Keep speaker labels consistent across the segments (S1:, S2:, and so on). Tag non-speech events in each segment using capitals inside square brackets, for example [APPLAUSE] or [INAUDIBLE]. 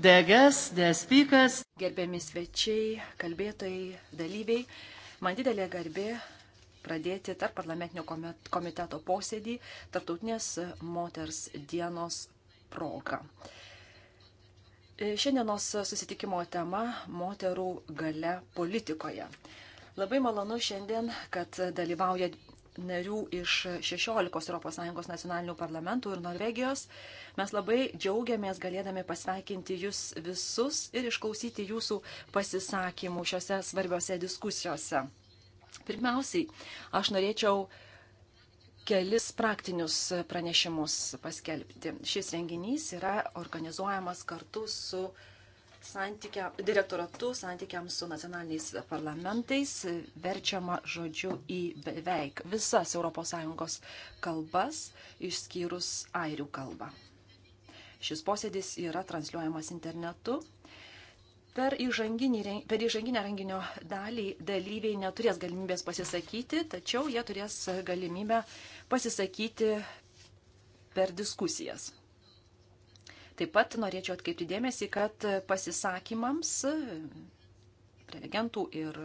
S1: the guests, the speakers. Gerbiami svečiai, kalbėtojai, dalyviai, man didelė garbė pradėti tarp parlamentinio komiteto posėdį Tartautinės moters dienos proga. E, šiandienos susitikimo tema - moterų gale politikoje. Labai malonu šiandien, kad dalyvauja narių iš 16 ES nacionalinių parlamentų ir Norvegijos. Mes labai džiaugiamės galėdami pasveikinti jūs visus ir išklausyti jūsų pasisakymų šiuose svarbiose diskusijose. Pirmiausiai, aš norėčiau kelis praktinius pranešimus paskelbti. Šis renginys yra organizuojamas kartu su santykia, direktoratu santykiams su nacionaliniais parlamentais verčiama žodžiu į beveik visas ES kalbas, išskyrus airių kalbą. Šis posėdis yra transliuojamas internetu. Per, įžanginį, per įžanginę renginio dalį dalyviai neturės galimybės pasisakyti, tačiau jie turės galimybę pasisakyti per diskusijas. Taip pat norėčiau atkreipti dėmesį, kad pasisakymams prelegentų ir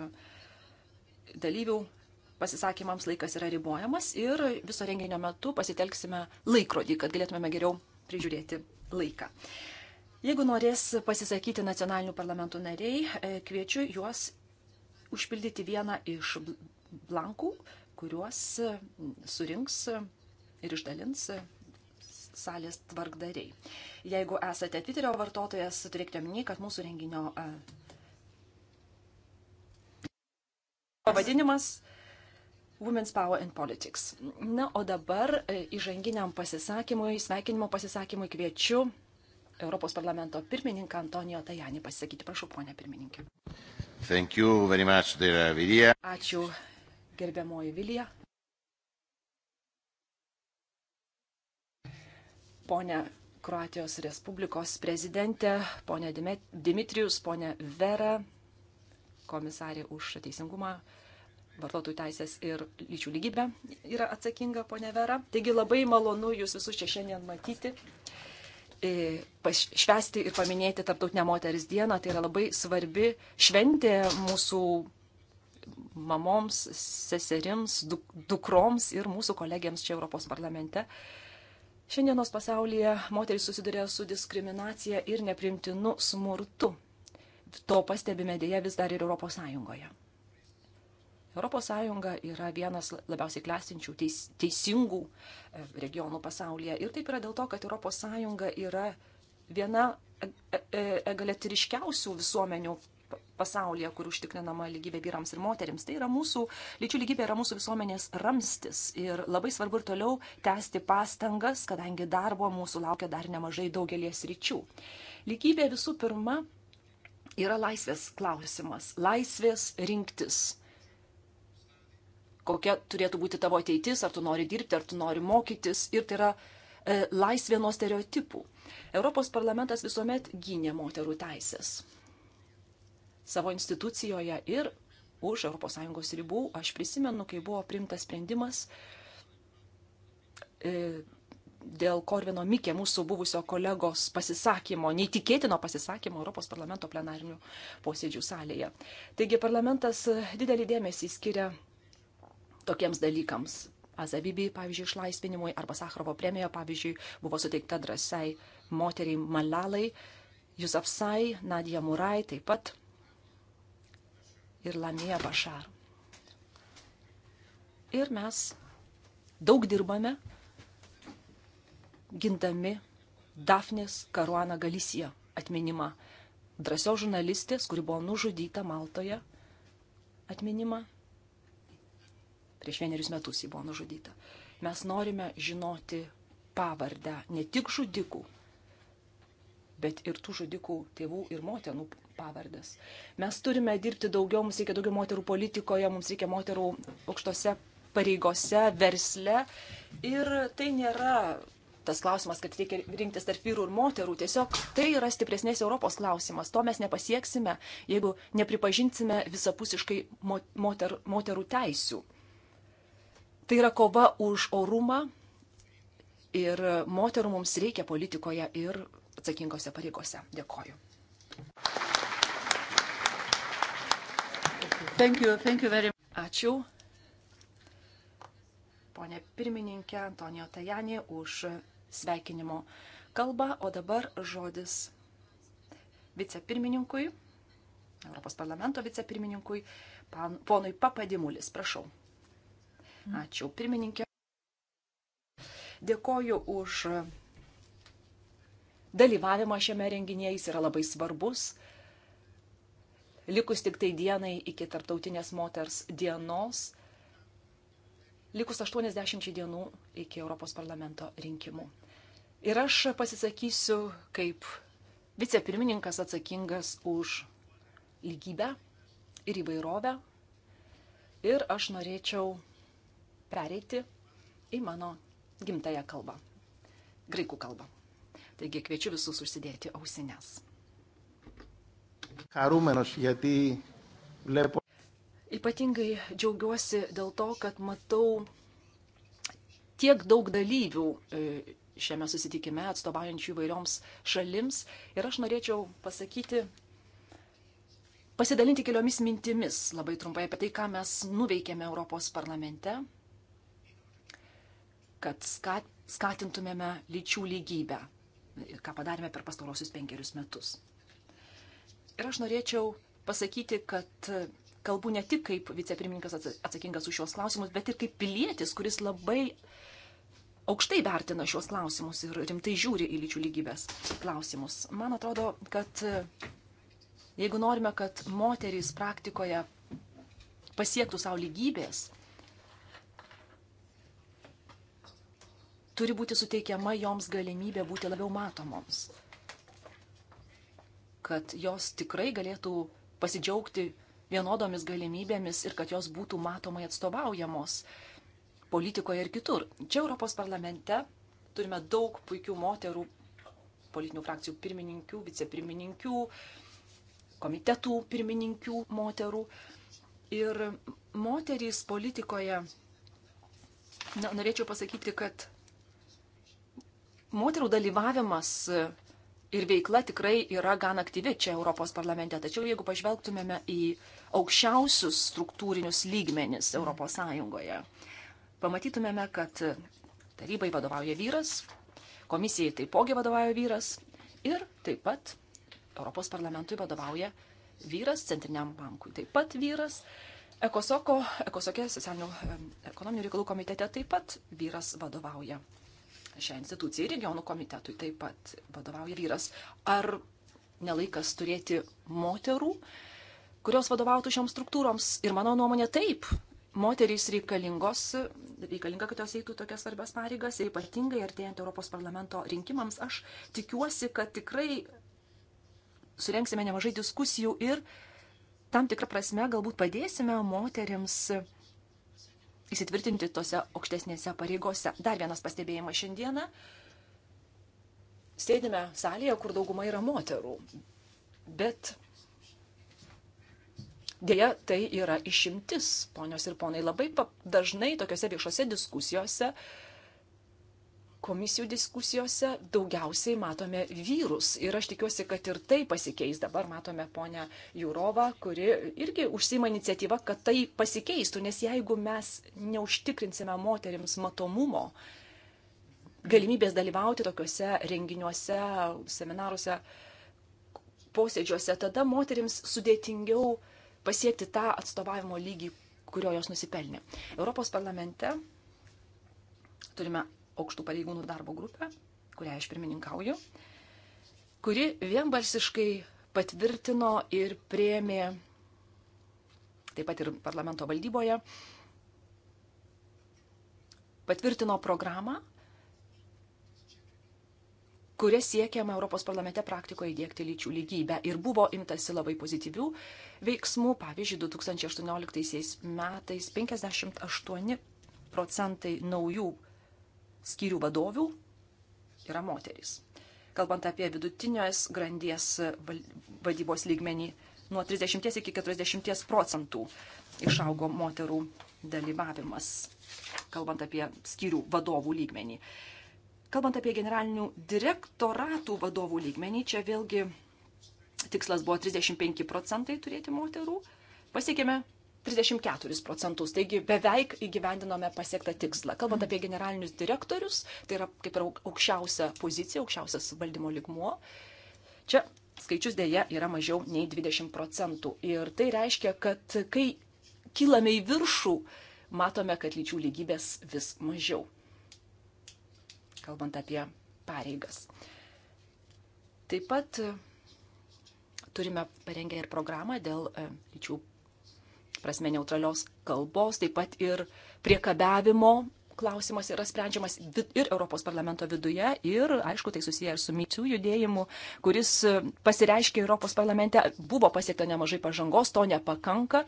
S1: dalyvių pasisakymams laikas yra ribojamas ir viso renginio metu pasitelksime laikrodį, kad galėtumėme geriau prižiūrėti laiką. Jeigu norės pasisakyti nacionalinių parlamentų nariai, e, kviečiu juos užpildyti vieną iš blankų, kuriuos surinks ir išdalins salės tvarkdariai. Jeigu esate Twitterio vartotojas, turėkite omeny, kad mūsų renginio e, pavadinimas Women's Power in Politics. Na, o dabar e, įžanginiam pasisakymui, sveikinimo pasisakymui kviečiu Europos parlamento pirmininką Antonijo Tajanį pasisakyti. Prašau, ponė pirmininkė. Much, Ačiū, gerbiamoji Vilija. ponę Kroatijos Respublikos prezidentę, ponę Dimitrijus, ponę Verą, komisarė už teisingumą, vartotojų teisės ir lyčių lygybę yra atsakinga ponė Vera. Taigi labai malonu jūs visus čia šiandien matyti, e, švesti ir paminėti Tarptautinę moteris dieną. Tai yra labai svarbi šventė mūsų mamoms, seserims, dukroms ir mūsų kolegiams čia Europos parlamente. Šiandienos pasaulyje moteris susiduria su diskriminacija ir neprimtinu smurtu. To pastebime dėja vis dar ir ES. ES yra vienas labiausiai klestinčių teis, teisingų e, regionų pasaulyje. Ir taip yra dėl to, kad ES yra viena e, e, egalitariškiausių visuomenių pasaulyje, kur užtikrinama lygybė vyrams ir moterims. Tai yra mūsų, lyčių lygybė yra mūsų visuomenės ramstis ir labai svarbu ir toliau tęsti pastangas, kadangi darbo mūsų laukia dar nemažai daugelies ryčių. Lygybė visų pirma yra laisvės klausimas, laisvės rinktis. Kokia turėtų būti tavo ateitis, ar tu nori dirbti, ar tu nori mokytis. Ir tai yra e, laisvė nuo stereotipų. Europos parlamentas visuomet gynė moterų teisės savo institucijoje ir už ES ribų. Aš prisimenu, kai buvo primtas sprendimas e, dėl Korvino Mikė, mūsų buvusio kolegos pasisakymo, neįtikėtino pasisakymo Europos parlamento plenarinių posėdžių salėje. Taigi parlamentas didelį dėmesį skiria tokiems dalykams. Azabibi, pavyzdžiui, išlaisvinimui arba Sakrovo premija, pavyzdžiui, buvo suteikta drąsiai moteriai Malalai, Jusafsai, Nadija Murai taip pat ir Lamija Bašar. Ir mes daug dirbame, gindami Dafnės Karuaną Galisiją atminimą, drąsios žurnalistės, kuri buvo nužudyta Maltoje atminimą. Prieš vienerius metus ji buvo nužudyta. Mes norime žinoti pavardę ne tik žudikų, bet ir tų žudikų tėvų ir motinų pavardas. Mes turime dirbti daugiau, mums reikia daugiau moterų politikoje, mums reikia moterų aukštose pareigose, versle. Ir tai nėra tas klausimas, kad reikia rinktis tarp vyrų ir moterų. Tiesiog tai yra stipresnės Europos klausimas. To mes nepasieksime, jeigu nepripažinsime visapusiškai moter, moterų teisių. Tai yra kova už orumą ir moterų mums reikia politikoje ir atsakingose pareigose. Dėkoju. Thank you, thank you very... Ačiū. Pone pirmininkė Antonijo Tajanė už sveikinimo kalbą, o dabar žodis vicepirmininkui, Europos parlamento vicepirmininkui, ponui Papadimulis, prašau. Ačiū, pirmininkė. Dėkoju už dalyvavimas šiame renginyje, jis yra labai svarbus. Likus tik tai dienai iki tarptautinės moters dienos, likus 80 dienų iki Europos parlamento rinkimų. Ir aš pasisakysiu kaip vicepirmininkas atsakingas už lygybę ir įvairovę. Ir aš norėčiau pereiti į mano gimtają kalbą - graikų kalbą. Taigi kviečiu visus užsidėti ausines. Tai Ypatingai džiaugiuosi dėl to, kad matau tiek daug dalyvių e, šiame susitikime atstovaujančių įvairioms šalims. Ir aš norėčiau pasakyti, pasidalinti keliomis mintimis labai trumpai apie tai, ką mes nuveikėme Europos parlamente, kad skatintumėme lyčių lygybę ką padarėme per pastarosius penkerius metus. Ir aš norėčiau pasakyti, kad kalbu ne tik kaip vicepirmininkas atsakingas už šios klausimus, bet ir kaip pilietis, kuris labai aukštai vertina šios klausimus ir rimtai žiūri į lyčių lygybės klausimus. Man atrodo, kad jeigu norime, kad moterys praktikoje pasiektų savo lygybės, turi būti suteikiama joms galimybė būti labiau matomoms, kad jos tikrai galėtų pasidžiaugti vienodomis galimybėmis ir kad jos būtų matomai atstovaujamos politikoje ir kitur. Čia Europos parlamente turime daug puikių moterų, politinių frakcijų pirmininkių, vicepirmininkių, komitetų pirmininkių moterų. Ir moterys politikoje, na, norėčiau pasakyti, kad moterų dalyvavimas ir veikla tikrai yra gan aktyvi čia Europos parlamente. Tačiau jeigu pažvelgtumėme į aukščiausius struktūrinius lygmenis Europos Sąjungoje, pamatytumėme, kad tarybai vadovauja vyras, komisijai taipogi vadovauja vyras ir taip pat Europos parlamentui vadovauja vyras, Centriniam bankui taip pat vyras. Ekosoko, Ekosokė socialinių ekonominių reikalų komitete taip pat vyras vadovauja šią instituciją ir regionų komitetui taip pat vadovauja vyras. Ar nelaikas turėti moterų, kurios vadovautų šioms struktūroms? Ir mano nuomonė taip. Moterys reikalingos, reikalinga, kad jos eitų tokias svarbias pareigas ir ypatingai artėjant Europos parlamento rinkimams, aš tikiuosi, kad tikrai surenksime nemažai diskusijų ir tam tikrą prasme galbūt padėsime moteriams įsitvirtinti tose aukštesnėse pareigose. Dar vienas pastebėjimas šiandieną. Sėdime salėje, kur dauguma yra moterų. Bet dėja, tai yra išimtis, ponios ir ponai. Labai dažnai tokiuose viešose diskusijose uh, komisijų diskusijose daugiausiai matome vyrus. Ir aš tikiuosi, kad ir tai pasikeis. Dabar matome ponę Jūrovą, kuri irgi užsima iniciatyvą, kad tai pasikeistų. Nes jeigu mes neužtikrinsime moteriams matomumo, galimybės dalyvauti tokiuose renginiuose, seminaruose, posėdžiuose, tada moteriams sudėtingiau pasiekti tą atstovavimo lygį, kurio jos nusipelnė. Europos parlamente turime aukštų pareigūnų darbo grupę, kurią aš pirmininkauju, kuri vienbalsiškai patvirtino ir prieimė, taip pat ir parlamento valdyboje, patvirtino programą, kuria siekiama Europos parlamente praktikoje įdėkti lyčių lygybę. Ir buvo imtasi labai pozityvių veiksmų. Pavyzdžiui, 2018 metais 58 procentai naujų skyrių vadovių yra moterys. Kalbant apie vidutinės grandies vadybos lygmenį, nuo 30 iki 40 procentų išaugo moterų dalyvavimas, kalbant apie skyrių vadovų lygmenį. Kalbant apie generalinių direktoratų vadovų lygmenį, čia vėlgi tikslas buvo 35 procentai turėti moterų, pasiekėme 34 procentus, taigi beveik įgyvendinome pasiektą tikslą. Kalbant mhm. apie generalinius direktorius, tai yra kaip ir aukščiausia pozicija, aukščiausias valdymo ligmuo. Čia skaičius dėja yra mažiau nei 20 procentų. Ir tai reiškia, kad kai kylame į viršų, matome, kad lyčių lygybės vis mažiau. Kalbant apie pareigas. Taip pat turime parengę ir programą dėl e, lyčių prasme neutralios kalbos, taip pat ir priekabiavimo klausimas yra sprendžiamas ir Europos parlamento viduje, ir, aišku, tai susiję ir su myčių judėjimu, kuris e, pasireiškia Europos parlamente, buvo pasiekta nemažai pažangos, to nepakanka,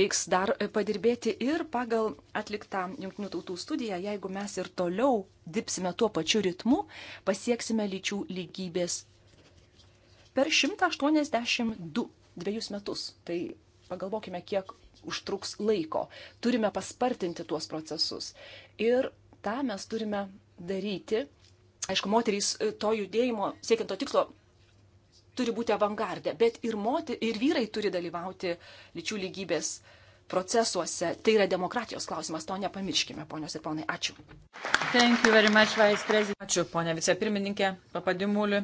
S1: reiks dar e, padirbėti ir pagal atliktą Junktinių tautų studiją, jeigu mes ir toliau dirbsime tuo pačiu ritmu, pasieksime lyčių lygybės per 182 dviejus metus. Tai pagalvokime, kiek užtruks laiko. Turime paspartinti tuos procesus. Ir tą mes turime daryti. Aišku, moterys e, to judėjimo, siekiant to tikslo, turi būti avangardė, bet ir, moti, ir vyrai turi dalyvauti lyčių lygybės uh, procesuose. Tai yra demokratijos klausimas, to nepamirškime, ponios ir ponai. Ačiū. Much, Ačiū, ponia
S2: vicepirmininkė Papadimuliu,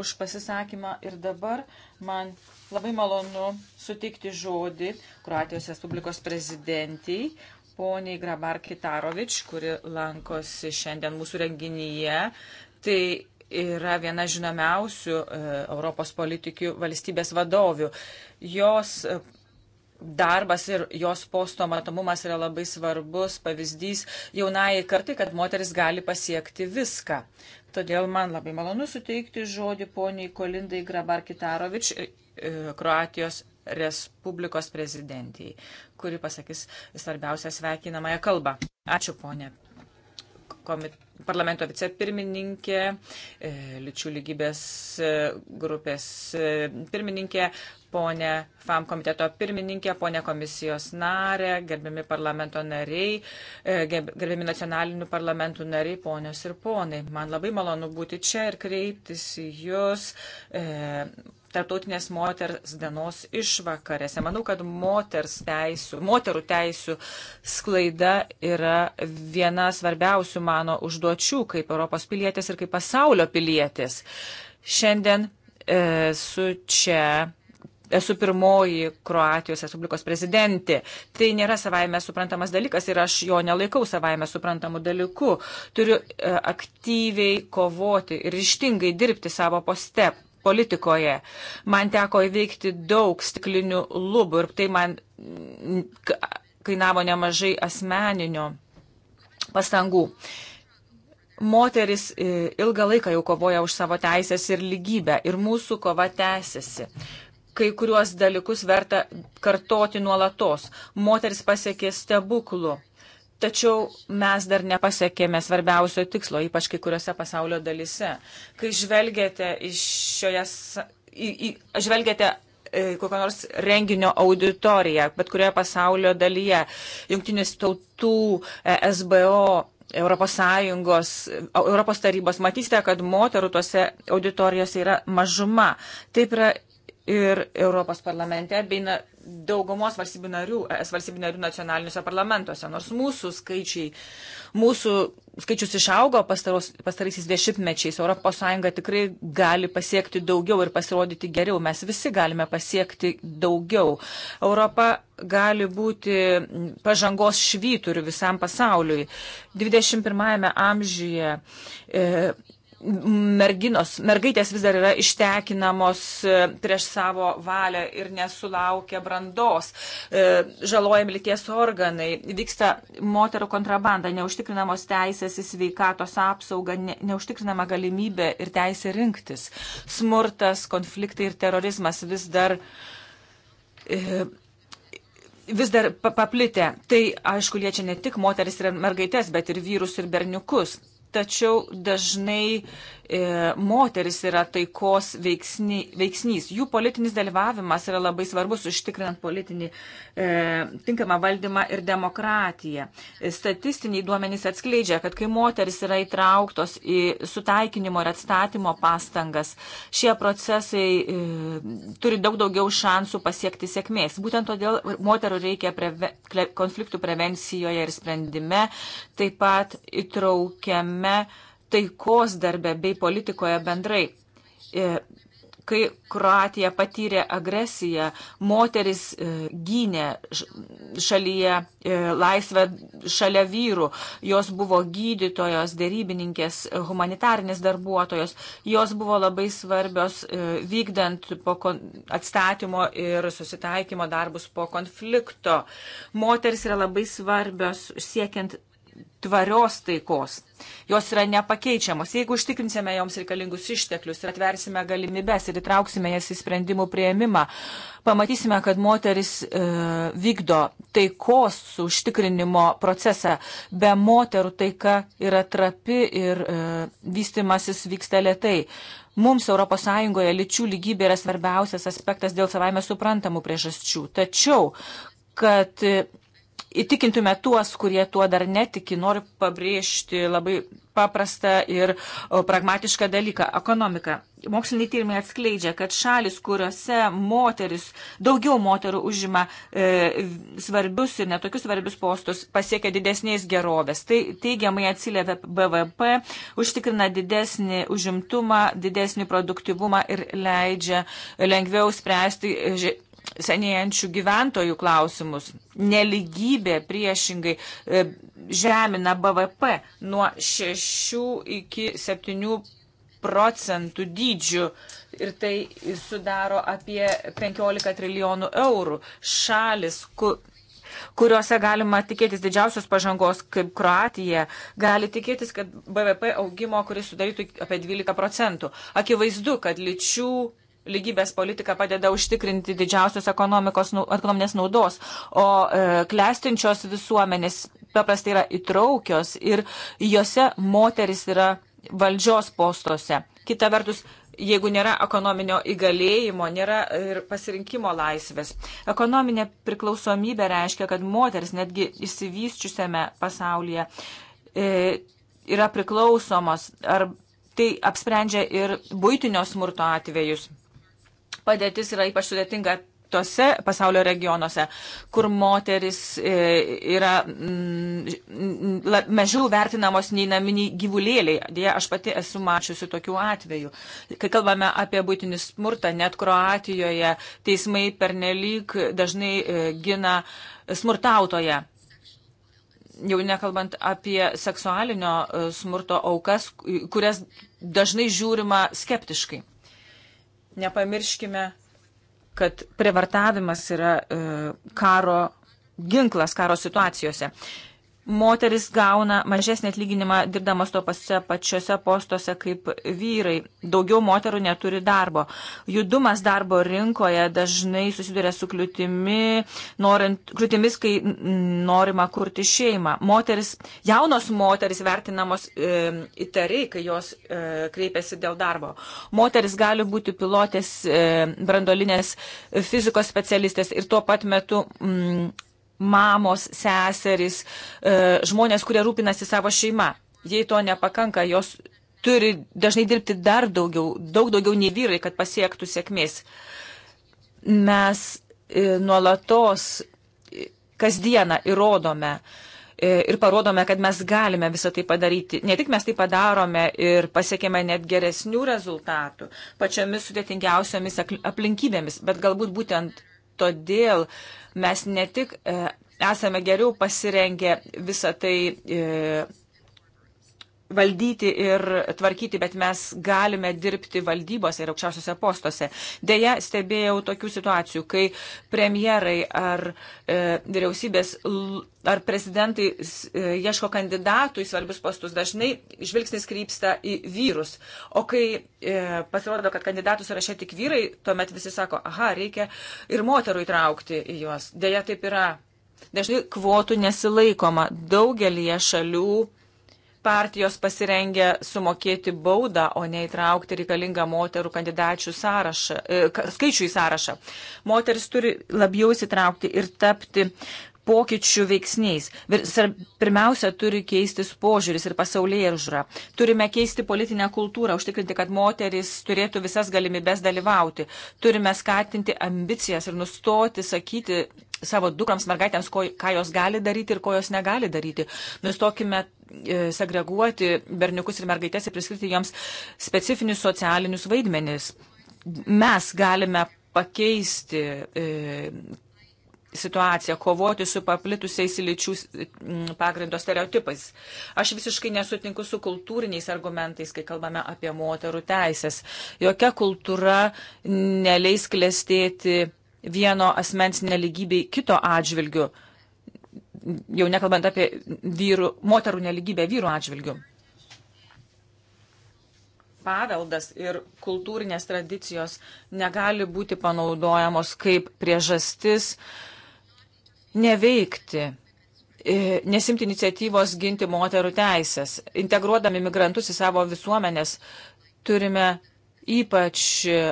S2: už pasisakymą. Ir dabar man labai malonu sutikti žodį Kroatijos Respublikos prezidentiai. Poniai Grabar Kitarovič, kuri lankosi šiandien mūsų renginyje, tai yra viena žinomiausių e, Europos politikių valstybės vadovių. Jos e, darbas ir jos posto matomumas yra labai svarbus pavyzdys jaunai kartai, kad moteris gali pasiekti viską. Todėl man labai malonu suteikti žodį poniai Kolindai Grabar Kitarovič, e, e, Kroatijos Respublikos prezidentijai, kuri pasakys svarbiausią sveikinamąją kalbą. Ačiū, ponė. Komit parlamento vicepirmininkė, e, lyčių lygybės grupės pirmininkė, ponė FAM komiteto pirmininkė, ponė komisijos narė, gerbiami parlamento nariai, e, gerbiami nacionalinių parlamentų nariai, ponios ir ponai. Man labai malonu būti čia ir kreiptis į Jūs. E, Tartautinės moters dienos išvakarėse. Manau, kad moters teisų, moterų teisų sklaida yra viena svarbiausių mano užduočių kaip Europos pilietės ir kaip pasaulio pilietės. Šiandien e, su čia esu pirmoji Kroatijos Respublikos prezidentė. Tai nėra savaime suprantamas dalykas ir aš jo nelaikau savaime suprantamu dalyku. Turiu e, aktyviai kovoti ir ištingai dirbti savo poste politikoje. Man teko įveikti daug stiklinių lubų ir tai man kainavo nemažai asmeninio pastangų. Moteris e, ilgą laiką jau kovoja už savo teisės ir lygybę ir mūsų kova tęsiasi kai kuriuos dalykus verta kartoti nuolatos. Moteris pasiekė stebuklų. Tačiau mes dar nepasiekėme svarbiausio tikslo, ypač kai kuriuose pasaulio dalise. Kai žvelgėte, šioje, į, į, žvelgėte e, kokią nors renginio auditoriją, bet kurioje pasaulio dalyje, jungtinės tautų, e, SBO, Europos Sąjungos, Europos tarybos, matysite, kad moterų tuose auditorijose yra mažuma. Taip yra ir Europos parlamente, bei na, daugumos valstybių narių, es valstybių narių nacionaliniuose parlamentuose. Nors mūsų skaičiai, mūsų skaičius išaugo pastaros, pastaraisiais dešimtmečiais, ES tikrai gali pasiekti daugiau ir pasirodyti geriau. Mes visi galime pasiekti daugiau. Europa gali būti pažangos švyturiu visam pasauliui. 21-ame amžiuje e, merginos, mergaitės vis dar yra ištekinamos e, prieš savo valią ir nesulaukia brandos, e, žalojami lyties organai, vyksta moterų kontrabanda, neužtikrinamos teisės į sveikatos apsaugą, ne, neužtikrinama galimybė ir teisė rinktis, smurtas, konfliktai ir terorizmas vis dar. E, vis dar paplitę. Tai, aišku, liečia ne tik moteris ir mergaitės, bet ir vyrus ir berniukus tačiau dažnai E, moteris yra taikos veiksny, veiksnys. Jų politinis dalyvavimas yra labai svarbus užtikrinant politinį e, tinkamą valdymą ir demokratiją. Statistiniai duomenys atskleidžia, kad kai moteris yra įtrauktos į sutaikinimo ir atstatymo pastangas, šie procesai e, turi daug daugiau šansų pasiekti sėkmės. Būtent todėl moterų reikia preve, konfliktų prevencijoje ir sprendime, taip pat įtraukiame taikos darbe bei politikoje bendrai. E, kai Kroatija patyrė agresiją, moteris e, gynė šalyje e, laisvę šalia vyrų. Jos buvo gydytojos, dėrybininkės, humanitarnės darbuotojos. Jos buvo labai svarbios vykdant po atstatymo ir susitaikymo darbus po konflikto. Moteris yra labai svarbios siekiant tvarios taikos. Jos yra nepakeičiamos. Jeigu užtikrinsime joms reikalingus išteklius ir atversime galimybės ir įtrauksime jas į sprendimų prieimimą, pamatysime, kad moteris e, vykdo taikos užtikrinimo procesą. Be moterų taika yra trapi ir e, vystimasis vyksta lietai. Mums ES lyčių lygybė yra svarbiausias aspektas dėl savaime suprantamų priežasčių. Tačiau, kad įtikintume tuos, kurie tuo dar netiki, noriu pabrėžti labai paprastą ir pragmatišką dalyką - ekonomiką. Moksliniai tyrimai atskleidžia, kad šalis, kuriuose moteris, daugiau moterų užima e, svarbius ir netokius svarbius postus, pasiekia didesnės gerovės. Tai teigiamai atsiliepia BVP, užtikrina didesnį užimtumą, didesnį produktivumą ir leidžia lengviau spręsti e, senėjančių gyventojų klausimus. Neligybė priešingai e, žemina BVP nuo 6 iki 7 procentų dydžių ir tai sudaro apie 15 trilijonų eurų. Šalis, kur kuriuose galima tikėtis didžiausios pažangos, kaip Kroatija, gali tikėtis, kad BVP augimo, kuris sudarytų apie 12 procentų. Akivaizdu, kad lyčių lygybės politika padeda užtikrinti didžiausios ekonominės naudos, o e, klestinčios visuomenės paprastai yra įtraukios ir jose moteris yra valdžios postuose. Kita vertus, jeigu nėra ekonominio įgalėjimo, nėra ir pasirinkimo laisvės. Ekonominė priklausomybė reiškia, kad moteris netgi įsivysčiusiame pasaulyje e, yra priklausomos ar tai apsprendžia ir būtinio smurto atvejus padėtis yra ypač sudėtinga tose pasaulio regionuose, kur moteris e, yra mm, mažiau vertinamos nei naminiai gyvulėliai. Dėja, aš pati esu mačiusi tokių atvejų. Kai kalbame apie būtinį smurtą, net Kroatijoje teismai pernelyg dažnai e, gina smurtautoje. Jau nekalbant apie seksualinio e, smurto aukas, kurias dažnai žiūrima skeptiškai. Nepamirškime, kad privartavimas yra e, karo ginklas karo situacijose moteris gauna mažesnį atlyginimą dirbdamas to pase, pačiose postuose kaip vyrai. Daugiau moterų neturi darbo. Judumas darbo rinkoje dažnai susiduria su kliūtimi, norint, kliūtimis, kai norima kurti šeimą. Moteris, jaunos moteris vertinamos e, įtariai, kai jos e, kreipiasi dėl darbo. Moteris gali būti pilotės, e, brandolinės fizikos specialistės ir tuo pat metu mm, mamos, seserys, e, žmonės, kurie rūpinasi savo šeima. Jei to nepakanka, jos turi dažnai dirbti dar daugiau, daug daugiau nei vyrai, kad pasiektų sėkmės. Mes e, nuolatos kasdieną įrodome e, ir parodome, kad mes galime visą tai padaryti. Ne tik mes tai padarome ir pasiekėme net geresnių rezultatų pačiomis sudėtingiausiomis aplinkybėmis, bet galbūt būtent todėl uh, mes ne tik e, esame geriau pasirengę visą tai e, valdyti ir tvarkyti, bet mes galime dirbti valdybose ir aukščiausiose postuose. Deja, stebėjau tokių situacijų, kai premjerai ar e, vyriausybės ar prezidentai e, ieško kandidatų į svarbius postus, dažnai žvilgsnis krypsta į vyrus. O kai e, pasirodo, kad kandidatus rašė tik vyrai, tuomet visi sako, aha, reikia ir moterų įtraukti į juos. Deja, taip yra. Dažnai kvotų nesilaikoma. Daugelie šalių partijos pasirengę sumokėti baudą, o ne įtraukti reikalingą moterų kandidačių sąrašą, e, skaičių į sąrašą. Moteris turi labiau įsitraukti ir tapti pokyčių veiksniais. Pirmiausia, turi keistis požiūris ir pasaulyje žra. Turime keisti politinę kultūrą, užtikrinti, kad moteris turėtų visas galimybės dalyvauti. Turime skatinti ambicijas ir nustoti sakyti savo dukrams, mergaitėms, ko, ką jos gali daryti ir ko jos negali daryti. Nustokime E, segreguoti berniukus ir mergaitės ir priskirti jiems specifinius socialinius vaidmenis. Mes galime pakeisti e, situaciją, kovoti su paplitusiais lyčių pagrindo stereotipais. Aš visiškai nesutinku su kultūriniais argumentais, kai kalbame apie moterų teisės. Jokia kultūra neleis klestėti vieno asmens neligybei kito atžvilgiu jau nekalbant apie vyrų, moterų neligybę vyrų atžvilgių. Paveldas ir kultūrinės tradicijos negali būti panaudojamos kaip priežastis neveikti, e, nesimti iniciatyvos ginti moterų teisės. Integruodami migrantus į savo visuomenės turime ypač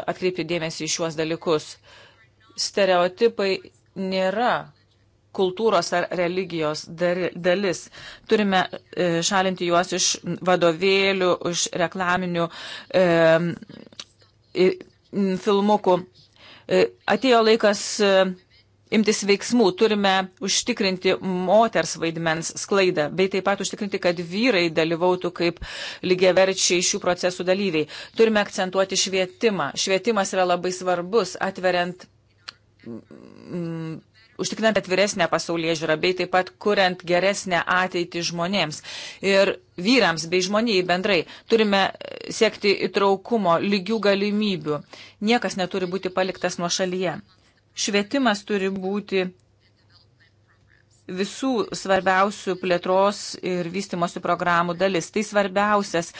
S2: atkreipti dėmesį į šiuos dalykus. Stereotipai nėra kultūros ar religijos dalis. Turime e, šalinti juos iš vadovėlių, iš reklaminių e, filmukų. E, atėjo laikas e, imtis veiksmų, turime užtikrinti moters vaidmens sklaidą, bei taip pat užtikrinti, kad vyrai dalyvautų kaip lygiaverčiai šių procesų dalyviai. Turime akcentuoti švietimą. Švietimas yra labai svarbus, atveriant užtikrinant atviresnę pasaulyje žiūrą, bei taip pat kuriant geresnę ateitį žmonėms ir vyrams bei žmonijai bendrai. Turime siekti įtraukumo, lygių galimybių. Niekas neturi būti paliktas nuo šalyje. Švietimas turi būti visų svarbiausių plėtros ir vystimosi programų dalis. Tai svarbiausias,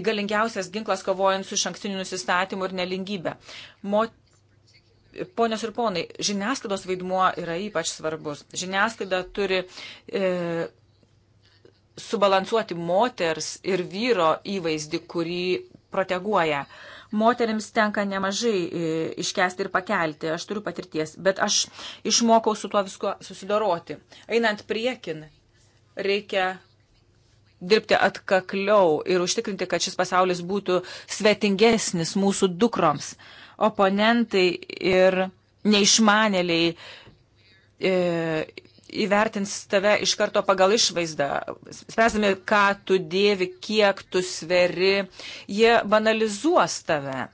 S2: įgalingiausias ginklas kovojant su šankstiniu nusistatymu ir nelingybė. Mot Ponios ir ponai, žiniasklaidos vaidmuo yra ypač svarbus. Žiniasklaida turi e, subalansuoti moters ir vyro įvaizdį, kurį proteguoja. Moterims tenka nemažai e, iškesti ir pakelti, aš turiu patirties, bet aš išmokau su tuo visko susidoroti. Einant priekin, reikia dirbti atkakliau ir užtikrinti, kad šis pasaulis būtų svetingesnis mūsų dukroms. Uh, oponentai ir neišmanėliai e, įvertins tave iš karto pagal išvaizdą, spręsdami, ką tu dėvi, kiek tu sveri, jie banalizuos tave,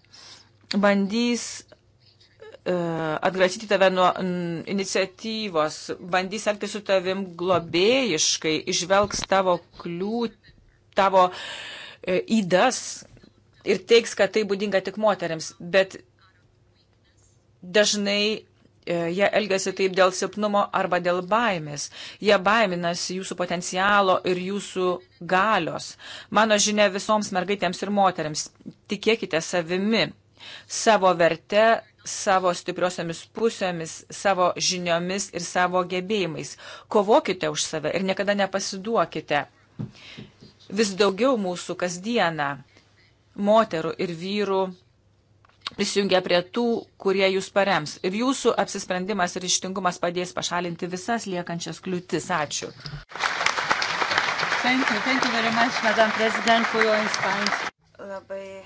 S2: bandys e, atgrasyti tave nuo n, iniciatyvos, bandys elgtis su tavim globėjiškai, išvelgs tavo kliūtį, tavo e, įdas ir teiks, kad tai būdinga tik moteriams, bet dažnai e, jie elgesi taip dėl silpnumo arba dėl baimės. Jie baiminasi jūsų potencialo ir jūsų galios. Mano žinia visoms mergaitėms ir moteriams, tikėkite savimi, savo verte, savo stipriosiamis pusėmis, savo žiniomis ir savo gebėjimais. Kovokite už save ir niekada nepasiduokite. Vis daugiau mūsų kasdieną moterų ir vyrų prisijungia prie tų, kurie jūs parems. Ir jūsų apsisprendimas ir ištingumas padės pašalinti visas liekančias kliūtis. Ačiū. Thank you. Thank you very much, Madam President, for your inspiration.
S3: Labai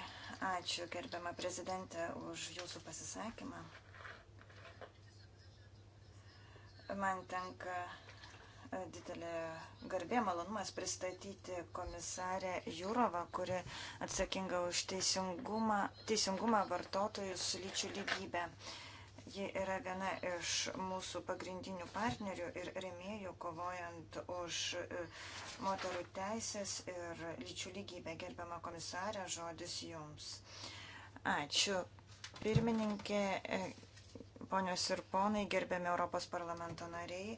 S3: ačiū, gerbiama prezidentė, už jūsų pasisakymą. Man tenka didelė garbė, malonumas pristatyti komisarę Jūrovą, kuri atsakinga už teisingumą, teisingumą vartotojus su lyčių lygybė. Ji yra viena iš mūsų pagrindinių partnerių ir remėjų kovojant už e, moterų teisės ir lyčių lygybę. Gerbiama komisarė, žodis jums. Ačiū. Pirmininkė, e, ponios ir ponai, gerbiami Europos parlamento nariai.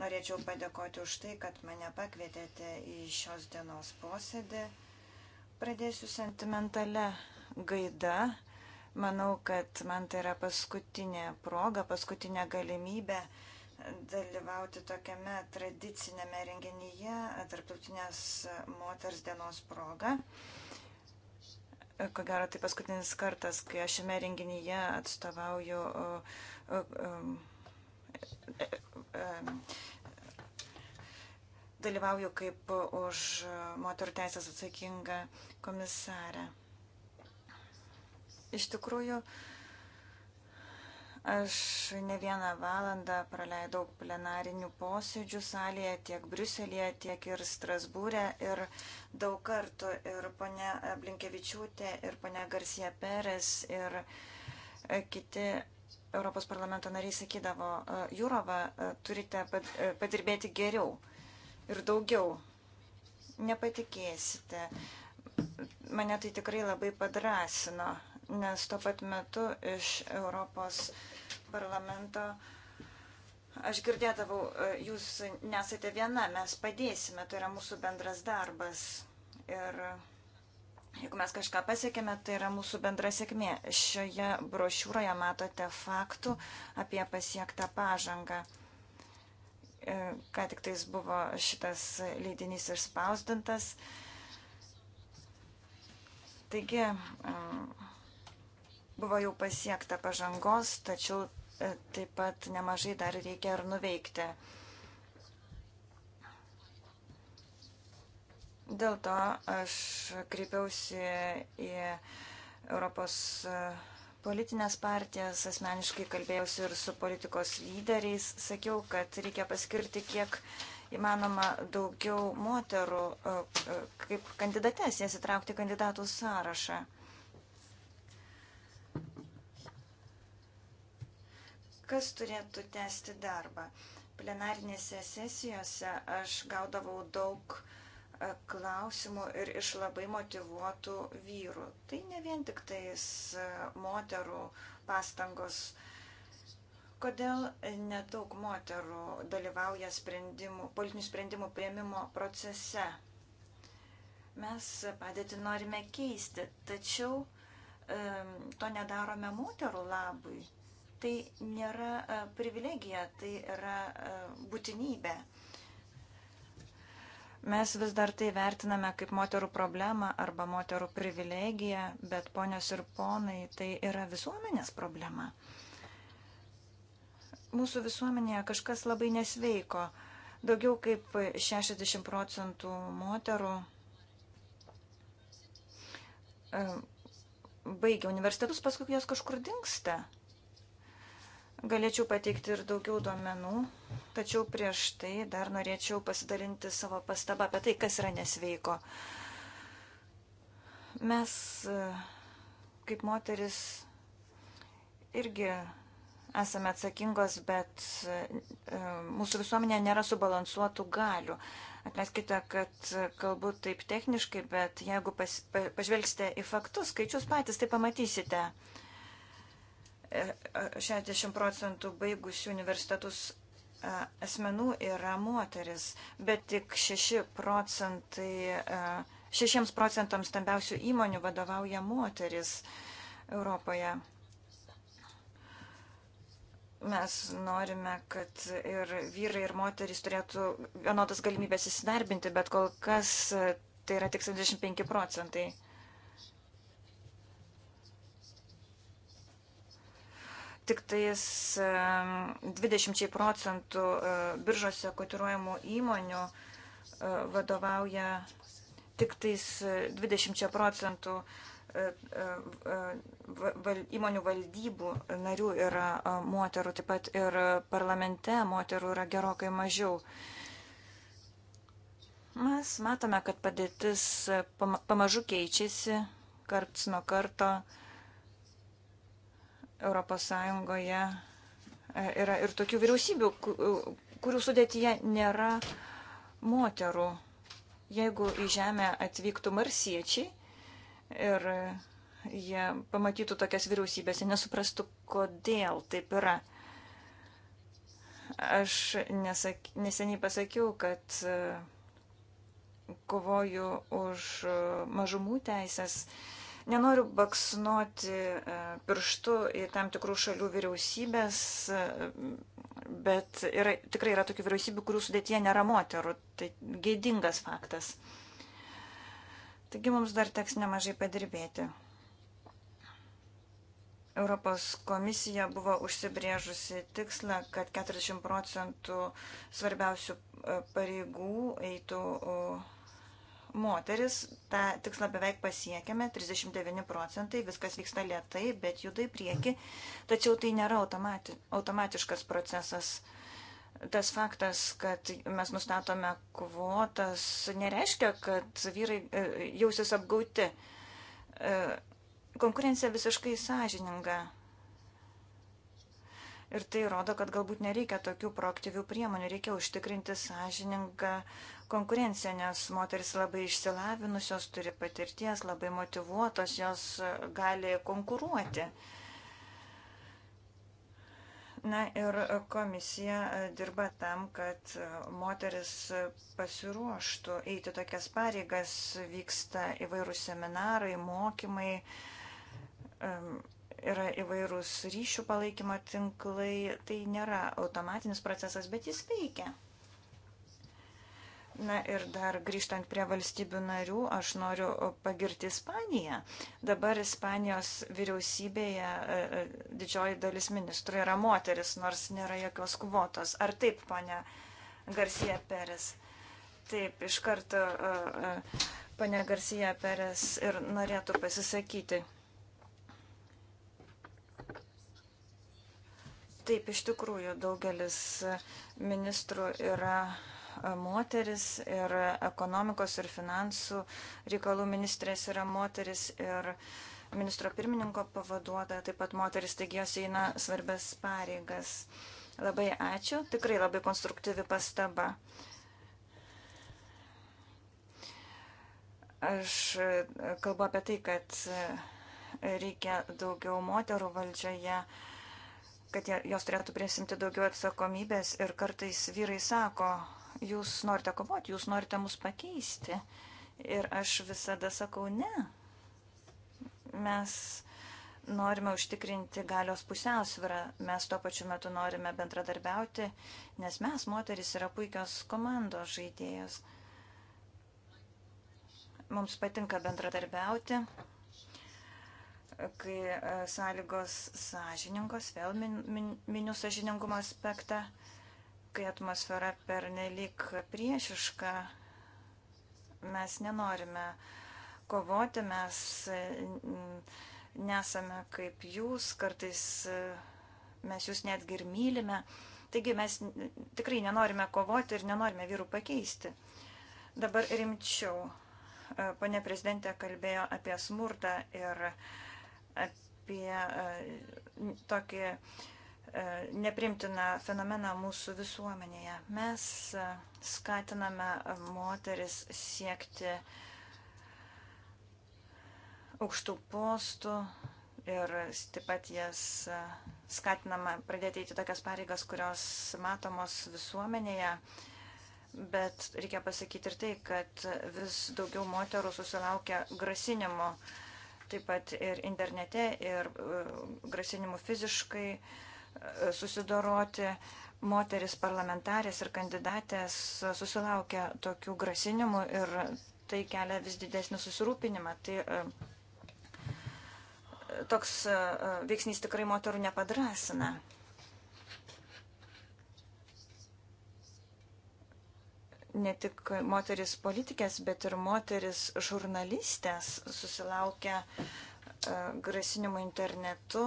S3: Norėčiau padėkoti už tai, kad mane pakvietėte į šios dienos posėdį. Pradėsiu sentimentale gaida. Manau, kad man tai yra paskutinė proga, paskutinė galimybė dalyvauti tokiame tradicinėme renginyje Tarptautinės moters dienos proga. Ko gero, tai paskutinis kartas, kai aš šiame renginyje atstovauju dalyvauju kaip už moterų teisės atsakinga komisarė. Iš tikrųjų, aš ne vieną valandą praleidau plenarinių posėdžių salėje tiek Briuselėje, tiek ir Strasbūrė ir daug kartų ir ponia Blinkevičiūtė, ir ponia Garcia Peres, ir kiti Europos parlamento nariai sakydavo, e, Jūrova, e, turite e, padirbėti geriau ir daugiau. Nepatikėsite. Mane tai tikrai labai padrasino, nes tuo pat metu iš Europos parlamento aš girdėdavau, jūs nesate viena, mes padėsime, tai yra mūsų bendras darbas. Ir Jeigu mes kažką pasiekėme, tai yra mūsų bendra sėkmė. Šioje brošiūroje matote faktų apie pasiektą pažangą. E, ką tik tais buvo šitas leidinys išspausdintas. Taigi, e, buvo jau pasiekta pažangos, tačiau e, taip pat nemažai dar reikia ir nuveikti. Dėl to aš kreipiausi į Europos politinės partijas, asmeniškai kalbėjausi ir su politikos lyderiais, sakiau, kad reikia paskirti kiek įmanoma daugiau moterų e, e, kaip kandidates, jas įtraukti kandidatų sąrašą. Kas turėtų tęsti darbą? Plenarinėse sesijose aš gaudavau daug uh, E, klausimų ir iš labai motivuotų vyrų. Tai ne vien tik tais e, moterų pastangos. Kodėl nedaug moterų dalyvauja sprendimų, politinių sprendimų prieimimo procese? Mes padėti norime keisti, tačiau e, to nedarome moterų labui. Tai nėra privilegija, tai yra būtinybė Mes vis dar tai vertiname kaip moterų problemą arba moterų privilegiją, bet ponios ir ponai, tai yra visuomenės problema. Mūsų visuomenėje kažkas labai nesveiko. Daugiau kaip 60 procentų moterų e, baigia universitetus, paskui jos kažkur dinksta. Galėčiau pateikti ir daugiau duomenų, tačiau prieš tai dar norėčiau pasidalinti savo pastabą apie tai, kas yra nesveiko. Mes kaip moteris irgi esame atsakingos, bet e, mūsų visuomenė nėra subalansuotų galių. Atleiskite, kad kalbu taip techniškai, bet jeigu pas, pa, pažvelgsite į faktus, skaičius patys, tai pamatysite. Uh, 60 procentų baigusių universitetus e, asmenų yra moteris, bet tik 6 procentai, 6 e, procentams stambiausių įmonių vadovauja moteris Europoje. Mes norime, kad ir vyrai, ir moterys turėtų vienodas galimybės įsidarbinti, bet kol kas e, tai yra tik 75 procentai. tik tais 20 procentų e, biržose kotiruojamų įmonių e, vadovauja tik tais 20 e, procentų įmonių valdybų narių yra moterų, taip pat ir parlamente moterų yra gerokai mažiau. Mes matome, kad padėtis pamažu keičiasi, karts nuo karto. karto ES e, yra ir tokių vyriausybių, kurių sudėtyje nėra moterų. Jeigu į žemę atvyktų marsiečiai ir jie pamatytų tokias vyriausybės, jie nesuprastų, kodėl taip yra. Aš nesak, neseniai pasakiau, kad e, kovoju už e, mažumų teisės Nenoriu baksnuoti e, pirštu į tam tikrų šalių vyriausybės, e, bet yra, tikrai yra tokių vyriausybių, kurių sudėtie nėra moterų. Tai gėdingas faktas. Taigi mums dar teks nemažai padirbėti. Europos komisija buvo užsibrėžusi tikslą, kad 40 procentų svarbiausių e, pareigų eitų moteris, tą tikslą beveik pasiekėme, 39 procentai, viskas vyksta lietai, bet juda į priekį, tačiau tai nėra automati, automatiškas procesas. Tas faktas, kad mes nustatome kvotas, nereiškia, kad vyrai e, jausis apgauti. E, konkurencija visiškai sąžininga. Ir tai rodo, kad galbūt nereikia tokių proaktyvių priemonių, reikia užtikrinti sąžiningą konkurenciją, nes moteris labai išsilavinusios, turi patirties, labai motivuotos, jos e, gali konkuruoti. Na ir komisija e, dirba tam, kad e, moteris pasiruoštų eiti tokias pareigas, vyksta įvairūs seminarai, mokymai. Um, yra įvairūs ryšių palaikymo tinklai, tai nėra automatinis procesas, bet jis veikia. Na ir dar grįžtant prie valstybių narių, aš noriu pagirti Ispaniją. Dabar Ispanijos vyriausybėje e, e, didžioji dalis ministrų yra moteris, nors nėra jokios kvotos. Ar taip, ponia Garcia Peres? Taip, iš karto e, ponia Garcia Peres ir norėtų pasisakyti. Taip, iš tikrųjų, daugelis ministrų yra e, moteris ir ekonomikos ir finansų reikalų ministrės yra moteris ir ministro pirmininko pavaduotoja, taip pat moteris, taigi jos eina svarbės pareigas. Labai ačiū, tikrai labai konstruktyvi pastaba. Aš e, kalbu apie tai, kad e, reikia daugiau moterų valdžioje. Ja kad jos turėtų prisimti daugiau atsakomybės ir kartais vyrai sako, jūs norite kovoti, jūs norite mus pakeisti. Ir aš visada sakau, ne. Mes norime užtikrinti galios pusiausvyrą, mes tuo pačiu metu norime bendradarbiauti, nes mes, moteris, yra puikios komandos žaidėjos. Mums patinka bendradarbiauti, kai e, sąlygos sąžiningos, vėl min, min, miniu sąžiningumo aspektą, kai atmosfera pernelik priešiška, mes nenorime kovoti, mes e, nesame kaip jūs, kartais e, mes jūs netgi ir mylime. Taigi mes tikrai nenorime kovoti ir nenorime vyrų pakeisti. Dabar rimčiau. Pane prezidentė kalbėjo apie smurtą ir apie e, tokį e, neprimtiną fenomeną mūsų visuomenėje. Mes e, skatiname moteris siekti aukštų postų ir taip pat jas skatinama pradėti eiti tokias pareigas, kurios matomos visuomenėje. Bet reikia pasakyti ir tai, kad vis daugiau moterų susilaukia grasinimo uh, taip pat ir internete, ir e, grasinimų fiziškai e, susidoroti. Moteris parlamentarės ir kandidatės susilaukia tokių grasinimų ir tai kelia vis didesnį susirūpinimą. Tai e, toks veiksnys tikrai moterų nepadrasina. ne tik moteris politikės, bet ir moteris žurnalistės susilaukia e, grasinimų internetu.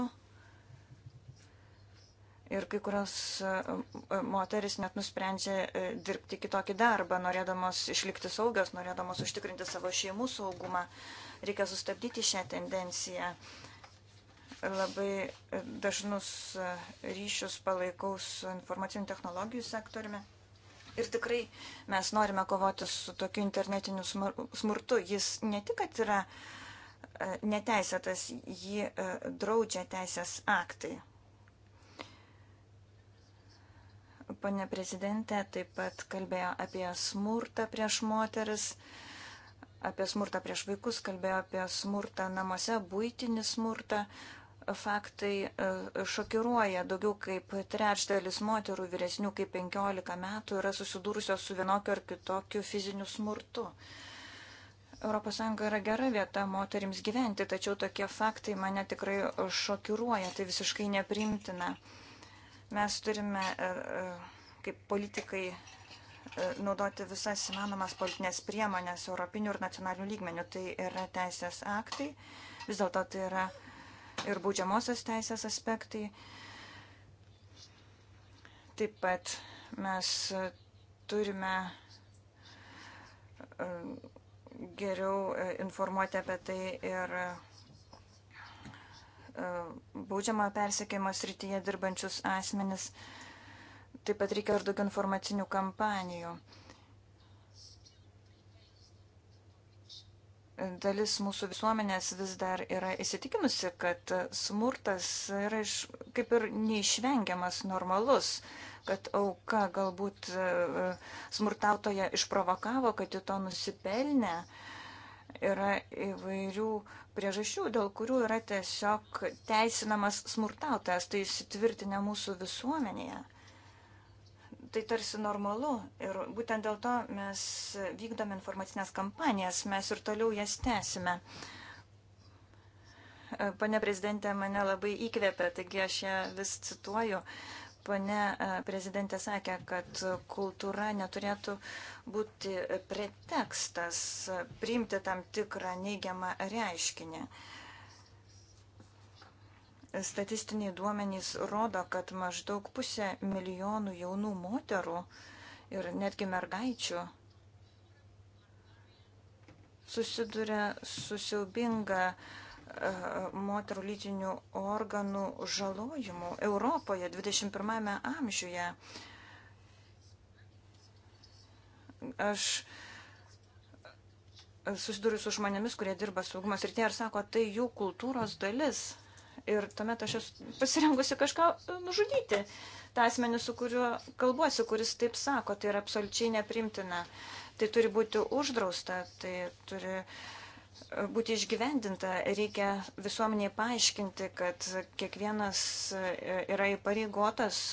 S3: Ir kai kurios e, e, moteris net nusprendžia dirbti kitokį darbą, norėdamos išlikti saugios, norėdamos užtikrinti savo šeimų saugumą. Reikia sustabdyti šią tendenciją. Labai dažnus ryšius palaikau su informacinių technologijų sektoriumi. Ir tikrai mes norime kovoti su tokiu internetiniu smurtu. Jis ne tik, kad yra e, neteisėtas, jį e, draudžia teisės aktai. Pane prezidentė taip pat kalbėjo apie smurtą prieš moteris, apie smurtą prieš vaikus, kalbėjo apie smurtą namuose, būtinį smurtą faktai e, šokiruoja. Daugiau kaip trečdalis moterų vyresnių kaip 15 metų yra susidūrusios su vienokiu ar kitokiu fiziniu smurtu. ES yra gera vieta moterims gyventi, tačiau tokie faktai mane tikrai šokiruoja, tai visiškai nepriimtina. Mes turime e, e, kaip politikai naudoti visas įmanomas politinės priemonės europinių ir nacionalinių lygmenių. Tai yra teisės aktai, vis dėlto tai yra uh, ir baudžiamosios teisės aspektai. Taip pat mes turime e, geriau e, informuoti apie tai ir e, baudžiamojo persiekimo srityje dirbančius asmenis. Taip pat reikia ir daug informacinių kampanijų. dalis mūsų visuomenės vis dar yra įsitikinusi, kad smurtas yra iš, kaip ir neišvengiamas normalus, kad auka galbūt e, smurtautoje išprovokavo, kad ji to nusipelnė. Yra įvairių priežasčių, dėl kurių yra tiesiog teisinamas smurtautojas, tai įsitvirtinę mūsų visuomenėje tai tarsi normalu ir būtent dėl to mes vykdome informacinės kampanijas, mes ir toliau jas tęsime. Pane prezidentė mane labai įkvėpė, taigi aš ją vis cituoju. Pane e, prezidentė sakė, kad kultūra neturėtų būti pretekstas priimti tam tikrą neigiamą reiškinį. Uh, Statistiniai duomenys rodo, kad maždaug pusė milijonų jaunų moterų ir netgi mergaičių susiduria su siaubinga e, moterų lytinių organų žalojimu Europoje 21 amžiuje. Aš susiduriu su žmonėmis, kurie dirba saugumas ir tie ir sako, tai jų kultūros dalis ir tuomet aš esu pasirengusi kažką e, nužudyti. Ta asmenį, su kuriuo kalbuosi, kuris taip sako, tai yra absoliučiai neprimtina. Tai turi būti uždrausta, tai turi e, būti išgyvendinta. Reikia visuomeniai paaiškinti, kad kiekvienas e, yra įpareigotas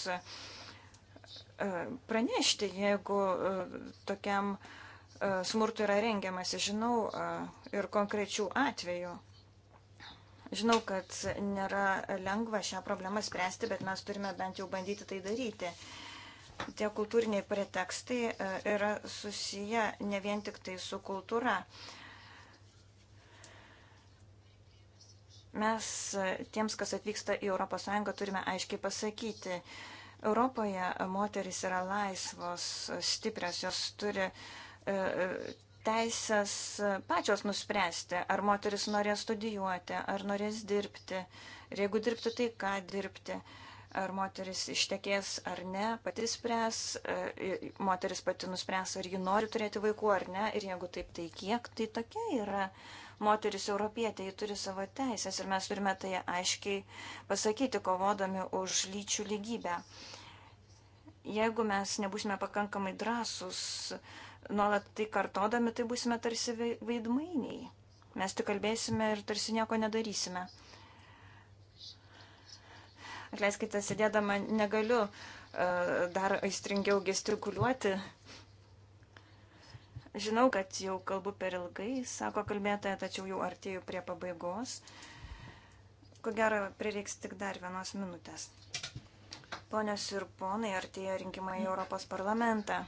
S3: pranešti, jeigu tokiam smurtui yra rengiamasi. Žinau ir konkrečių atvejų. Žinau, kad nėra lengva šią problemą spręsti, bet mes turime bent jau bandyti tai daryti. Tie kultūriniai pretekstai e, yra susiję ne vien tik tai su kultūra. Mes e, tiems, kas atvyksta į ES, turime aiškiai pasakyti, Europoje moteris yra laisvos, stiprios, jos turi e, teisės pačios nuspręsti, ar moteris norės studijuoti, ar norės dirbti. Ir jeigu dirbti, tai ką dirbti. Ar moteris ištekės ar ne, pati spręs, e, moteris pati nuspręs, ar ji nori turėti vaikų ar ne. Ir jeigu taip, tai kiek, tai tokia yra moteris europietė, ji turi savo teisės ir mes turime tai aiškiai pasakyti, kovodami už lyčių lygybę. Jeigu mes nebusime pakankamai drąsus, uh, nuolat tai kartodami, tai būsime tarsi vaidmainiai. Mes tik kalbėsime ir tarsi nieko nedarysime. Atleiskite, sėdėdama negaliu e, dar aistringiau gestikuliuoti. Žinau, kad jau kalbu per ilgai, sako kalbėtoja, tačiau jau artėjau prie pabaigos. Ko gero, prireiks tik dar vienos minutės. Ponios ir ponai, artėja rinkimai į Europos parlamentą.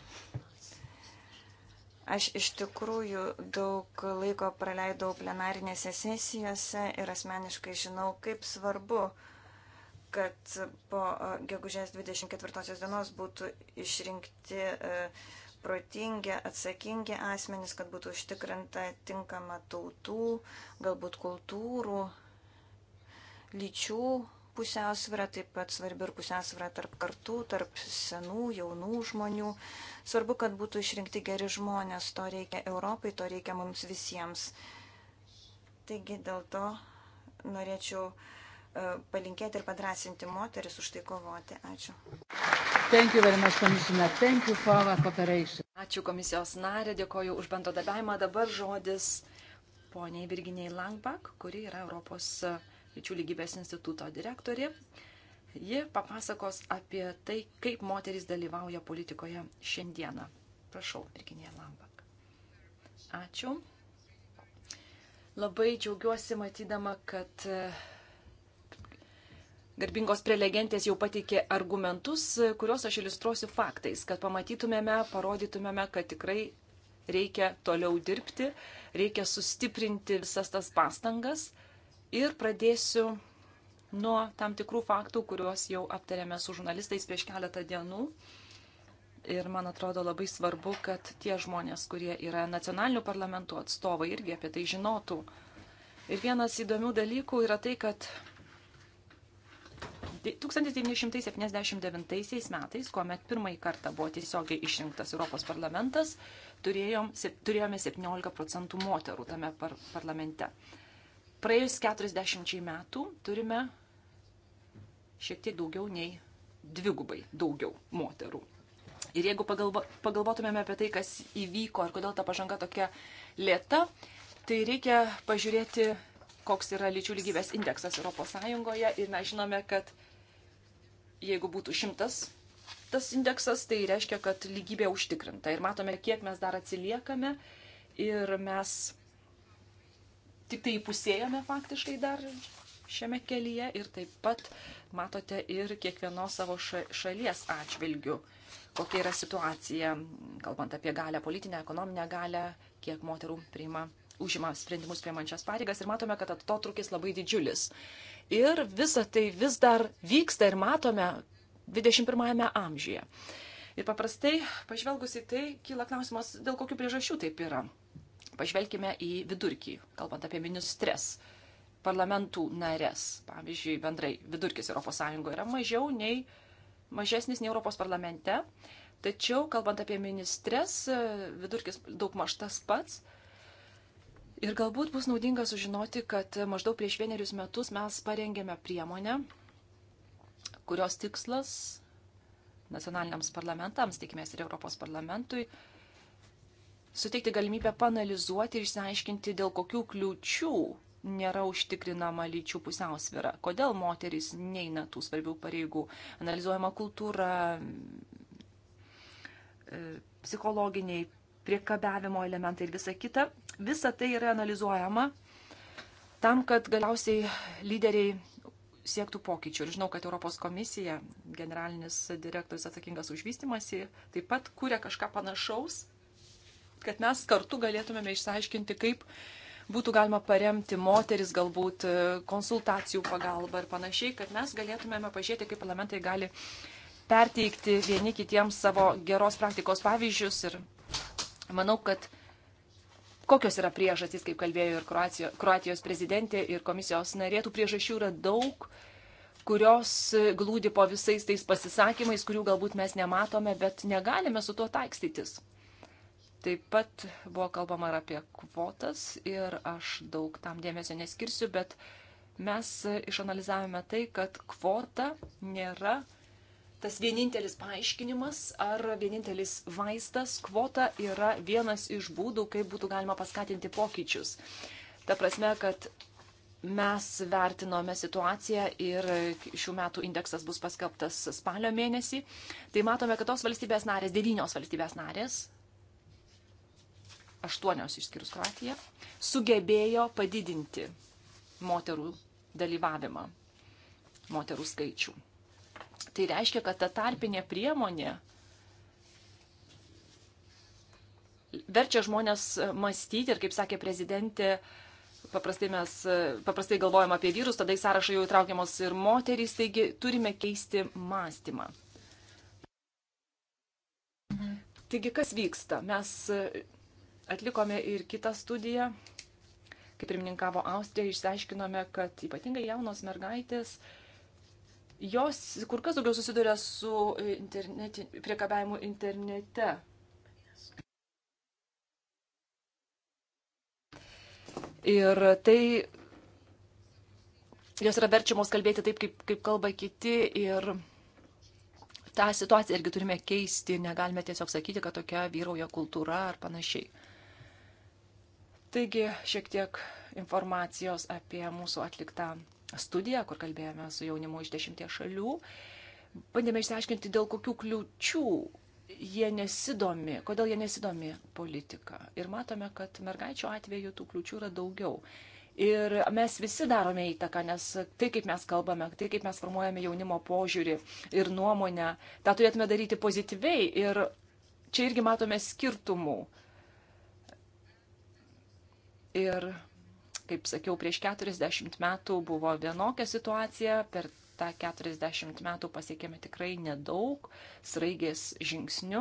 S3: Aš iš tikrųjų daug laiko praleidau plenarinėse sesijose ir asmeniškai žinau, kaip svarbu, kad po e, gegužės 24 dienos būtų išrinkti e, protingi, atsakingi asmenys, kad būtų užtikrinta tinkama tautų, galbūt kultūrų, lyčių pusiausvyrą, taip pat svarbi ir pusiausvyrą tarp kartų, tarp senų, jaunų žmonių. Svarbu, kad būtų išrinkti geri žmonės, to reikia Europai, to reikia mums visiems. Taigi dėl to norėčiau e, palinkėti ir padrasinti moteris už tai kovoti. Ačiū.
S4: Much,
S1: Ačiū komisijos narė, dėkoju už bendradarbiavimą. Dabar žodis poniai Virginiai Langbak, kuri yra Europos komisijos lyčių lygybės instituto direktorė. Ji papasakos apie tai, kaip moterys dalyvauja politikoje šiandieną. Prašau, Virginija Lambak. Ačiū. Labai džiaugiuosi matydama, kad e, garbingos prelegentės jau pateikė argumentus, e, kuriuos aš iliustruosiu faktais, kad pamatytumėme, parodytumėme, kad tikrai reikia toliau dirbti, reikia sustiprinti visas tas pastangas ir pradėsiu nuo tam tikrų faktų, kuriuos jau aptarėme su žurnalistais prieš keletą dienų. Ir man atrodo labai svarbu, kad tie žmonės, kurie yra nacionalinių parlamentų atstovai, irgi apie tai žinotų. Ir vienas įdomių dalykų yra tai, kad 1979 metais, kuomet pirmąjį kartą buvo tiesiogiai išrinktas Europos parlamentas, turėjom, turėjome 17 procentų moterų tame par parlamente praėjus 40 metų turime šiek tiek daugiau nei dvigubai daugiau moterų. Ir jeigu pagalvo, pagalvotumėme apie tai, kas įvyko ir kodėl ta pažanga tokia lėta, tai reikia pažiūrėti, koks yra lyčių lygybės indeksas ES. Ir mes žinome, kad jeigu būtų šimtas tas indeksas, tai reiškia, kad lygybė užtikrinta. Ir matome, kiek mes dar atsiliekame. Ir mes tik tai pusėjome faktiškai dar šiame kelyje ir taip pat matote ir kiekvienos savo šalies atžvilgių, kokia yra situacija, kalbant apie galę, politinę, ekonominę galę, kiek moterų priima, užima sprendimus priimančias pareigas ir matome, kad atotrukis labai didžiulis. Ir visa tai vis dar vyksta ir matome 21 amžiuje. Ir paprastai, pažvelgus į tai, kyla klausimas, dėl kokių priežasčių taip yra. Pažvelkime į vidurkį, kalbant apie ministres, parlamentų nares. Pavyzdžiui, bendrai vidurkis ES yra mažiau nei, mažesnis nei Europos parlamente. Tačiau, kalbant apie ministres, vidurkis daug maž tas pats. Ir galbūt bus naudinga sužinoti, kad maždaug prieš vienerius metus mes parengėme priemonę, kurios tikslas nacionaliniams parlamentams, tikimės ir Europos parlamentui, suteikti galimybę panalizuoti ir išsiaiškinti, dėl kokių kliūčių nėra užtikrinama lyčių pusiausvėra, kodėl moteris neina tų svarbių pareigų, analizuojama kultūra, e, psichologiniai priekabiavimo elementai ir visa kita. Visa tai yra analizuojama tam, kad galiausiai lyderiai siektų pokyčių. Ir žinau, kad Europos komisija, generalinis direktorius atsakingas už vystimąsi, taip pat kūrė kažką panašaus kad mes kartu galėtumėme išsiaiškinti, kaip būtų galima paremti moteris galbūt e, konsultacijų pagalba ir panašiai, kad mes galėtumėme pažiūrėti, kaip parlamentai gali perteikti vieni kitiems savo geros praktikos pavyzdžius ir manau, kad kokios yra priežastys, kaip kalbėjo ir Kroacijos, Kroatijos prezidentė ir komisijos narė, tų priežasčių yra daug kurios glūdi po visais tais pasisakymais, kurių galbūt mes nematome, bet negalime su tuo taikstytis. Taip pat buvo kalbama ir apie kvotas ir aš daug tam dėmesio neskirsiu, bet mes išanalizavome tai, kad kvota nėra tas vienintelis paaiškinimas ar vienintelis vaistas. Kvota yra vienas iš būdų, kaip būtų galima paskatinti pokyčius. Ta prasme, kad mes vertinome situaciją ir šių metų indeksas bus paskelbtas spalio mėnesį. Tai matome, kad tos valstybės narės, devynios valstybės narės, aštuonios išskyrus Kroatiją, sugebėjo padidinti moterų dalyvavimą, moterų skaičių. Tai reiškia, kad ta tarpinė priemonė verčia žmonės mąstyti ir, kaip sakė prezidentė, paprastai mes paprastai galvojam apie vyrus, tada į sąrašą jau įtraukiamos ir moterys, taigi turime keisti mąstymą. Taigi, kas vyksta? Mes Atlikome ir kitą studiją. Kaip pirmininkavo Austrija, išsiaiškinome, kad ypatingai jaunos mergaitės, jos kur kas daugiau susiduria su interneti, priekabiavimu internete. Ir tai jos yra verčiamos kalbėti taip, kaip, kaip kalba kiti ir tą situaciją irgi turime keisti, negalime tiesiog sakyti, kad tokia vyrauja kultūra ar panašiai. Taigi šiek tiek informacijos apie mūsų atliktą studiją, kur kalbėjome su jaunimu iš dešimties šalių. Bandėme išsiaiškinti, dėl kokių kliučių jie nesidomi, kodėl jie nesidomi politika. Ir matome, kad mergaičių atveju tų kliučių yra daugiau. Ir mes visi darome įtaką, nes tai, kaip mes kalbame, tai, kaip mes formuojame jaunimo požiūrį ir nuomonę, tą turėtume daryti pozityviai. Ir čia irgi matome skirtumų Ir, kaip sakiau, prieš 40 metų buvo vienokia situacija, per tą 40 metų pasiekėme tikrai nedaug, sraigės žingsnių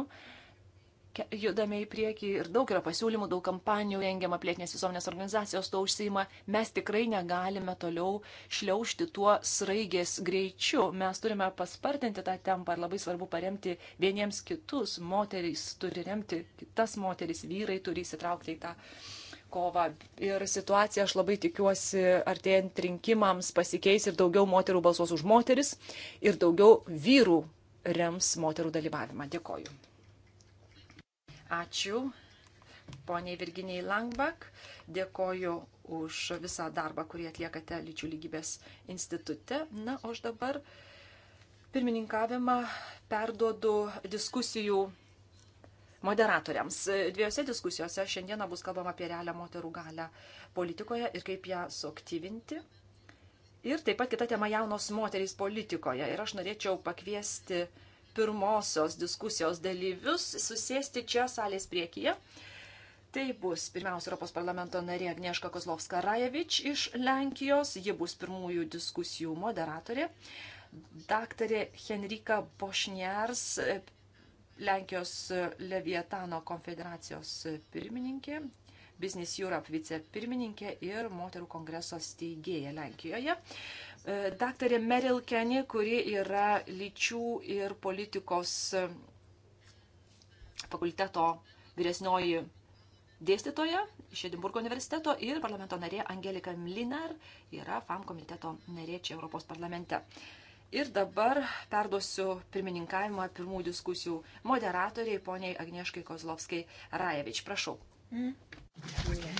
S1: judame į priekį ir daug yra pasiūlymų, daug kampanijų rengiama, plėtinės visuomenės organizacijos to užsima, mes tikrai negalime toliau šliaužti tuo sraigės greičiu. Mes turime paspartinti tą tempą ir labai svarbu paremti vieniems kitus. Moterys turi remti kitas moteris, vyrai turi įsitraukti į tą kovą. Ir situacija, aš labai tikiuosi, artėjant rinkimams pasikeis ir daugiau moterų balsuos už moteris ir daugiau vyrų rems moterų dalyvavimą. Dėkoju. Ačiū poniai Virginiai Langbak. Dėkoju už visą darbą, kurį atliekate lyčių lygybės institute. Na, o aš dabar pirmininkavimą perduodu diskusijų moderatoriams. Dviejose diskusijose šiandieną bus kalbama apie realią moterų galę politikoje ir kaip ją suaktyvinti. Ir taip pat kita tema jaunos moterys politikoje. Ir aš norėčiau pakviesti pirmosios diskusijos dalyvius susėsti čia salės priekyje. Tai bus pirmiausia Europos parlamento narė Agnieszka Kozlovska Rajevič iš Lenkijos. Ji bus pirmųjų diskusijų moderatorė. Daktarė Henrika Bošniers, Lenkijos Levietano konfederacijos pirmininkė, Business Europe vicepirmininkė ir moterų kongreso steigėja Lenkijoje. E, daktarė Meril Kenny, kuri yra lyčių ir politikos fakulteto vyresnioji dėstytoja iš Edinburgo universiteto ir parlamento narė Angelika Mlinar yra FAM komiteto narė čia Europos parlamente. Uh, Ir dabar perduosiu pirmininkavimą pirmų diskusijų moderatoriai, poniai Agnieškai Kozlovskai Rajevič. Prašau.
S4: Mm. Okay.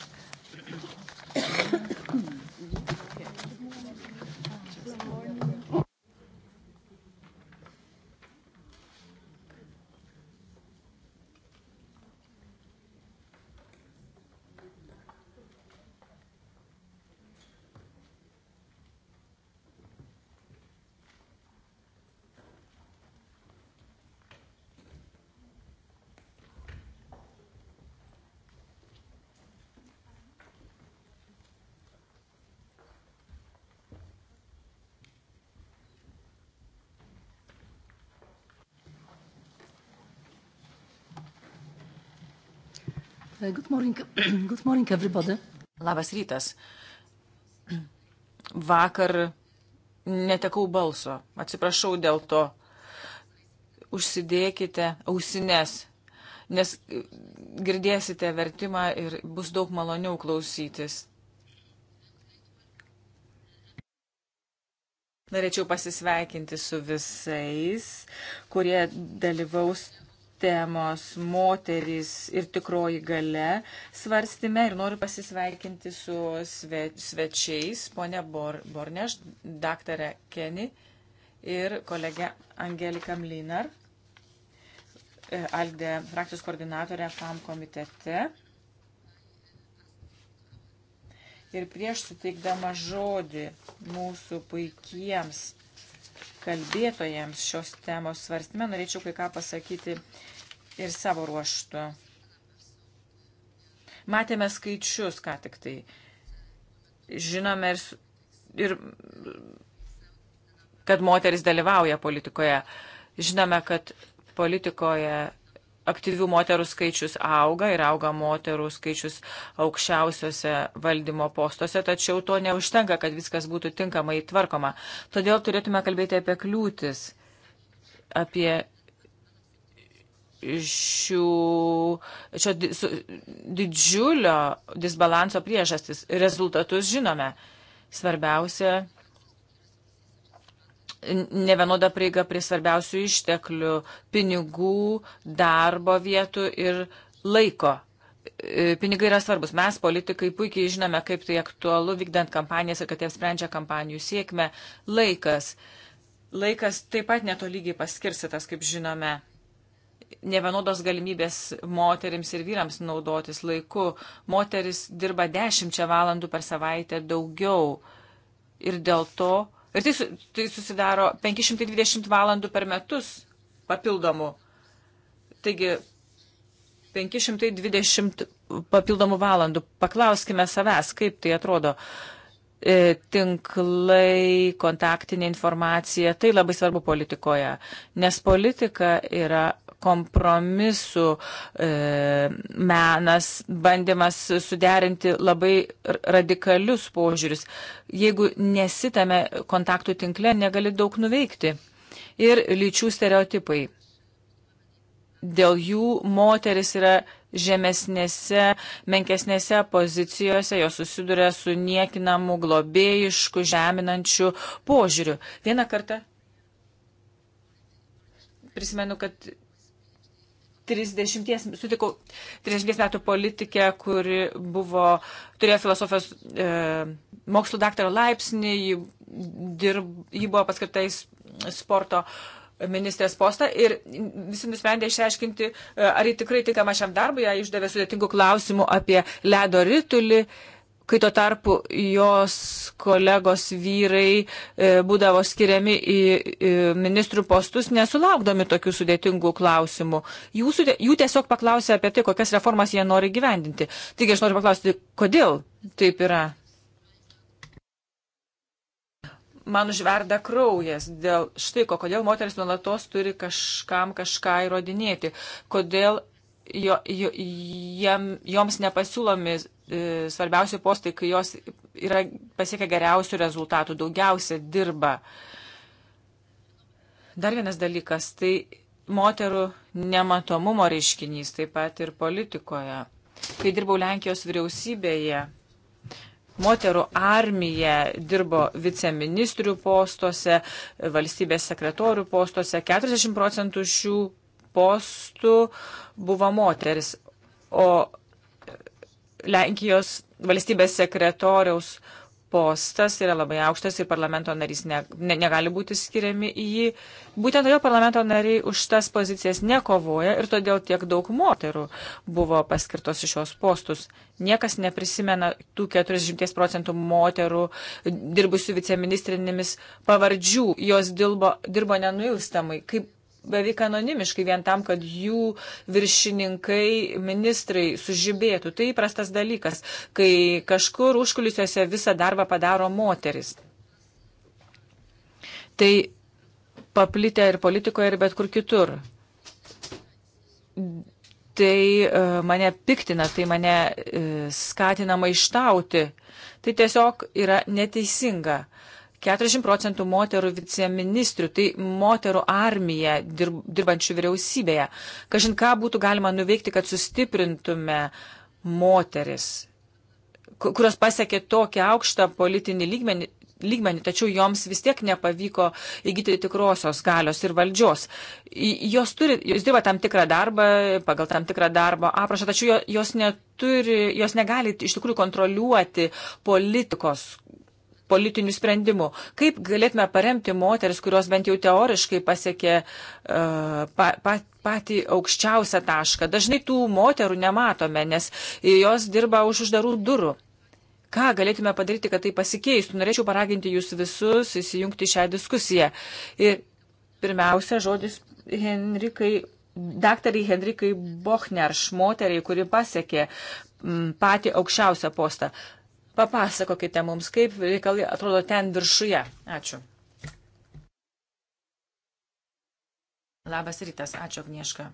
S1: E, good morning, [CLEARS THROAT] good morning
S2: everybody. Labas rytas. Vakar netekau balso. Atsiprašau dėl to. Užsidėkite ausines, nes e, girdėsite vertimą ir bus daug maloniau klausytis. Norėčiau pasisveikinti su visais, kurie dalyvaus temos moterys ir tikroji gale svarstime ir noriu pasisveikinti su sve, svečiais, ponia Bor, Borneš, daktarė Kenny ir kolegė Angelika Mlinar, e, Alde frakcijos koordinatorė FAM komitete. Ir prieš suteikdama žodį mūsų puikiems kalbėtojams šios temos svarstime, norėčiau kai ką pasakyti ir savo ruoštų. Matėme skaičius, ką tik tai. Žinome ir, ir kad moteris dalyvauja politikoje. Žinome, kad politikoje aktyvių moterų skaičius auga ir auga moterų skaičius aukščiausiose valdymo postuose, tačiau to neužtenka, kad viskas būtų tinkamai tvarkoma. Todėl turėtume kalbėti apie kliūtis, apie šių, šio di, su, didžiulio disbalanso priežastis. Rezultatus žinome. Svarbiausia nevienoda prieiga prie svarbiausių išteklių - pinigų, darbo vietų ir laiko. E, pinigai yra svarbus. Mes, politikai, puikiai žinome, kaip tai aktualu vykdant kampanijas ir kad jie sprendžia kampanijų sėkmę. Laikas. Laikas taip pat netolygiai paskirsitas, kaip žinome. Nevienodos galimybės moterims ir vyrams naudotis laiku. Moteris dirba dešimčia valandų per savaitę daugiau ir dėl to Ir tai, tai susidaro 520 valandų per metus papildomų. Taigi 520 papildomų valandų. Paklauskime savęs, kaip tai atrodo. E, tinklai, kontaktinė informacija, tai labai svarbu politikoje, nes politika yra kompromisų e, menas, bandymas suderinti labai radikalius požiūrius. Jeigu nesitame kontaktų tinkle, negali daug nuveikti. Ir lyčių stereotipai. Dėl jų moteris yra žemesnėse, menkesnėse pozicijose, jos susiduria su niekinamu, globėjišku, žeminančiu požiūriu. Vieną kartą prisimenu, kad 30, sutikau 30 metų politikę, kuri buvo, turėjo filosofijos e, mokslo daktaro laipsnį, ji, dirb, ji buvo paskirta į sporto ministrės postą ir visi nusprendė išsiaiškinti, e, ar ji tikrai tinkama šiam darbui, ją išdavė sudėtingų klausimų apie ledo rytulį. E, kai tuo tarpu jos kolegos vyrai e, būdavo skiriami į, į ministrų postus, nesulaukdami tokių sudėtingų klausimų. Jų, sudė, jų tiesiog paklausė apie tai, kokias reformas jie nori gyvendinti. Taigi aš noriu paklausti, kodėl taip yra? Man užverda kraujas dėl štai ko, kodėl moteris nuolatos turi kažkam kažką įrodinėti, kodėl jo, jo, jam, joms nepasiūlomi E, svarbiausi postai, kai jos yra pasiekę geriausių rezultatų, daugiausia dirba. Dar vienas dalykas - tai moterų nematomumo reiškinys taip pat ir politikoje. Kai dirbau Lenkijos vyriausybėje, moterų armija dirbo viceministrių postuose, valstybės sekretorių postuose. 40 procentų šių postų buvo moteris, o Lenkijos valstybės sekretoriaus postas yra labai aukštas ir parlamento narys ne, ne, negali būti skiriami į jį. Būtent todėl parlamento nariai už tas pozicijas nekovoja ir todėl tiek daug moterų buvo paskirtos iš šios postus. Niekas neprisimena tų 40 procentų moterų dirbusių viceministrinėmis pavardžių. Jos dilbo, dirbo nenuilstamai. Kaip beveik anonimiškai vien tam, kad jų viršininkai, ministrai sužibėtų. Tai įprastas dalykas, kai kažkur užkulisiuose visą darbą padaro moteris. Tai paplitę ir politikoje, ir bet kur kitur. Tai e, mane piktina, tai mane e, skatina maištauti. Tai tiesiog yra neteisinga. Uh, 40 procentų moterų viceministrių, tai moterų armija dirb, dirbančių vyriausybėje. Kažin ką būtų galima nuveikti, kad sustiprintume moteris, kurios pasiekė tokį aukštą politinį lygmenį, lygmenį, tačiau joms vis tiek nepavyko įgyti tikrosios galios ir valdžios. Jos, turi, jos dirba tam tikrą darbą, pagal tam tikrą darbo aprašą, tačiau jos, neturi, jos negali iš tikrųjų kontroliuoti politikos, politinių sprendimų. Kaip galėtume paremti moteris, kurios bent jau teoriškai pasiekė uh, pa, pa, patį aukščiausią tašką? Dažnai tų moterų nematome, nes jos dirba už uždarų durų. Ką galėtume padaryti, kad tai pasikeistų? Norėčiau paraginti jūs visus įsijungti šią diskusiją. Ir pirmiausia, žodis Henrikai, daktarai Henrikai Bochnerš, moteriai, kuri pasiekė patį aukščiausią postą. Papasakokite mums, kaip reikalai atrodo ten viršuje. Ačiū. Labas rytas, ačiū Agnieška.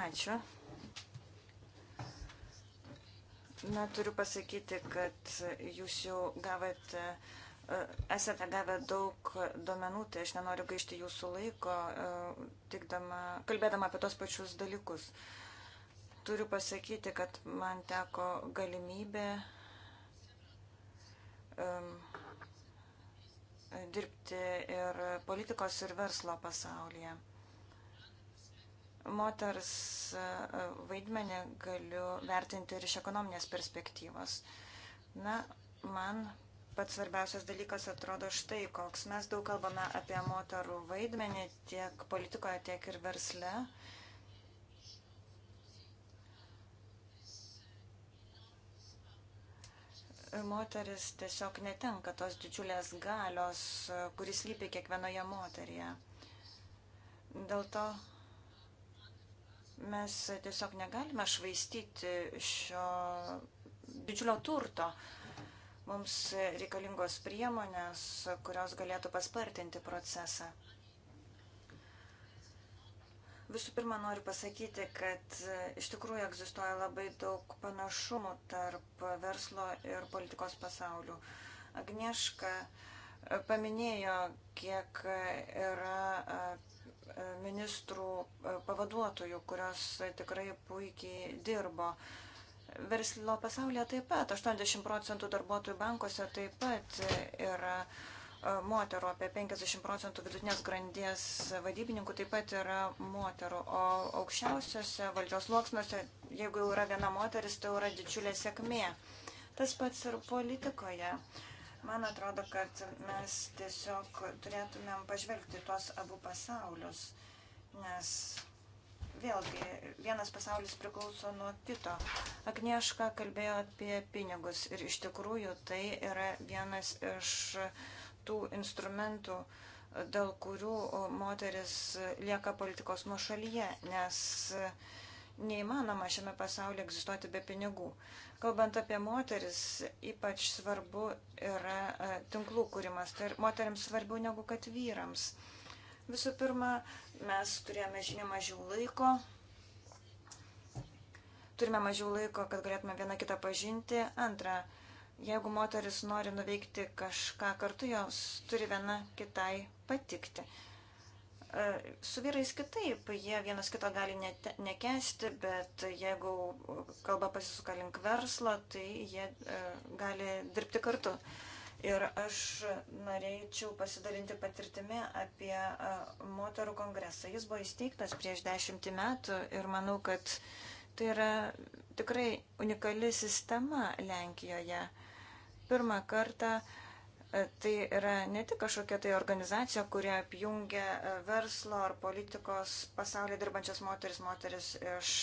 S3: Ačiū. Na, turiu pasakyti, kad jūs jau gavote uh, E, esate gavę daug duomenų, tai aš nenoriu gaišti jūsų laiko, e, tikdama, kalbėdama apie tos pačius dalykus. Turiu pasakyti, kad man teko galimybė um, dirbti ir politikos ir verslo pasaulyje. Moters e, vaidmenį galiu vertinti ir iš ekonominės perspektyvos. Na, man pats svarbiausias dalykas atrodo štai koks. Mes daug kalbame apie moterų vaidmenį tiek politikoje, tiek ir versle. Moteris tiesiog netenka tos didžiulės galios, kuris lypi kiekvienoje moteryje. Dėl to mes tiesiog negalime švaistyti šio didžiulio turto. Uh, Mums reikalingos priemonės, kurios galėtų paspartinti procesą. Visų pirma, noriu pasakyti, kad e, iš tikrųjų egzistuoja labai daug panašumų tarp verslo ir politikos pasaulių. Agnieška e, paminėjo, kiek yra e, ministrų pavaduotojų, kurios tikrai puikiai dirbo Verslo pasaulyje taip pat 80 procentų darbuotojų bankuose taip pat yra e, moterų, apie 50 procentų vidutinės grandies vadybininkų taip pat yra moterų, o aukščiausiose valdžios sluoksniuose, jeigu jau yra viena moteris, tai yra didžiulė sėkmė. Tas pats ir politikoje. Man atrodo, kad mes tiesiog turėtumėm pažvelgti tuos abu pasaulius, nes vėlgi vienas pasaulis priklauso nuo kito. Agnieška kalbėjo apie pinigus ir iš tikrųjų tai yra vienas iš tų instrumentų, dėl kurių moteris lieka politikos nuošalyje, nes neįmanoma šiame pasaulyje egzistuoti be pinigų. Kalbant apie moteris, ypač svarbu yra e, tinklų kūrimas. Tai moteriams svarbiau negu kad vyrams. Visų pirma, mes turėjome žymiai mažiau laiko. Turime mažiau laiko, kad galėtume vieną kitą pažinti. Antra, jeigu moteris nori nuveikti kažką kartu, jos turi viena kitai patikti. E, su vyrais kitaip, jie vienas kito gali nete, nekesti, bet jeigu kalba pasisuka link verslo, tai jie e, gali dirbti kartu. Ir aš norėčiau pasidalinti patirtimi apie moterų kongresą. Jis buvo įsteigtas prieš dešimtį metų ir manau, kad tai yra tikrai unikali sistema Lenkijoje. Pirmą kartą tai yra ne tik kažkokia tai organizacija, kurie apjungia verslo ar politikos pasaulyje dirbančias moteris, moteris iš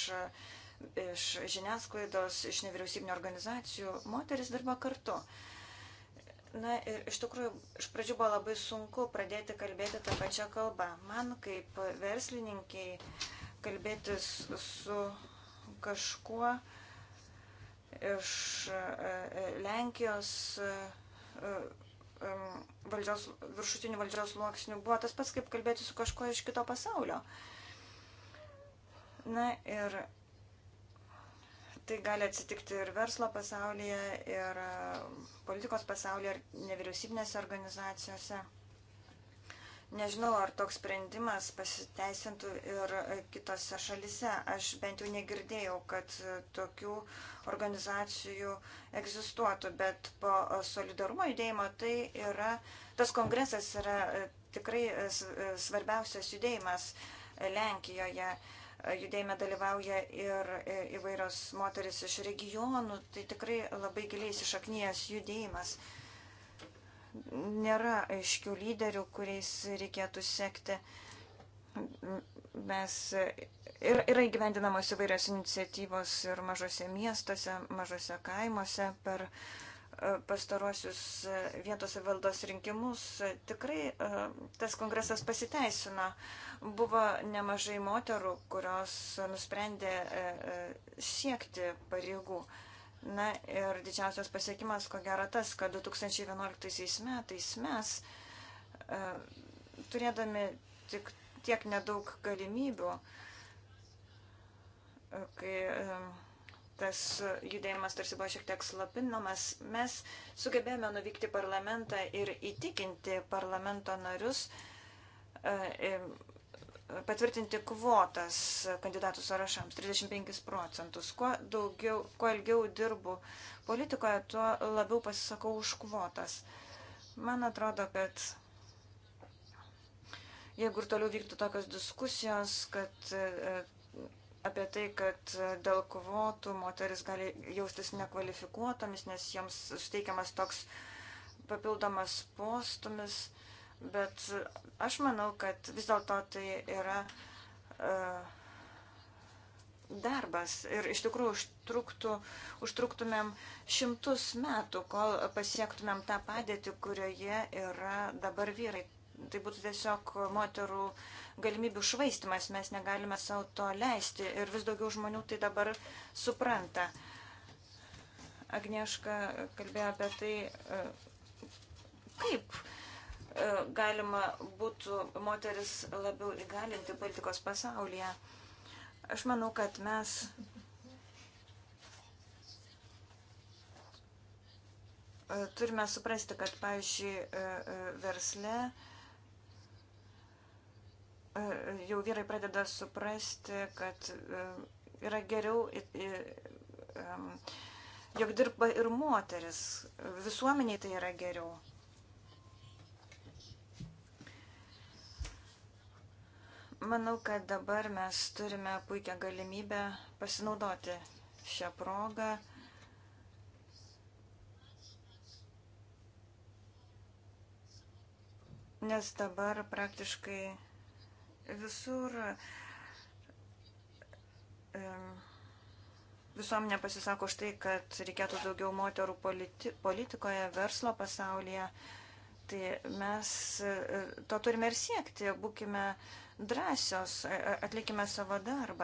S3: iš žiniasklaidos, iš nevyriausybinio organizacijų, moteris dirba kartu. Na ir iš tikrųjų, iš pradžių buvo labai sunku pradėti kalbėti tą pačią kalbą. Man kaip verslininkiai kalbėtis su kažkuo iš e, e, Lenkijos e, valdžios, viršutinių valdžios sluoksnių buvo tas pats, kaip kalbėti su kažkuo iš kito pasaulio. Na ir Tai gali atsitikti ir verslo pasaulyje, ir e, politikos pasaulyje, ir nevyriausybinėse organizacijose. Nežinau, ar toks sprendimas pasiteisintų ir e, kitose šalise. Aš bent jau negirdėjau, kad e, tokių organizacijų egzistuotų, bet po solidarumo judėjimo tai yra, tas kongresas yra tikrai svarbiausias judėjimas Lenkijoje judėjime dalyvauja ir e, įvairios moteris iš regionų, tai tikrai labai giliai įsišaknyjas judėjimas. Nėra aiškių lyderių, kuriais reikėtų sekti. Mes e, ir, yra įgyvendinamos įvairios iniciatyvos ir mažose miestuose, mažose kaimuose per e, pastarosius vietos valdos rinkimus. Tikrai tas kongresas pasiteisino. Uh, Buvo nemažai moterų, kurios nusprendė e, e, siekti pareigų. Na ir didžiausias pasiekimas, ko gero, tas, kad 2011 metais mes, e, turėdami tik tiek nedaug galimybių, kai tas judėjimas tarsi buvo šiek tiek slapinamas, mes sugebėjome nuvykti parlamentą ir įtikinti parlamento narius patvirtinti kvotas kandidatų sąrašams 35 procentus. Kuo, daugiau, kuo ilgiau dirbu politikoje, tuo labiau pasisakau už kvotas. Man atrodo, kad jeigu ir toliau vyktų tokios diskusijos, kad e, apie tai, kad dėl kvotų moteris gali jaustis nekvalifikuotomis, nes jiems suteikiamas toks papildomas postumis, bet aš manau, kad vis dėlto tai yra uh, darbas ir iš tikrųjų užtruktų, užtruktumėm šimtus metų, kol pasiektumėm tą padėtį, kurioje yra dabar vyrai. Tai būtų tiesiog moterų galimybių švaistimas, mes negalime savo to leisti ir vis daugiau žmonių tai dabar supranta. Agnieška kalbėjo apie tai, e, kaip E, galima būtų moteris labiau įgalinti politikos pasaulyje. Aš manau, kad mes e, turime suprasti, kad, pavyzdžiui, e, versle jau vyrai pradeda suprasti, kad yra geriau, jog dirba ir moteris. Visuomeniai tai yra geriau. Manau, kad dabar mes turime puikią galimybę pasinaudoti šią progą. Nes dabar praktiškai visur visuomenė pasisako už tai, kad reikėtų daugiau moterų politi politikoje, verslo pasaulyje. Tai mes e, to turime ir siekti. Būkime uh, drąsios, e, e, atlikime savo darbą.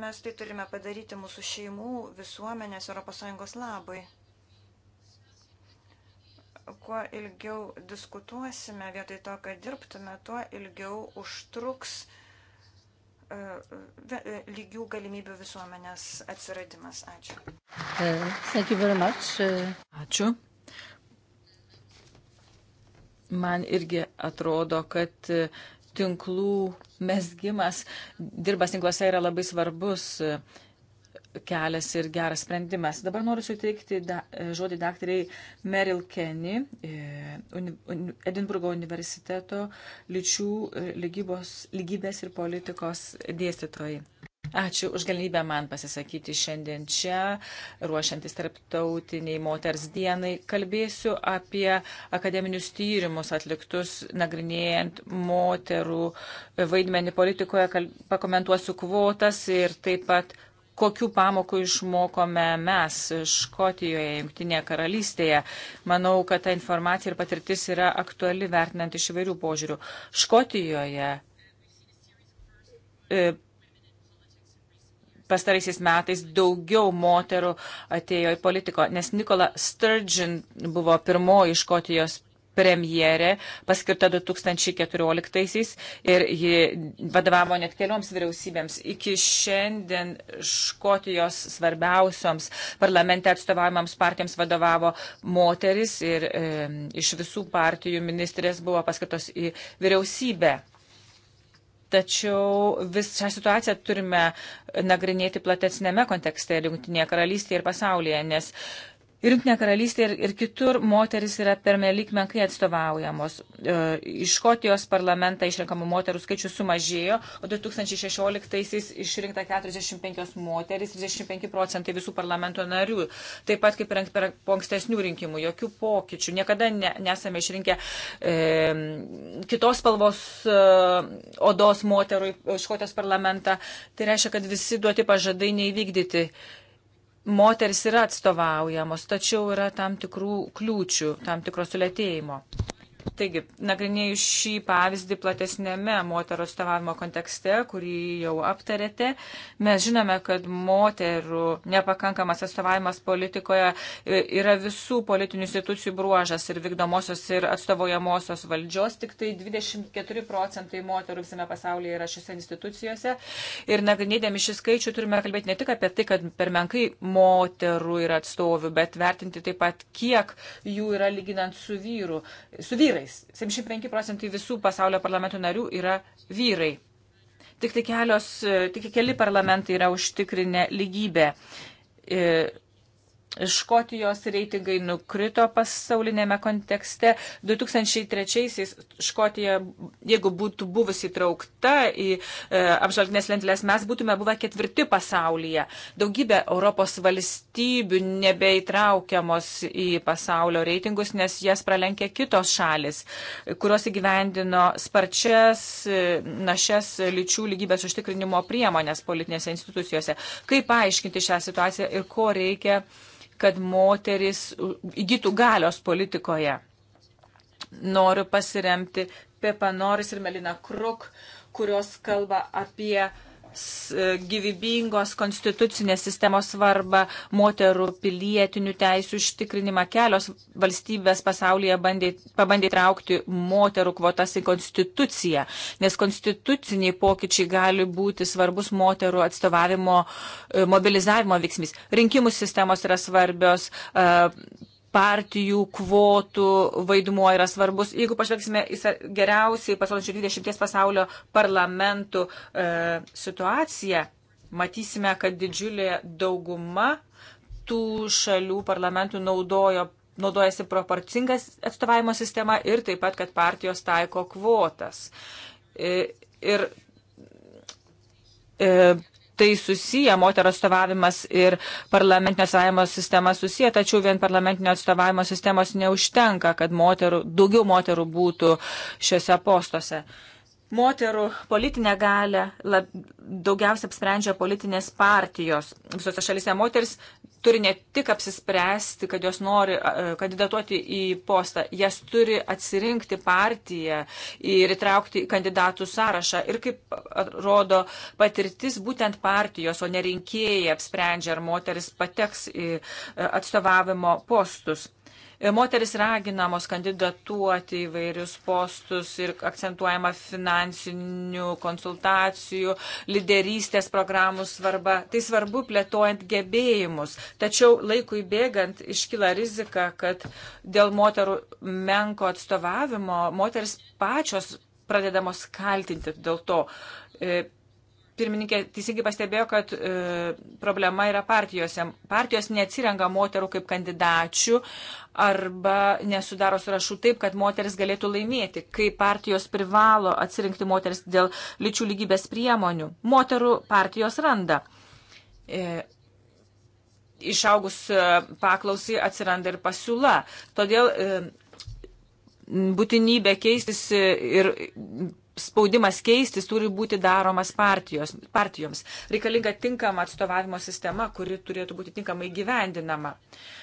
S3: Mes tai turime padaryti mūsų šeimų, visuomenės, ES labui. Kuo ilgiau diskutuosime, vietoj to, kad dirbtume, tuo ilgiau užtruks e, lygių galimybių visuomenės atsiradimas. Ačiū.
S1: Uh, uh. Ačiū
S2: man irgi atrodo, kad e, tinklų mesgimas, dirbas tinkluose yra labai svarbus e, kelias ir geras sprendimas. Dabar noriu suteikti da, e, žodį daktariai Meryl Kenny, uni, un, Edinburgo universiteto lyčių lygybos, lygybės ir politikos dėstytojai. Ačiū už galimybę man pasisakyti šiandien čia, ruošiantis tarptautiniai moters dienai. Kalbėsiu apie akademinius tyrimus atliktus nagrinėjant moterų vaidmenį politikoje, kal... pakomentuosiu kvotas ir taip pat kokiu pamoku išmokome mes Škotijoje, Junktinėje karalystėje. Manau, kad ta informacija ir patirtis yra aktuali vertinant iš įvairių požiūrių. Škotijoje. E, pastaraisiais metais daugiau moterų atėjo į politiko, nes Nikola Sturgeon buvo pirmoji Škotijos premjerė, paskirta 2014-aisiais ir ji vadovavo net kelioms vyriausybėms. Iki šiandien Škotijos svarbiausioms parlamente atstovaujamams partijoms vadovavo moteris ir e, iš visų partijų ministrės buvo paskirtos į vyriausybę. Tačiau visą situaciją turime nagrinėti platesnėme kontekste ir Junktinėje karalystėje ir pasaulyje, nes uh, Ir Junktinė karalystė ir, ir kitur moteris yra pernelyg menkai atstovaujamos. E, iš Škotijos parlamentą išrenkamų moterų skaičius sumažėjo, o 2016-aisiais išrinkta 45 moteris, 35 procentai visų parlamento narių. Taip pat kaip ir per ankstesnių rinkimų, jokių pokyčių. Niekada ne, nesame išrinkę e, kitos spalvos e, odos moterų į Škotijos parlamentą. Tai reiškia, kad visi duoti pažadai neįvykdyti. E, moteris yra atstovaujamos, tačiau yra tam tikrų kliūčių, tam tikro sulėtėjimo. Taigi, nagrinėjau šį pavyzdį platesnėme moterų atstovavimo kontekste, kurį jau aptarėte. Mes žinome, kad moterų nepakankamas atstovavimas politikoje yra visų politinių institucijų bruožas ir vykdomosios ir atstovaujamosios valdžios. Tik tai 24 procentai moterų visame pasaulyje yra šiose institucijose. Ir nagrinėdami šį skaičių turime kalbėti ne tik apie tai, kad per menkai moterų yra atstovių, bet vertinti taip pat, kiek jų yra lyginant su vyru. Su vyru vyrais. 75 procentai visų pasaulio parlamentų narių yra vyrai. Tik tai kelios, e, tik tai keli parlamentai yra užtikrinę lygybę. E, Škotijos reitingai nukrito pasaulinėme kontekste. 2003-aisiais Škotija, jeigu būtų buvusi įtraukta į e, apžalginės lentelės, mes būtume buvę ketvirti pasaulyje. Daugybė Europos valstybių nebeįtraukiamos į pasaulio reitingus, nes jas pralenkė kitos šalis, kurios įgyvendino sparčias, e, našias lyčių lygybės užtikrinimo priemonės politinėse institucijose. Kaip paaiškinti šią situaciją ir ko reikia? kad moteris įgytų galios politikoje. Noriu pasiremti Pepa Noris ir Melina Kruk, kurios kalba apie uh, E, gyvybingos konstitucinės sistemos svarbą, moterų pilietinių teisų ištikrinimą. Kelios valstybės pasaulyje bandė, pabandė traukti moterų kvotas į konstituciją, nes konstituciniai pokyčiai gali būti svarbus moterų atstovavimo e, mobilizavimo veiksmys. Rinkimų sistemos yra svarbios, e, partijų kvotų vaidmuo yra svarbus. Jeigu pažvelgsime į geriausiai pasaulio 20 pasaulio parlamentų e, situaciją, matysime, kad didžiulė dauguma tų šalių parlamentų naudojo, naudojasi proporcingas atstovavimo sistema ir taip pat, kad partijos taiko kvotas. E, ir e, tai susiję, moterų atstovavimas ir parlamentinio atstovavimo sistema susiję, tačiau vien parlamentinio atstovavimo sistemos neužtenka, kad moterų, daugiau moterų būtų šiuose postuose. Moterų politinę galę lab, daugiausia apsprendžia politinės partijos. Visose šalise moteris turi ne tik apsispręsti, kad jos nori kandidatuoti į postą, jas turi atsirinkti partiją ir įtraukti kandidatų sąrašą. Ir kaip rodo patirtis, būtent partijos, o ne rinkėjai apsprendžia, ar moteris pateks į atstovavimo postus. Moteris raginamos kandidatuoti į vairius postus ir akcentuojama finansinių konsultacijų, lyderystės programų svarba. Tai svarbu plėtojant gebėjimus. Tačiau laikui bėgant iškyla rizika, kad dėl moterų menko atstovavimo moteris pačios pradedamos kaltinti dėl to. E, pirmininkė teisingai pastebėjo, kad e, problema yra partijose. Partijos neatsirenka moterų kaip kandidačių arba nesudaro sąrašų taip, kad moteris galėtų laimėti, kai partijos privalo atsirinkti moteris dėl lyčių lygybės priemonių. Moterų partijos randa. E, Išaugus e, paklausai atsiranda ir pasiūla. Todėl e, būtinybė keistis ir spaudimas keistis turi būti daromas partijos, partijoms. Reikalinga tinkama atstovavimo sistema, kuri turėtų būti tinkamai gyvendinama.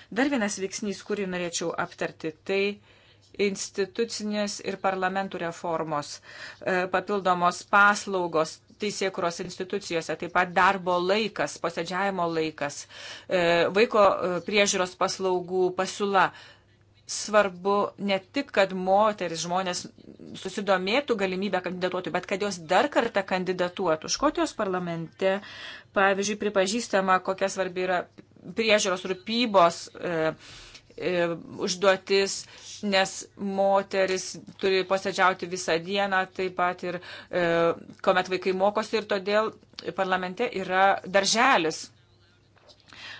S2: Dar vienas veiksnys, kurį norėčiau aptarti, tai institucinės ir parlamentų reformos, e, papildomos paslaugos teisėkuros institucijose, taip pat darbo laikas, posėdžiavimo laikas, e, vaiko e, priežiūros paslaugų pasiūla svarbu ne tik, kad moteris žmonės susidomėtų galimybę kandidatuoti, bet kad jos dar kartą kandidatuotų. Škotijos parlamente, pavyzdžiui, pripažįstama, kokia svarbi yra priežiūros rūpybos e, e, užduotis, nes moteris turi posėdžiauti visą dieną, taip pat ir e, kuomet vaikai mokosi ir todėl parlamente yra darželis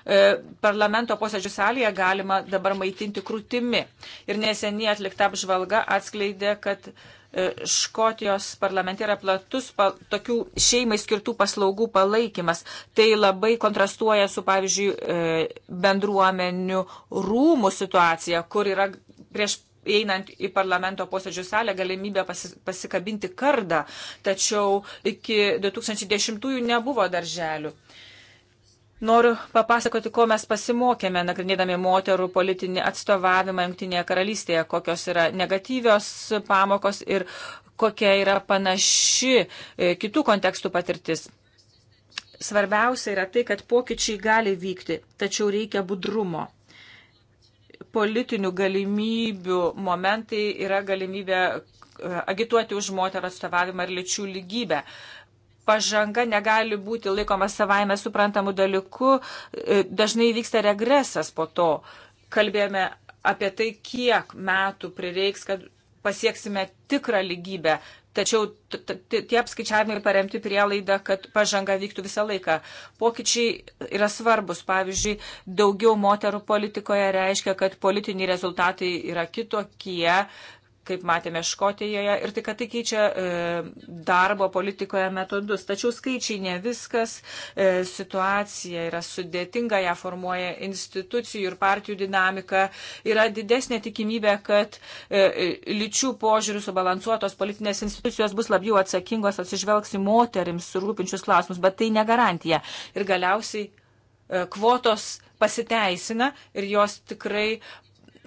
S2: E, parlamento posėdžių salėje galima dabar maitinti krūtimi. Ir neseniai atlikta apžvalga atskleidė, kad e, Škotijos parlamente yra platus pa, tokių šeimai skirtų paslaugų palaikymas. Tai labai kontrastuoja su, pavyzdžiui, e, bendruomenių rūmų situacija, kur yra prieš einant į parlamento posėdžių salę galimybę pasi, pasikabinti kardą, tačiau iki 2010-ųjų nebuvo darželių. Noriu papasakoti, ko mes pasimokėme, nagrinėdami moterų politinį atstovavimą Junktinėje karalystėje, kokios yra negatyvios pamokos ir kokia yra panaši e, kitų kontekstų patirtis. Svarbiausia yra tai, kad pokyčiai gali vykti, tačiau reikia budrumo. Politinių galimybių momentai yra galimybė e, agituoti už moterų atstovavimą ir lyčių lygybę. Uh, pažanga negali būti laikoma savaime suprantamu dalyku, e, dažnai vyksta regresas po to. Kalbėjome apie tai, kiek metų prireiks, kad pasieksime tikrą lygybę. Tačiau tie apskaičiavimai paremti prielaida, kad pažanga vyktų visą laiką. Pokyčiai yra svarbus. Pavyzdžiui, daugiau moterų politikoje reiškia, kad politiniai rezultatai yra kitokie, kaip matėme Škotijoje, ir tai, kad tai keičia e, darbo politikoje metodus. Tačiau skaičiai ne viskas, e, situacija yra sudėtinga, ją formuoja institucijų ir partijų dinamika, yra didesnė tikimybė, kad e, lyčių požiūrių subalansuotos politinės institucijos bus labiau atsakingos, atsižvelgs į moterims surūpinčius klausimus, bet tai negarantija. Ir galiausiai e, kvotos pasiteisina ir jos tikrai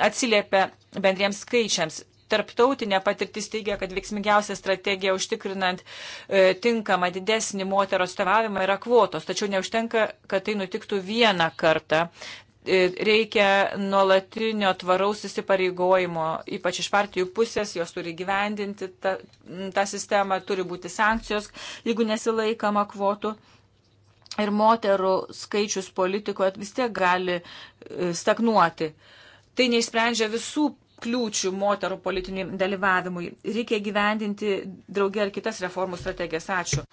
S2: atsiliepia bendriems skaičiams tarptautinė patirtis teigia, kad veiksmingiausia strategija užtikrinant e, tinkamą didesnį moterų atstovavimą yra kvotos, tačiau neužtenka, kad tai nutiktų vieną kartą. E, reikia nuolatinio tvaraus įsipareigojimo, ypač iš partijų pusės, jos turi gyvendinti tą, tą sistemą, turi būti sankcijos, jeigu nesilaikama kvotų ir moterų skaičius politikoje vis tiek gali e, stagnuoti. Tai neišsprendžia visų kliūčių moterų politiniam dalyvavimui. Reikia gyvendinti draugė ar kitas reformų strategijas. Ačiū.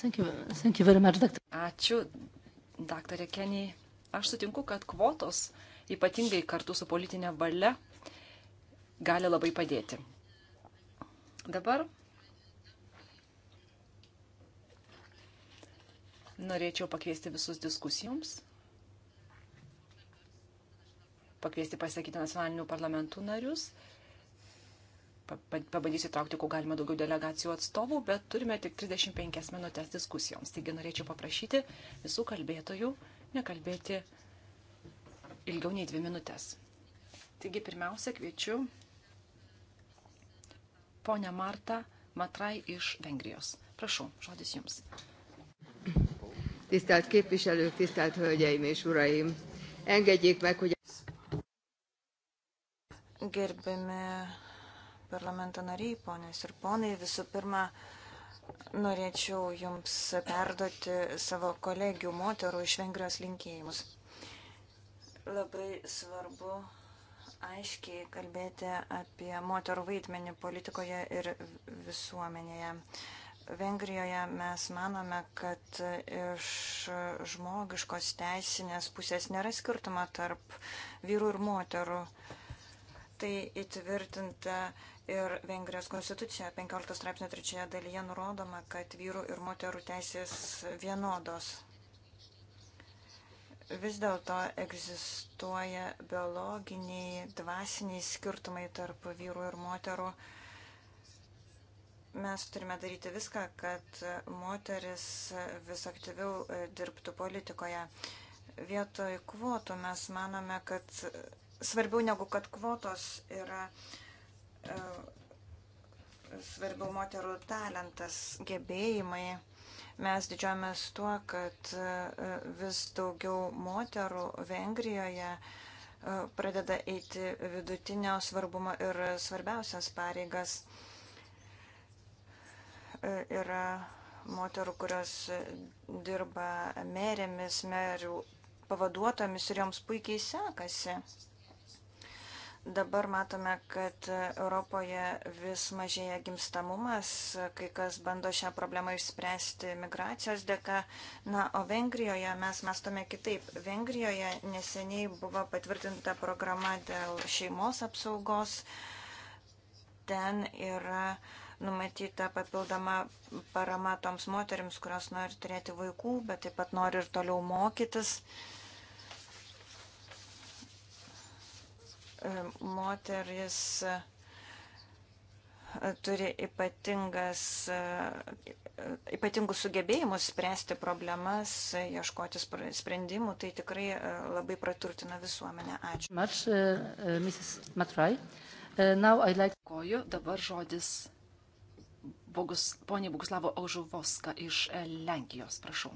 S1: Thank
S4: you. Thank you very much, doctor.
S1: Ačiū, daktarė Kenny. Aš sutinku, kad kvotos, ypatingai kartu su politinė valia, gali labai padėti. Dabar norėčiau pakviesti visus diskusijoms pakviesti pasakyti nacionalinių parlamentų narius. Pabandysiu traukti, kuo galima daugiau delegacijų atstovų, bet turime tik 35 minutės diskusijoms. Taigi norėčiau paprašyti visų kalbėtojų nekalbėti ilgiau nei dvi minutės. Taigi pirmiausia, kviečiu ponę Martą Matrai iš Vengrijos. Prašau, žodis jums.
S2: Tisztelt képviselők, tisztelt hölgyeim és uraim! Engedjék meg, hogy
S3: Gerbiami parlamento nariai, ponės ir ponai, visų pirma, norėčiau Jums perduoti savo kolegių moterų iš Vengrijos linkėjimus. Labai svarbu aiškiai kalbėti apie moterų vaidmenį politikoje ir visuomenėje. Vengrijoje mes manome, kad iš žmogiškos teisinės pusės nėra skirtumo tarp vyrų ir moterų. Uh, Tai įtvirtinta ir Vengrijos konstitucija 15 straipsnio 3 dalyje nurodoma, kad vyrų ir moterų teisės vienodos. Vis dėlto egzistuoja biologiniai, dvasiniai skirtumai tarp vyrų ir moterų. Mes turime daryti viską, kad moteris vis aktyviau dirbtų politikoje. Vietoj kvotų mes manome, kad svarbiau negu kad kvotos yra e, svarbiau moterų talentas, gebėjimai. Mes didžiuojamės tuo, kad e, vis daugiau moterų Vengrijoje e, pradeda eiti vidutinio svarbumo ir svarbiausias pareigas. Yra moterų, kurios dirba merėmis, merių pavaduotomis ir joms puikiai sekasi. Dabar matome, kad Europoje vis mažėja gimstamumas, kai kas bando šią problemą išspręsti migracijos dėka. Na, o Vengrijoje mes mastome kitaip. Vengrijoje neseniai buvo patvirtinta programa dėl šeimos apsaugos. Ten yra numatyta papildoma parama toms moteriams, kurios nori turėti vaikų, bet taip pat nori ir toliau mokytis. Uh, E, moteris e, turi ypatingas, e, ypatingus sugebėjimus spręsti problemas, ieškoti sprendimų, tai tikrai labai praturtina
S4: visuomenę. Ačiū. Much, uh, Mrs. Matrai. Uh, now I like...
S1: Koju, dabar žodis Bogus, ponė Boguslavo Aužuvoska iš Lenkijos, prašau.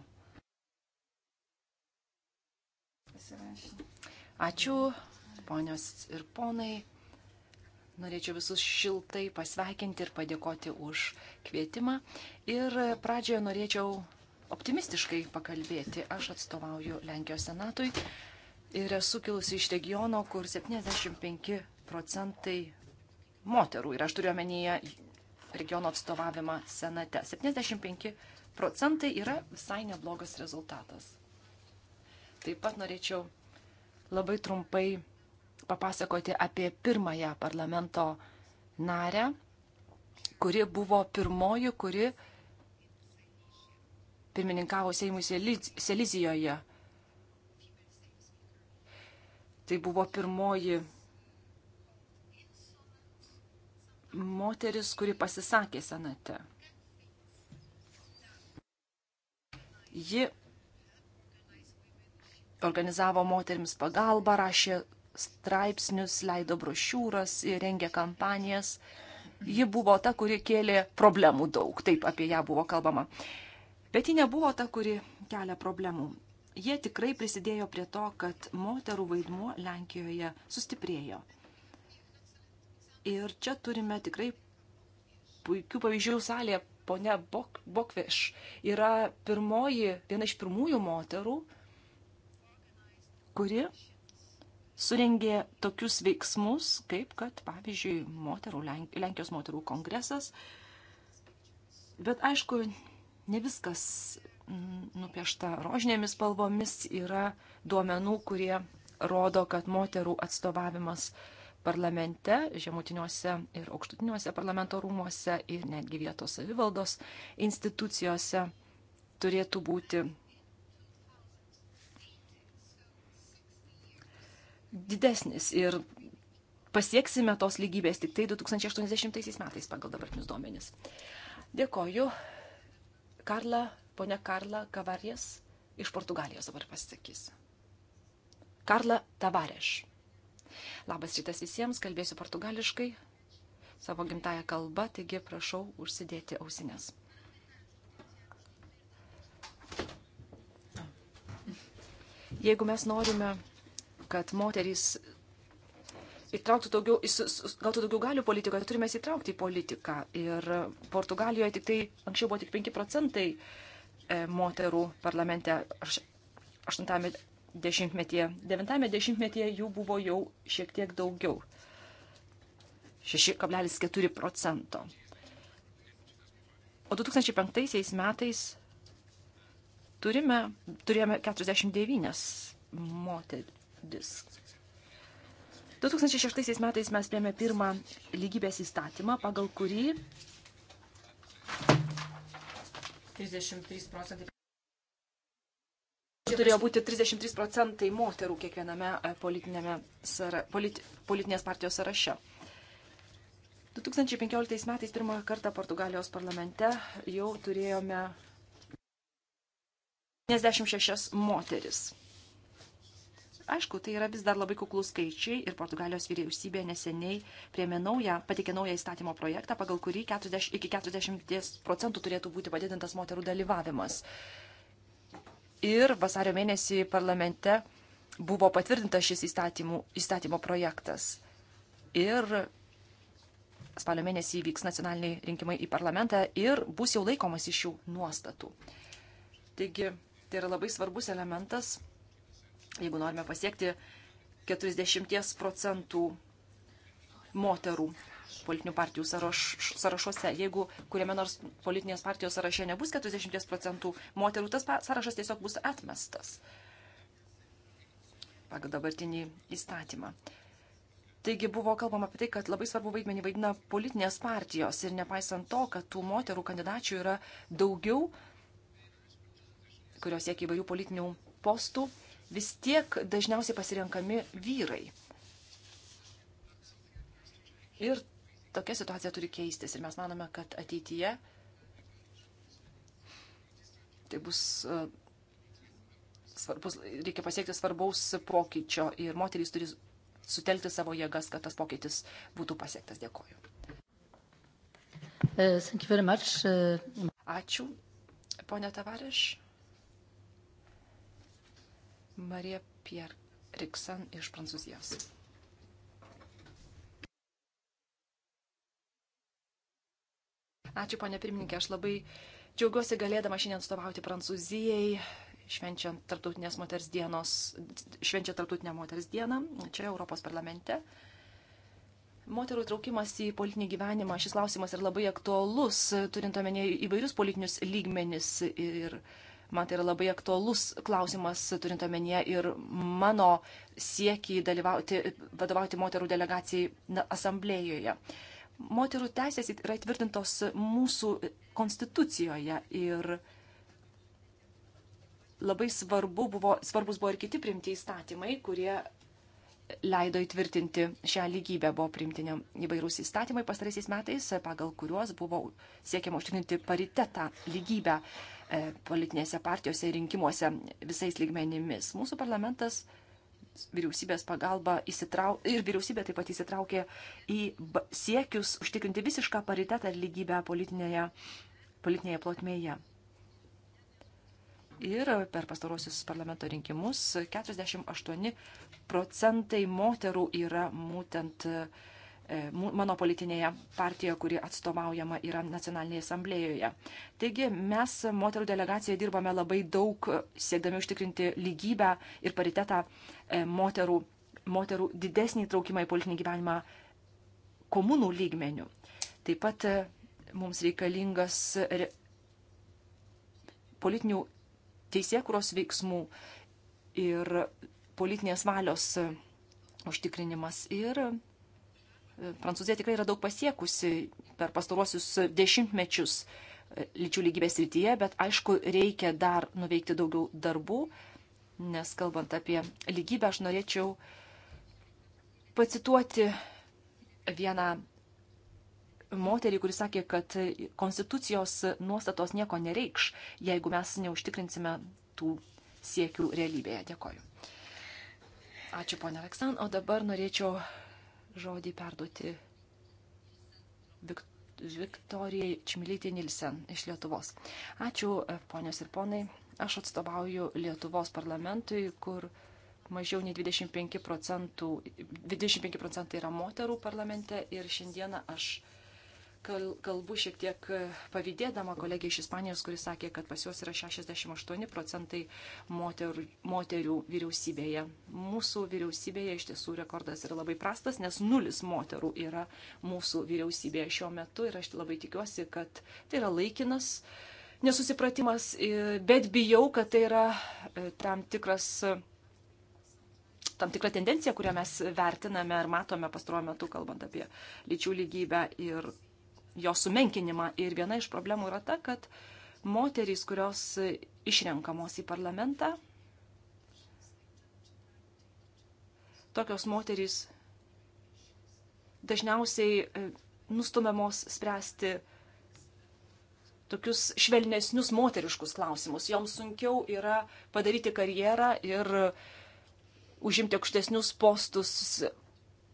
S1: Ačiū ponios ir ponai. Norėčiau visus šiltai pasveikinti ir padėkoti už kvietimą. Ir pradžioje norėčiau optimistiškai pakalbėti. Aš atstovauju Lenkijos senatui ir esu kilusi iš regiono, kur 75 procentai moterų. Ir aš turiu omenyje regiono atstovavimą senate. 75 procentai yra visai neblogas rezultatas. Taip pat norėčiau labai trumpai papasakoti apie pirmąją parlamento narę, kuri buvo pirmoji, kuri pirmininkavo Seimui Selizijoje. Tai buvo pirmoji moteris, kuri pasisakė senate. Ji organizavo moteriams pagalbą, rašė straipsnius, leido brošiūras ir rengė kampanijas. Ji buvo ta, kuri kėlė problemų daug, taip apie ją buvo kalbama. Bet ji nebuvo ta, kuri kelia problemų. Jie tikrai prisidėjo prie to, kad moterų vaidmuo Lenkijoje sustiprėjo. Ir čia turime tikrai puikių pavyzdžių salėje. Pone Bok, Bokveš yra pirmoji, viena iš pirmųjų moterų, kuri surengė tokius veiksmus, kaip kad, pavyzdžiui, moterų, Lenkijos moterų kongresas. Bet aišku, ne viskas mm, nupiešta rožinėmis spalvomis, yra duomenų, kurie rodo, kad moterų atstovavimas parlamente, žemutiniuose ir aukštutiniuose parlamento rūmuose ir netgi vietos savivaldos institucijose turėtų būti didesnis ir pasieksime tos lygybės tik tai 2080 metais pagal dabartinius duomenis. Dėkoju. Karla, ponia Karla Kavarės iš Portugalijos dabar pasisakys. Karla Tavareš. Labas rytas visiems, kalbėsiu portugališkai savo gimtają kalbą, taigi prašau užsidėti ausinės. Jeigu mes norime kad moterys įtrauktų daugiau, gautų daugiau galių politikoje, tai turime įtraukti į politiką. Ir Portugalijoje tik tai, anksčiau buvo tik 5 procentai e, moterų parlamente, 8-ame dešimtmetyje, 9-ame dešimtmetyje jų buvo jau šiek tiek daugiau. 6,4 procento. O 2005 metais turime, turėjome 49 moterį, disk. 2006 metais mes priėmė pirmą lygybės įstatymą, pagal kurį 33 procentai. Turėjo būti 33 procentai moterų kiekviename e, sara, politi, politinės partijos sąraše. 2015 metais pirmą kartą Portugalijos parlamente jau turėjome 96 moteris. Aišku, tai yra vis dar labai kuklus skaičiai ir Portugalijos vyriausybė neseniai priemė naują, patikė naują įstatymo projektą, pagal kurį 40, iki 40 procentų turėtų būti padidintas moterų dalyvavimas. Ir vasario mėnesį parlamente buvo patvirtintas šis įstatymų, įstatymo projektas. Ir spalio mėnesį vyks nacionaliniai rinkimai į parlamentą ir bus jau laikomas iš šių nuostatų. Taigi, tai yra labai svarbus elementas jeigu norime pasiekti 40 procentų moterų politinių partijų sąraš, sąrašuose. Jeigu kuriame nors politinės partijos sąraše nebus 40 procentų moterų, tas sąrašas tiesiog bus atmestas pagal dabartinį įstatymą. Taigi buvo kalbama apie tai, kad labai svarbu vaidmenį vaidina politinės partijos ir nepaisant to, kad tų moterų kandidačių yra daugiau, kurios siekia įvairių politinių postų, vis tiek dažniausiai pasirenkami vyrai. Ir tokia situacija turi keistis. Ir mes manome, kad ateityje tai bus e, svarbus, reikia pasiekti svarbaus pokyčio ir moterys turi sutelkti savo jėgas, kad tas pokytis būtų pasiektas. Dėkoju. E, e. Ačiū, ponė Tavareš. Marija Pierre Riksan iš Prancūzijos. Ačiū, ponė pirmininkė, aš labai džiaugiuosi galėdama šiandien atstovauti Prancūzijai, švenčiant Tartautinės moters dienos, švenčia Tartautinę moters dieną čia Europos parlamente. Moterų traukimas į politinį gyvenimą, šis klausimas yra labai aktuolus, turint omenyje įvairius politinius lygmenis ir, ir Man tai yra labai aktuolus klausimas, turint omenyje ir mano siekį dalyvauti, vadovauti moterų delegacijai na, asamblėjoje. Moterų teisės yra įtvirtintos mūsų konstitucijoje ir labai svarbu buvo, svarbus buvo ir kiti primti įstatymai, kurie leido įtvirtinti šią lygybę. Buvo primti įvairūs įstatymai pastaraisiais metais, pagal kuriuos buvo siekiama užtikrinti paritetą, lygybę E, politinėse partijose ir rinkimuose visais lygmenimis. Mūsų parlamentas vyriausybės pagalba įsitrau... ir vyriausybė taip pat įsitraukė į siekius užtikrinti visišką paritetą ir lygybę politinėje, politinėje plotmėje. Ir per pastarosius parlamento rinkimus 48 procentai moterų yra būtent uh, E, mano politinėje partijoje, kuri atstovaujama yra nacionalinėje asamblėjoje. Taigi mes moterų delegacija dirbame labai daug, siekdami užtikrinti lygybę ir paritetą e, moterų, moterų didesnį įtraukimą į politinį gyvenimą komunų lygmenių. Taip pat e, mums reikalingas politinių teisėkuros veiksmų ir politinės valios užtikrinimas. Ir Prancūzija tikrai yra daug pasiekusi per pastaruosius dešimtmečius e, lyčių lygybės rytyje, bet aišku, reikia dar nuveikti daugiau darbų, nes kalbant apie lygybę, aš norėčiau pacituoti vieną moterį, kuris sakė, kad konstitucijos nuostatos nieko nereikš, jeigu mes neužtikrinsime tų siekių realybėje. Dėkoju. Ačiū, ponia Aleksan. O dabar norėčiau žodį perduoti Viktorijai Čmilytė Nilsen iš Lietuvos. Ačiū, e, ponios ir ponai. Aš atstovauju Lietuvos parlamentui, kur mažiau nei 25 procentų, 25 procentai yra moterų parlamente ir šiandieną aš kalbu šiek tiek e, pavydėdama kolegė iš Ispanijos, kuris sakė, kad pas juos yra 68 procentai moterų, moterių vyriausybėje. Mūsų vyriausybėje iš tiesų rekordas yra labai prastas, nes nulis moterų yra mūsų vyriausybėje šiuo metu ir aš labai tikiuosi, kad tai yra laikinas nesusipratimas, bet bijau, kad tai yra e, tam tikras tam tikrą tendenciją, kurią mes vertiname ir matome pastaruoju metu, kalbant apie lyčių lygybę ir jo sumenkinimą. Ir viena iš problemų yra ta, kad moterys, kurios išrenkamos į parlamentą, tokios moterys dažniausiai e, nustumiamos spręsti tokius švelnesnius moteriškus klausimus. Joms sunkiau yra padaryti karjerą ir užimti aukštesnius postus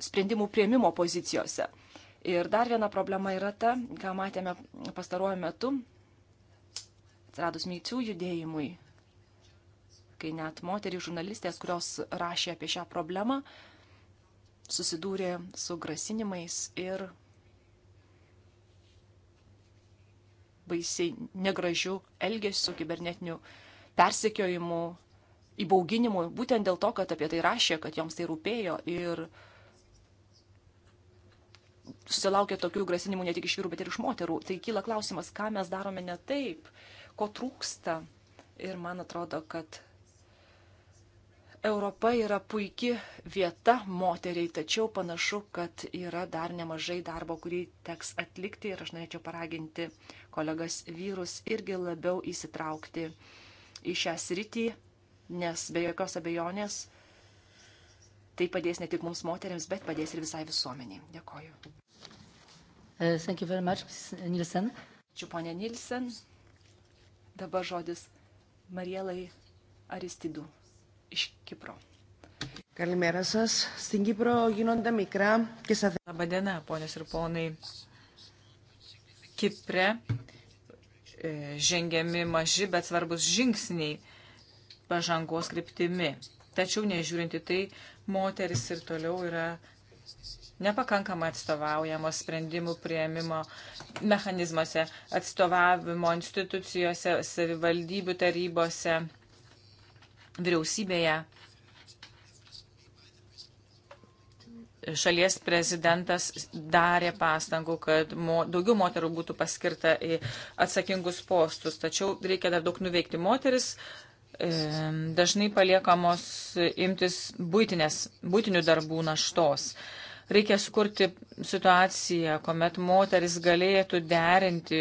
S1: sprendimų prieimimo pozicijose. Ir dar viena problema yra ta, ką matėme pastaruoju metu, atsiradus mycių judėjimui, kai net moterys žurnalistės, kurios rašė apie šią problemą, susidūrė su grasinimais ir baisiai negražių elgesių, kibernetinių persekiojimų, įbauginimų, būtent dėl to, kad apie tai rašė, kad joms tai rūpėjo ir susilaukia tokių grasinimų ne tik iš vyrų, bet ir iš moterų. Tai kyla klausimas, ką mes darome ne taip, ko trūksta. Ir man atrodo, kad Europa yra puikia vieta moteriai, tačiau panašu, kad yra dar nemažai darbo, kurį teks atlikti ir aš norėčiau paraginti kolegas vyrus irgi labiau įsitraukti į šią sritį, nes be jokios abejonės Tai padės ne tik mums moteriams, bet padės ir visai visuomeniai. Dėkoju.
S4: Uh, thank you very much, Nilsen.
S1: Ačiū, ponė Nilsen. Dabar žodis Marielai Aristidų iš Kipro. Καλημέρα σα.
S2: Στην Κύπρο γίνονται μικρά και στα θέματα. Labadiena, ponios ir ponai. Kipre e, žengiami maži, bet svarbus žingsniai pažangos kryptimi. Tačiau nežiūrinti tai, moteris ir toliau yra nepakankamai atstovaujamos sprendimų prieimimo mechanizmuose, atstovavimo institucijose, savivaldybių tarybose, vyriausybėje. Šalies prezidentas darė pastangų, kad mo, daugiau moterų būtų paskirta į atsakingus postus, tačiau reikia dar daug nuveikti. Moteris uh, E, dažnai paliekamos imtis būtinės, būtinių darbų naštos. Reikia sukurti situaciją, kuomet moteris galėtų derinti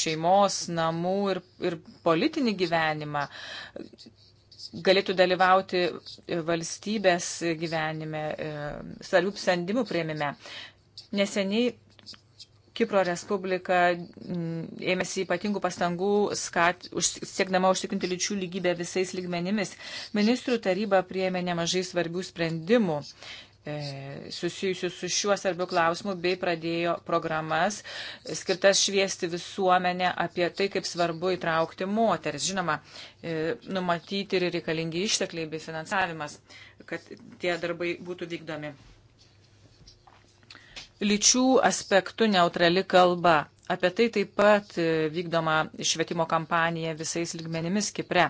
S2: šeimos, namų ir, ir politinį gyvenimą, galėtų dalyvauti valstybės gyvenime, e, svarbių sprendimų prieimime. Neseniai Kipro Respublika mm, ėmėsi ypatingų pastangų, skat, už, siekdama užtikrinti lyčių lygybę visais lygmenimis. Ministrų taryba priėmė nemažai svarbių sprendimų e, susijusių su šiuo svarbiu klausimu bei pradėjo programas skirtas šviesti visuomenę apie tai, kaip svarbu įtraukti moteris. Žinoma, e, numatyti ir reikalingi ištekliai bei finansavimas, kad tie darbai būtų vykdomi lyčių aspektų neutrali kalba. Apie tai taip pat e, vykdoma švietimo kampanija visais lygmenimis Kipre.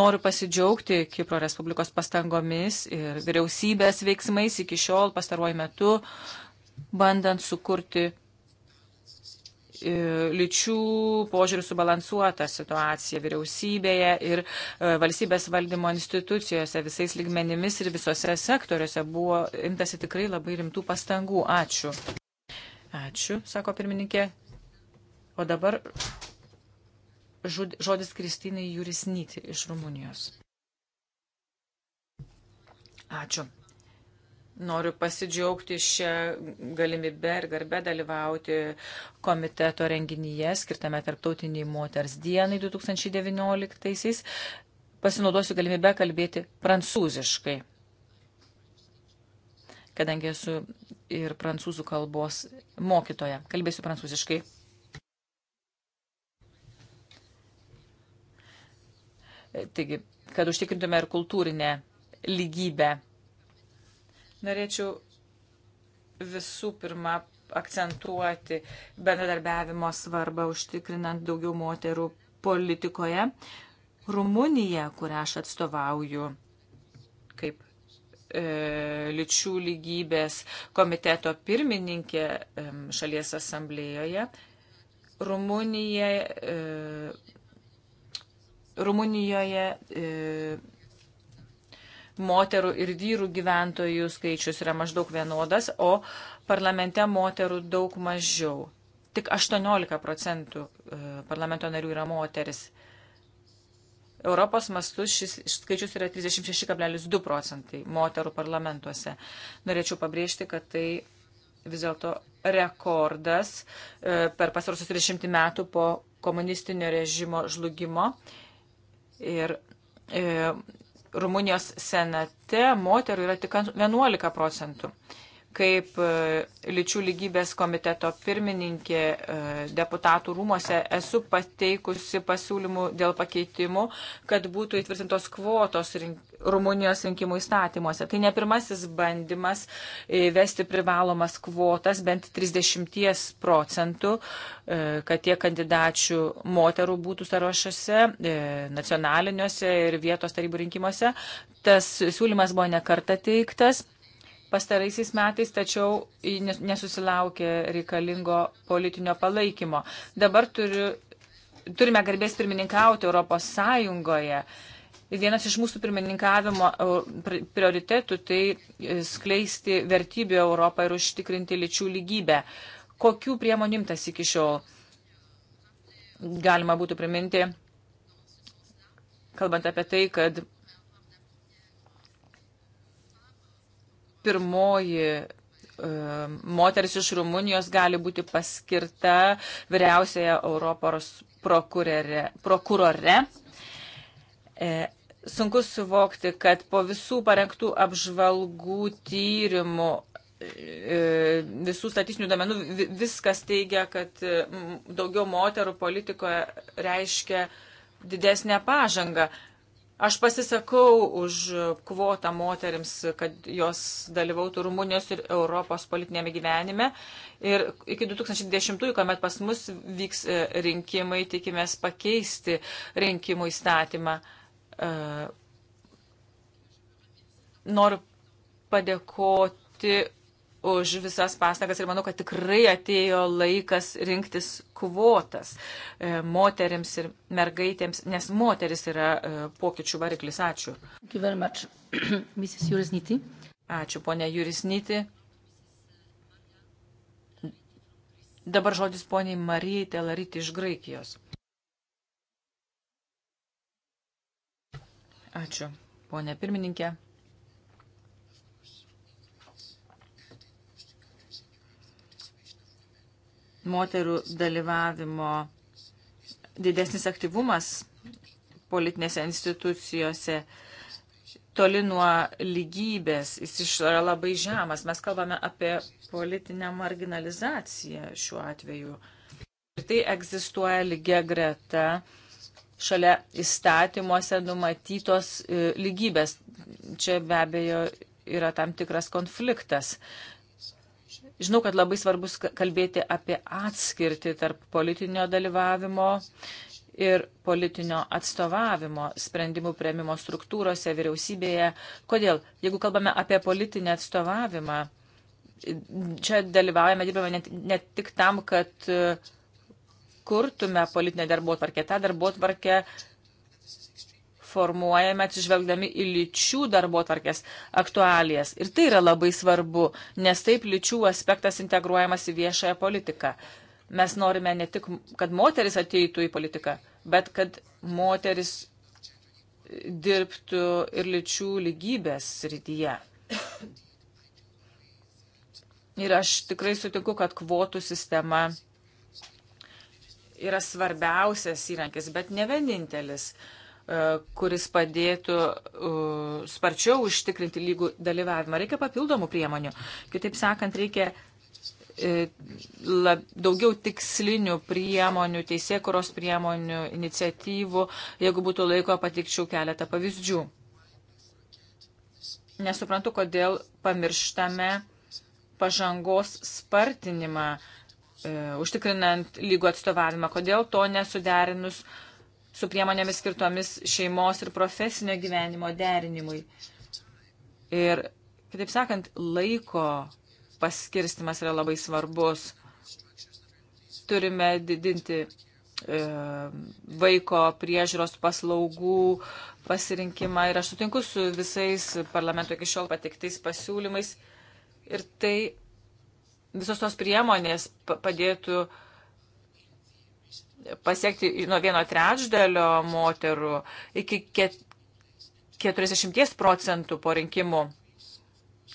S2: Noriu pasidžiaugti Kipro Respublikos pastangomis ir vyriausybės veiksmais iki šiol pastaruoju metu, bandant sukurti E, lyčių požiūrių subalansuotą situaciją vyriausybėje ir e, valstybės valdymo institucijose visais lygmenimis ir visose sektoriuose buvo imtasi tikrai labai rimtų pastangų. Ačiū. Ačiū, sako pirmininkė. O dabar žodis Kristinai Jurisnyti iš Rumunijos. Ačiū. Noriu pasidžiaugti šią galimybę ir garbę dalyvauti komiteto renginyje skirtame Tarptautiniai moters dienai 2019-aisiais. Pasinaudosiu galimybę kalbėti prancūziškai, kadangi esu ir prancūzų kalbos mokytoja. Kalbėsiu prancūziškai. Taigi, kad užtikrintume ir kultūrinę lygybę Norėčiau visų pirma akcentuoti bendradarbiavimo svarbą užtikrinant daugiau moterų politikoje. Rumunija, kurią aš atstovauju kaip e, lyčių lygybės komiteto pirmininkė e, šalies asamblėjoje, Rumunija, e, Rumunijoje e, moterų ir vyrų gyventojų skaičius yra maždaug vienodas, o parlamente moterų daug mažiau. Tik 18 procentų e, parlamento narių yra moteris. Europos mastus šis skaičius yra 36,2 procentai moterų parlamentuose. Norėčiau pabrėžti, kad tai vis dėlto rekordas e, per pasarosius 30 metų po komunistinio režimo žlugimo. Ir e, Rumunijos senate moterų yra tik 11 procentų kaip e, lyčių lygybės komiteto pirmininkė e, deputatų rūmose esu pateikusi pasiūlymų dėl pakeitimų, kad būtų įtvirtintos kvotos rink, Rumunijos rinkimų įstatymuose. Tai ne pirmasis bandymas įvesti privalomas kvotas bent 30 procentų, e, kad tie kandidačių moterų būtų sąrašuose, nacionaliniuose ir vietos tarybų rinkimuose. Tas siūlymas buvo nekarta teiktas pastaraisiais metais, tačiau nesusilaukė reikalingo politinio palaikymo. Dabar turiu, turime garbės pirmininkauti Europos Sąjungoje. Vienas iš mūsų pirmininkavimo prioritetų tai e, skleisti vertybių Europą ir užtikrinti lyčių lygybę. Kokių priemonių imtas iki šiol? Galima būtų priminti, kalbant apie tai, kad pirmoji e, moteris iš Rumunijos gali būti paskirta vyriausiaja Europos prokurere, prokurore. E, sunku suvokti, kad po visų parengtų apžvalgų tyrimų e, visų statistinių domenų viskas teigia, kad daugiau moterų politikoje reiškia didesnę pažangą. Aš pasisakau už kvotą moteriams, kad jos dalyvautų Rumunijos ir Europos politinėme gyvenime. Ir iki 2010-ųjų, kuomet pas mus vyks e, rinkimai, tikimės pakeisti rinkimų įstatymą. E, noriu padėkoti už visas pastangas ir manau, kad tikrai atėjo laikas rinktis kvotas e, moteriams ir mergaitėms, nes moteris yra e, pokyčių variklis. Ačiū. [CLEARS THROAT] Ačiū, ponė Jurisnyti. Dabar žodis poniai Marijai Telaryti iš Graikijos. Ačiū, ponė pirmininkė. moterų dalyvavimo didesnis aktyvumas politinėse institucijose toli nuo lygybės, jis iš yra labai žemas. Mes kalbame apie politinę marginalizaciją šiuo atveju. Ir tai egzistuoja lygia greta šalia įstatymuose numatytos e, lygybės. Čia be abejo yra tam tikras konfliktas. Žinau, kad labai svarbus kalbėti apie atskirti tarp politinio dalyvavimo ir politinio atstovavimo sprendimų prieimimo struktūrose, vyriausybėje. Kodėl? Jeigu kalbame apie politinį atstovavimą, čia dalyvaujame, dirbame ne, ne tik tam, kad e, kurtume politinę darbo tvarkę. Ta darbo tvarkė formuojame atsižvelgdami į lyčių darbo tvarkės aktualijas. Ir tai yra labai svarbu, nes taip lyčių aspektas integruojamas į viešąją politiką. Mes norime ne tik, kad moteris ateitų į politiką, bet kad moteris dirbtų ir lyčių lygybės srityje. Ir aš tikrai sutinku, kad kvotų sistema yra svarbiausias įrankis, bet ne vienintelis. Uh, E, kuris padėtų e, sparčiau užtikrinti lygų dalyvavimą. Reikia papildomų priemonių. Kitaip sakant, reikia e, lab, daugiau tikslinių priemonių, teisėkuros priemonių, iniciatyvų. Jeigu būtų laiko, patikčiau keletą pavyzdžių. Nesuprantu, kodėl pamirštame pažangos spartinimą, e, užtikrinant lygų atstovavimą. Kodėl to nesuderinus e, su priemonėmis skirtomis šeimos ir profesinio gyvenimo derinimui. Ir, kitaip sakant, laiko paskirstimas yra labai svarbus. Turime didinti e, vaiko priežiūros paslaugų pasirinkimą ir aš sutinku su visais parlamento iki šiol patiktais pasiūlymais. Ir tai visos tos priemonės padėtų uh, pasiekti nuo vieno trečdalio moterų iki 40 procentų po rinkimų.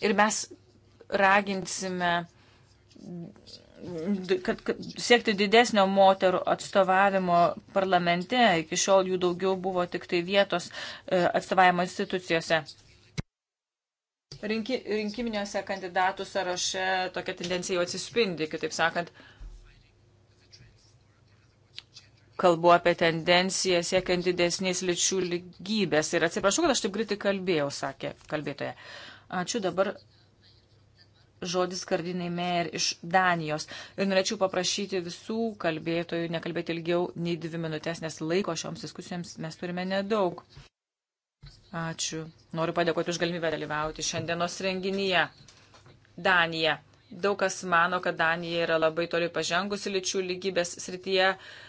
S2: Ir mes raginsime kad, kad siekti didesnio moterų atstovavimo parlamente, iki šiol jų daugiau buvo tik tai vietos e, atstovavimo institucijose. Rinki, rinkiminiuose kandidatų sąraše tokia tendencija jau atsispindi, kitaip sakant, uh, kalbu apie tendenciją siekiant didesnės lyčių lygybės. Ir atsiprašau, kad aš taip greitai kalbėjau, sakė kalbėtoja. Ačiū dabar. Žodis kardinai Mer iš Danijos. Ir norėčiau paprašyti visų kalbėtojų nekalbėti ilgiau nei dvi minutės, nes laiko šioms diskusijoms mes turime nedaug. Ačiū. Noriu padėkoti už galimybę dalyvauti šiandienos renginyje. Danija. Daug kas mano, kad Danija yra labai toli pažengusi lyčių lygybės srityje. Uh,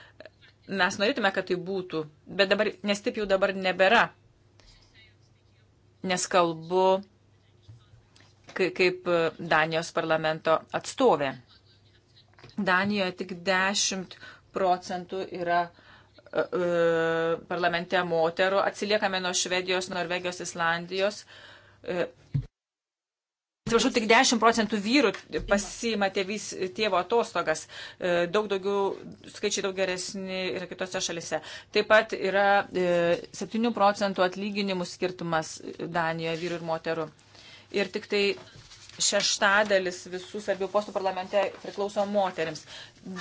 S2: Mes norėtume, kad tai būtų, bet dabar, nes taip jau dabar nebėra. Nes kalbu kaip e, Danijos parlamento atstovė. Danijoje tik 10 procentų yra e, e, parlamente moterų, atsiliekame nuo Švedijos, Norvegijos, Islandijos. Atsiprašau, tik 10 procentų vyrų pasima tėvys, tėvo atostogas. E, daug daugiau, skaičiai daug geresni yra kitose šalise. Taip pat yra 7 e, procentų atlyginimų skirtumas Danijoje vyrų ir moterų. Ir tik tai šeštadalis visų svarbių postų parlamente priklauso moteriams.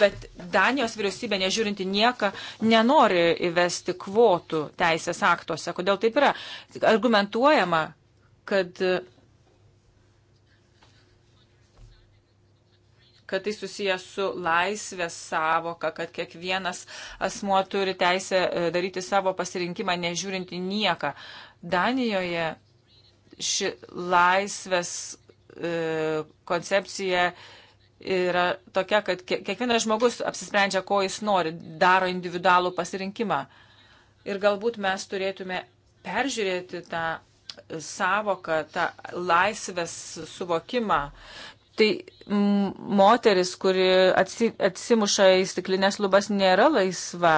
S2: Bet Danijos vyriausybė, nežiūrinti nieką, nenori įvesti kvotų teisės aktuose. Kodėl taip yra? Argumentuojama, kad kad tai susijęs su laisvės savoka, kad kiekvienas asmuo turi teisę e, daryti savo pasirinkimą, nežiūrinti nieką. Danijoje ši laisvės e, koncepcija yra tokia, kad kiekvienas žmogus apsisprendžia, ko jis nori, daro individualų pasirinkimą. Ir galbūt mes turėtume peržiūrėti tą savoką, tą laisvės suvokimą. Tai moteris, kuri atsi, atsimuša į stiklinės lubas, nėra laisva.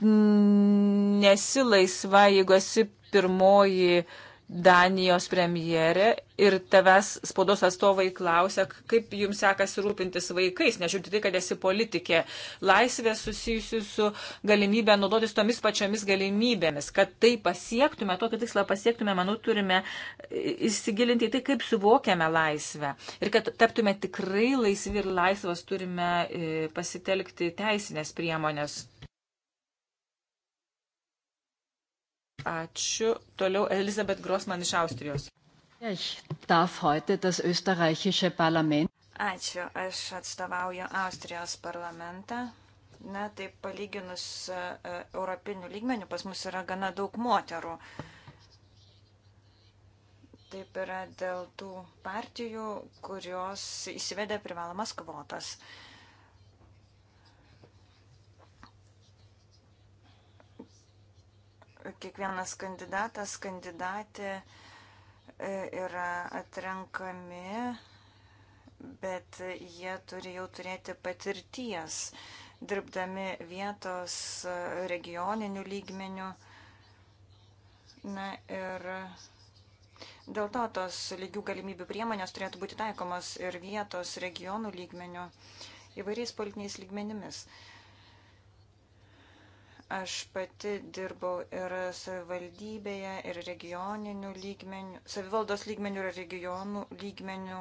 S2: Nesi laisva, jeigu esi pirmoji uh, Danijos premjerė ir tavęs spaudos atstovai klausia, kaip jums sekasi rūpintis vaikais, nežiūrint tai, kad esi politikė. Laisvė susijusi su galimybė naudotis tomis pačiomis galimybėmis. Kad tai pasiektume, tokį tikslą pasiektume, manau, turime įsigilinti į tai, kaip suvokiame laisvę. Ir kad taptume tikrai laisvi ir laisvas, turime e, pasitelkti teisinės priemonės. Ačiū. Toliau Elizabeth Grossman iš Austrijos.
S1: Ačiū.
S2: Aš atstovauju
S3: Austrijos parlamentą. Na, tai palyginus e, e, europinių lygmenių pas mus yra gana daug moterų. Taip yra dėl tų partijų, kurios įsivedė privalomas kvotas. Uh, kiekvienas kandidatas, kandidatė e, yra atrenkami, bet jie turi jau turėti patirties, dirbdami vietos e, regioninių lygmenių. Na ir dėl to tos lygių galimybių priemonės turėtų būti taikomos ir vietos regionų lygmenių įvairiais politiniais lygmenimis. Aš pati dirbau ir savivaldybėje, ir regioninių lygmenių, savivaldos lygmenių, ir regionų lygmenių.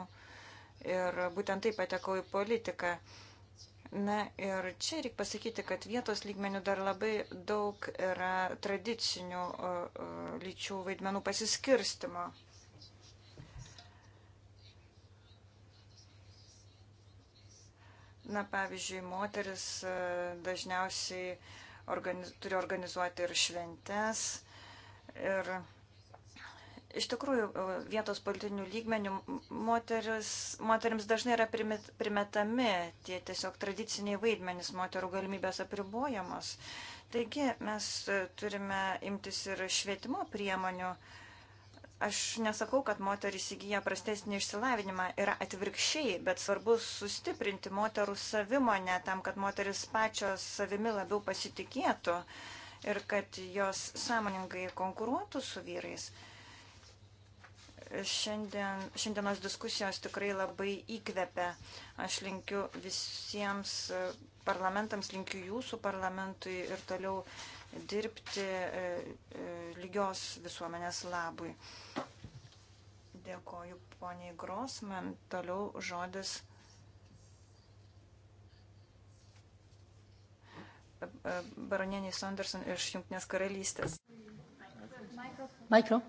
S3: Ir būtent taip patekau į politiką. Na ir čia reikia pasakyti, kad vietos lygmenių dar labai daug yra tradicinių lyčių vaidmenų pasiskirstimo. Na, pavyzdžiui, moteris e, dažniausiai organiz, turi organizuoti ir šventes. Ir iš tikrųjų e, vietos politinių lygmenių moteris, moteriams dažnai yra primet, primetami tie tiesiog tradiciniai vaidmenys, moterų galimybės apribojamos. Taigi mes e, turime imtis ir švietimo priemonių Aš nesakau, kad moteris įgyja prastesnį išsilavinimą, yra atvirkščiai, bet svarbu sustiprinti moterų savimonę tam, kad moteris pačios savimi labiau pasitikėtų ir kad jos sąmoningai konkuruotų su vyrais. Šiandien, šiandienos diskusijos tikrai labai įkvepia. Aš linkiu visiems parlamentams, linkiu jūsų parlamentui ir toliau uh, dirbti e, e, lygios visuomenės labui. Dėkoju poniai Gros, man toliau žodis e, baronieniai Sanderson iš Junktinės karalystės. Mikro.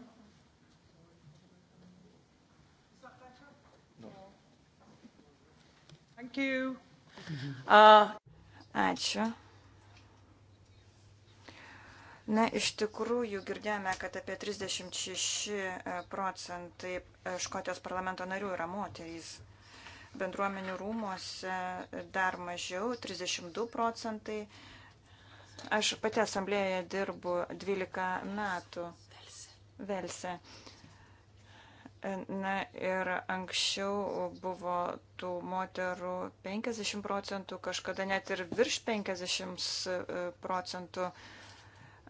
S3: Ačiū. Uh. Ačiū. Na, iš tikrųjų girdėjome, kad apie 36 e, procentai e, Škotijos parlamento narių yra moterys. Bendruomenių rūmose e, dar mažiau, 32 procentai. Aš pati asamblėje dirbu 12 metų. Velse. Na ir anksčiau buvo tų moterų 50 procentų, kažkada net ir virš 50 procentų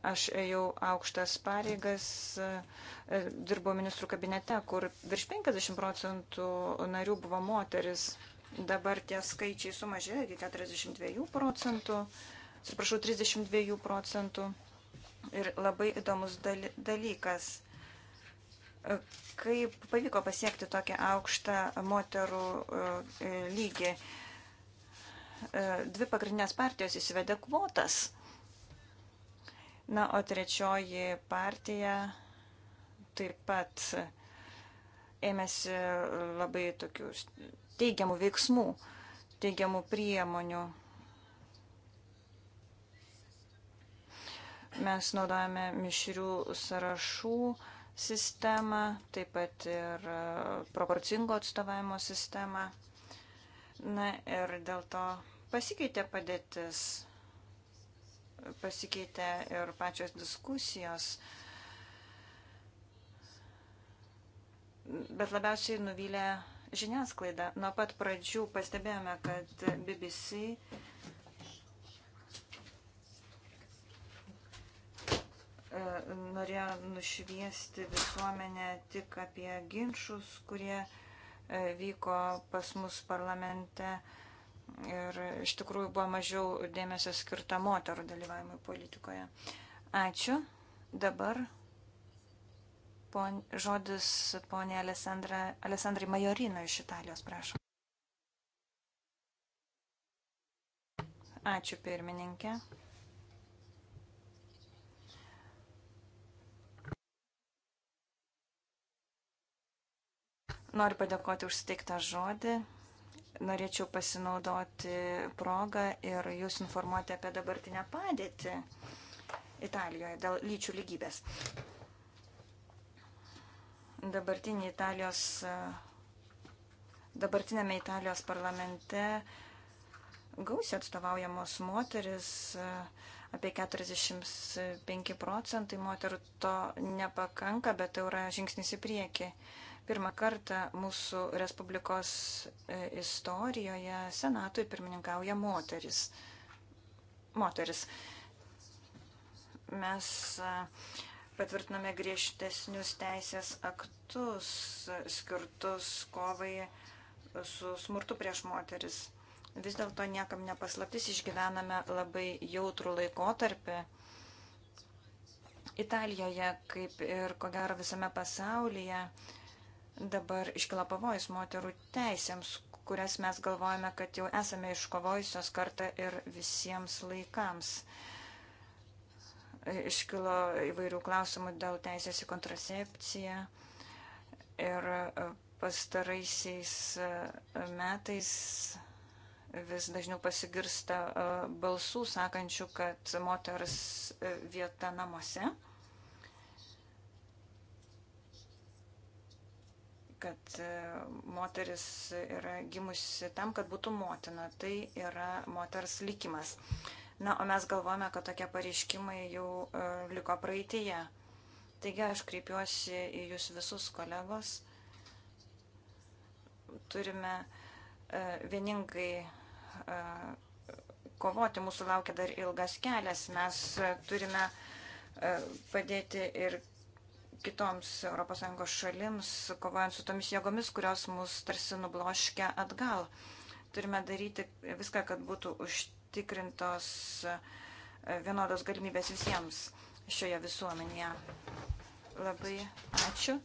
S3: Aš ėjau aukštas pareigas, e, dirbau ministrų kabinete, kur virš 50 procentų narių buvo moteris. Dabar tie skaičiai sumažėjo iki 42 procentų, atsiprašau, 32 procentų. Ir labai įdomus dalykas, e, kaip pavyko pasiekti tokį aukštą moterų e, lygį. Dvi pagrindinės partijos įsivedė kvotas Na, o trečioji partija taip pat ėmėsi labai tokių teigiamų veiksmų, teigiamų priemonių. Mes naudojame mišrių sąrašų sistemą, taip pat ir proporcingo atstovavimo sistemą. Na ir dėl to pasikeitė padėtis pasikeitė ir pačios diskusijos. Bet labiausiai nuvylė žiniasklaida. Nuo pat pradžių pastebėjome, kad BBC e, norėjo nušviesti visuomenę tik apie ginčius, kurie e, vyko pas mus parlamente ir iš tikrųjų buvo mažiau dėmesio skirta moterų dalyvavimui politikoje. Ačiū. Dabar pon, žodis ponė Alessandra, Alessandrai Majorino iš Italijos, prašom. Ačiū pirmininkė. Noriu padėkoti už suteiktą žodį norėčiau pasinaudoti progą ir jūs informuoti apie dabartinę padėtį Italijoje dėl lyčių lygybės. Dabartinė Italijos, dabartinėme Italijos parlamente gausiai atstovaujamos moteris, apie 45 procentai moterų to nepakanka, bet tai yra žingsnis į priekį. Uh, Pirmą kartą mūsų Respublikos e, istorijoje Senatui pirmininkauja moteris. Moteris. Mes e, patvirtiname griežtesnius teisės aktus skirtus kovai su smurtu prieš moteris. Vis dėlto niekam nepaslaptis išgyvename labai jautrų laikotarpį. Italijoje, kaip ir ko gero visame pasaulyje, Dabar iškila pavojus moterų teisėms, kurias mes galvojame, kad jau esame iškovojusios kartą ir visiems laikams. Iškilo įvairių klausimų dėl teisės į kontracepciją ir e, pastaraisiais e, metais vis dažniau pasigirsta e, balsų sakančių, kad moters vieta namuose kad e, moteris yra gimusi tam, kad būtų motina. Tai yra moters likimas. Na, o mes galvojame, kad tokie pareiškimai jau e, liko praeitėje. Taigi aš kreipiuosi į jūs visus kolegos. Turime e, vieningai kovoti, mūsų laukia dar ilgas kelias. Mes turime padėti ir kitoms ES šalims, kovojant su tomis jėgomis, kurios mus tarsi nubloškia atgal. Turime daryti viską, kad būtų užtikrintos e, vienodos galimybės visiems šioje visuomenėje. Labai ačiū.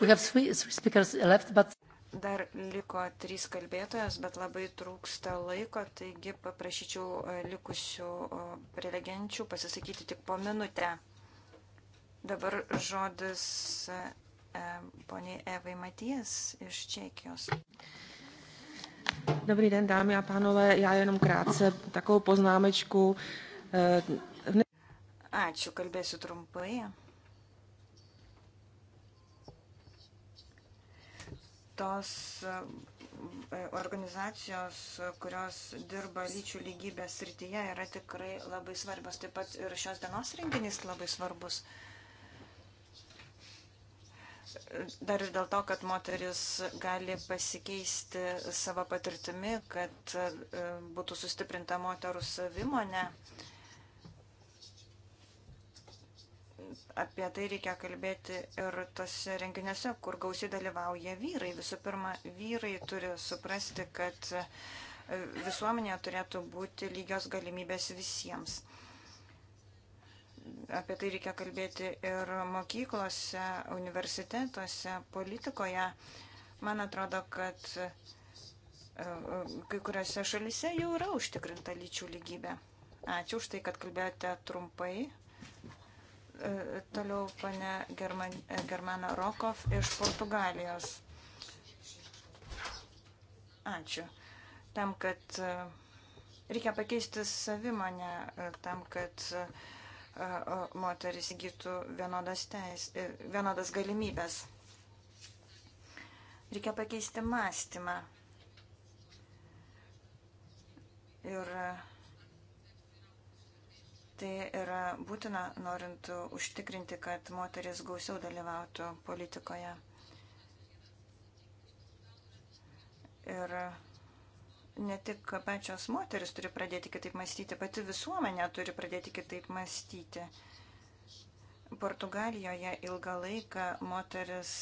S4: We have three, three speakers left, but
S3: Dar liko trys kalbėtojas, bet labai trūksta laiko, taigi paprašyčiau e, likusių prelegenčių pasisakyti tik po minutę. Dabar žodis e, poniai Evai Matijas iš Čekijos.
S1: Dobrý den, dámy a pánové, já jenom krátce takovou poznámečku. E,
S3: Ačiū, kalbėsiu trumpai. tos e, organizacijos, kurios dirba lyčių lygybės srityje, yra tikrai labai svarbios. Taip pat ir šios dienos renginys labai svarbus. Dar ir dėl to, kad moteris gali pasikeisti savo patirtimi, kad e, būtų sustiprinta moterų savimonė. Ne apie tai reikia kalbėti ir tose renginiuose, kur gausiai dalyvauja vyrai. Visų pirma, vyrai turi suprasti, kad e, visuomenėje turėtų būti lygios galimybės visiems. Apie tai reikia kalbėti ir mokyklose, universitetuose, politikoje. Man atrodo, kad e, e, kai kuriuose šalise jau yra užtikrinta lyčių lygybė. Ačiū už tai, kad kalbėjote trumpai. E, toliau pane German, e, Germana Rokov iš Portugalijos. Ačiū. Tam, kad e, reikia pakeisti savimonę, tam, kad moteris įgytų vienodas, teis, vienodas galimybės. Reikia pakeisti mąstymą. Ir uh, Tai yra būtina, norint užtikrinti, kad moteris gausiau dalyvautų politikoje. Ir ne tik pačios moteris turi pradėti kitaip mąstyti, pati visuomenė turi pradėti kitaip mąstyti. Portugalijoje ilgą laiką moteris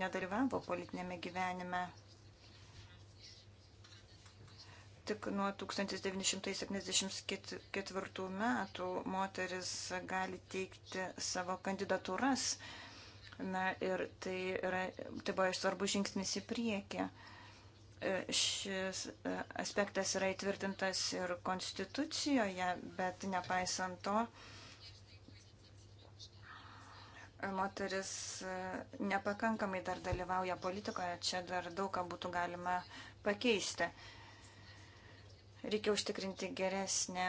S3: nedalyvavo politinėme gyvenime tik nuo 1974 metų moteris gali teikti savo kandidatūras. Na ir tai, yra, tai buvo svarbus žingsnis į priekį. E, šis e, aspektas yra įtvirtintas ir konstitucijoje, bet nepaisant to, moteris e, nepakankamai dar dalyvauja politikoje, čia dar daug ką būtų galima pakeisti. Reikia užtikrinti geresnę,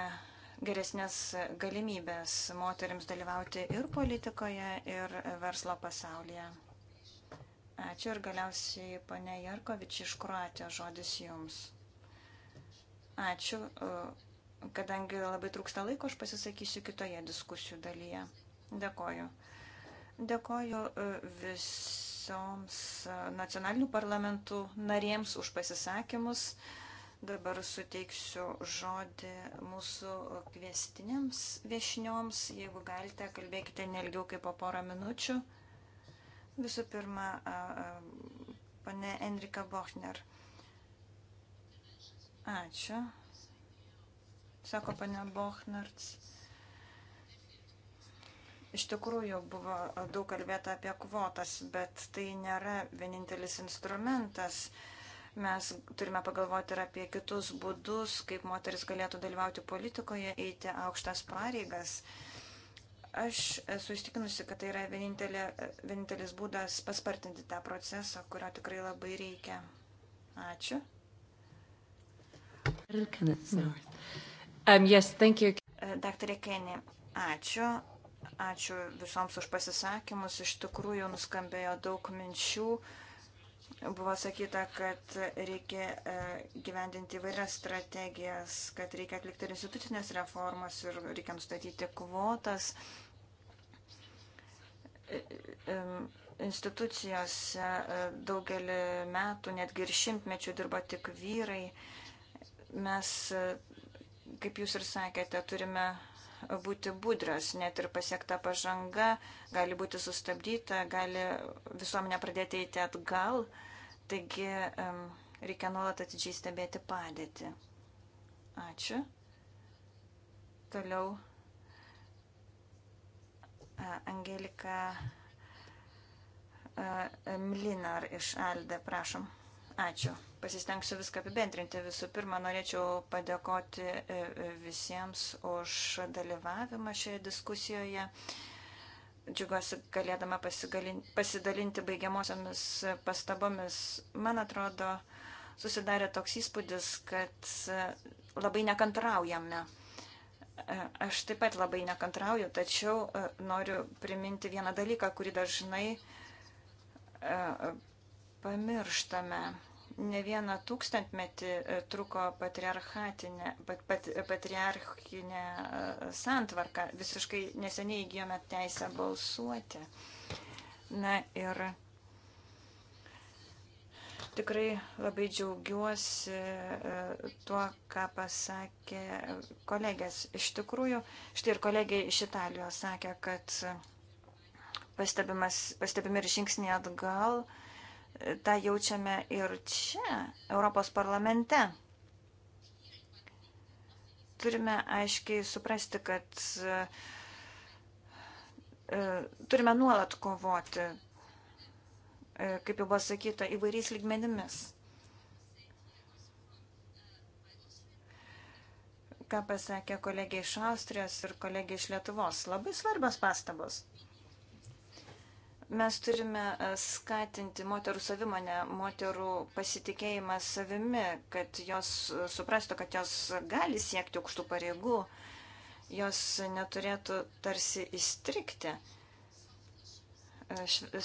S3: geresnės galimybės moteriams dalyvauti ir politikoje, ir verslo pasaulyje. Ačiū ir galiausiai pane Jarkovič iš Kroatijos žodis jums. Ačiū. E, kadangi labai trūksta laiko, aš pasisakysiu kitoje diskusijų dalyje. Dėkoju. Dėkoju e, visoms e, nacionalinių parlamentų narėms už pasisakymus. Dabar suteiksiu žodį mūsų kvestinėms viešnioms. Jeigu galite, kalbėkite nelgiau kaip po porą minučių. Visų pirma, pane Enrika Bochner. Ačiū. Sako pane Bochnarts. Iš tikrųjų buvo daug kalbėta apie kvotas, bet tai nėra vienintelis instrumentas Mes turime pagalvoti ir apie kitus būdus, kaip moteris galėtų dalyvauti politikoje, eiti aukštas pareigas. Aš esu įstikinusi, kad tai yra vienintelė, vienintelis būdas paspartinti tą procesą, kurio tikrai labai reikia. Ačiū.
S2: Um,
S1: yes,
S3: Daktarė Kenė, ačiū. Ačiū visoms už pasisakymus. Iš tikrųjų nuskambėjo daug minčių. Buvo sakyta, kad reikia e, gyvendinti įvairias strategijas, kad reikia atlikti ir institucinės reformas ir reikia nustatyti kvotas e, e, institucijose daugelį metų, netgi ir šimtmečių dirba tik vyrai. Mes, kaip jūs ir sakėte, turime būti budras, net ir pasiekta pažanga gali būti sustabdyta, gali visuomenė pradėti eiti atgal. Uh, Taigi reikia nuolat atidžiai stebėti padėtį. Ačiū. Toliau e, Angelika e, Mlinar iš Alde, prašom. Ačiū. Pasistengsiu viską apibendrinti. Visų pirma, norėčiau padėkoti e, visiems už dalyvavimą šioje diskusijoje džiugiuosi galėdama pasidalinti baigiamosiomis pastabomis. Man atrodo, susidarė toks įspūdis, kad e, labai nekantraujame. E, aš taip pat labai nekantrauju, tačiau e, noriu priminti vieną dalyką, kurį dažnai pamirštame. Ne vieną tūkstantmetį e, truko patriarchatinė, pat, pat, patriarchinė e, santvarka. Visiškai neseniai įgyjome teisę balsuoti. Na ir tikrai labai džiaugiuosi e, tuo, ką pasakė kolegės. Iš tikrųjų, štai ir kolegė iš Italijos sakė, kad pastebimas, pastebimi ir žingsniai atgal, uh, tą jaučiame ir čia, Europos parlamente. Turime aiškiai suprasti, kad e, turime nuolat kovoti, e, kaip jau buvo sakyta, įvairiais lygmenimis. Ką pasakė kolegė iš Austrijos ir kolegė iš Lietuvos. Labai svarbios pastabos. Mes turime e, skatinti moterų savimonę, moterų pasitikėjimą savimi, kad jos e, suprastų, kad jos gali siekti aukštų pareigų, jos neturėtų tarsi įstrikti, e,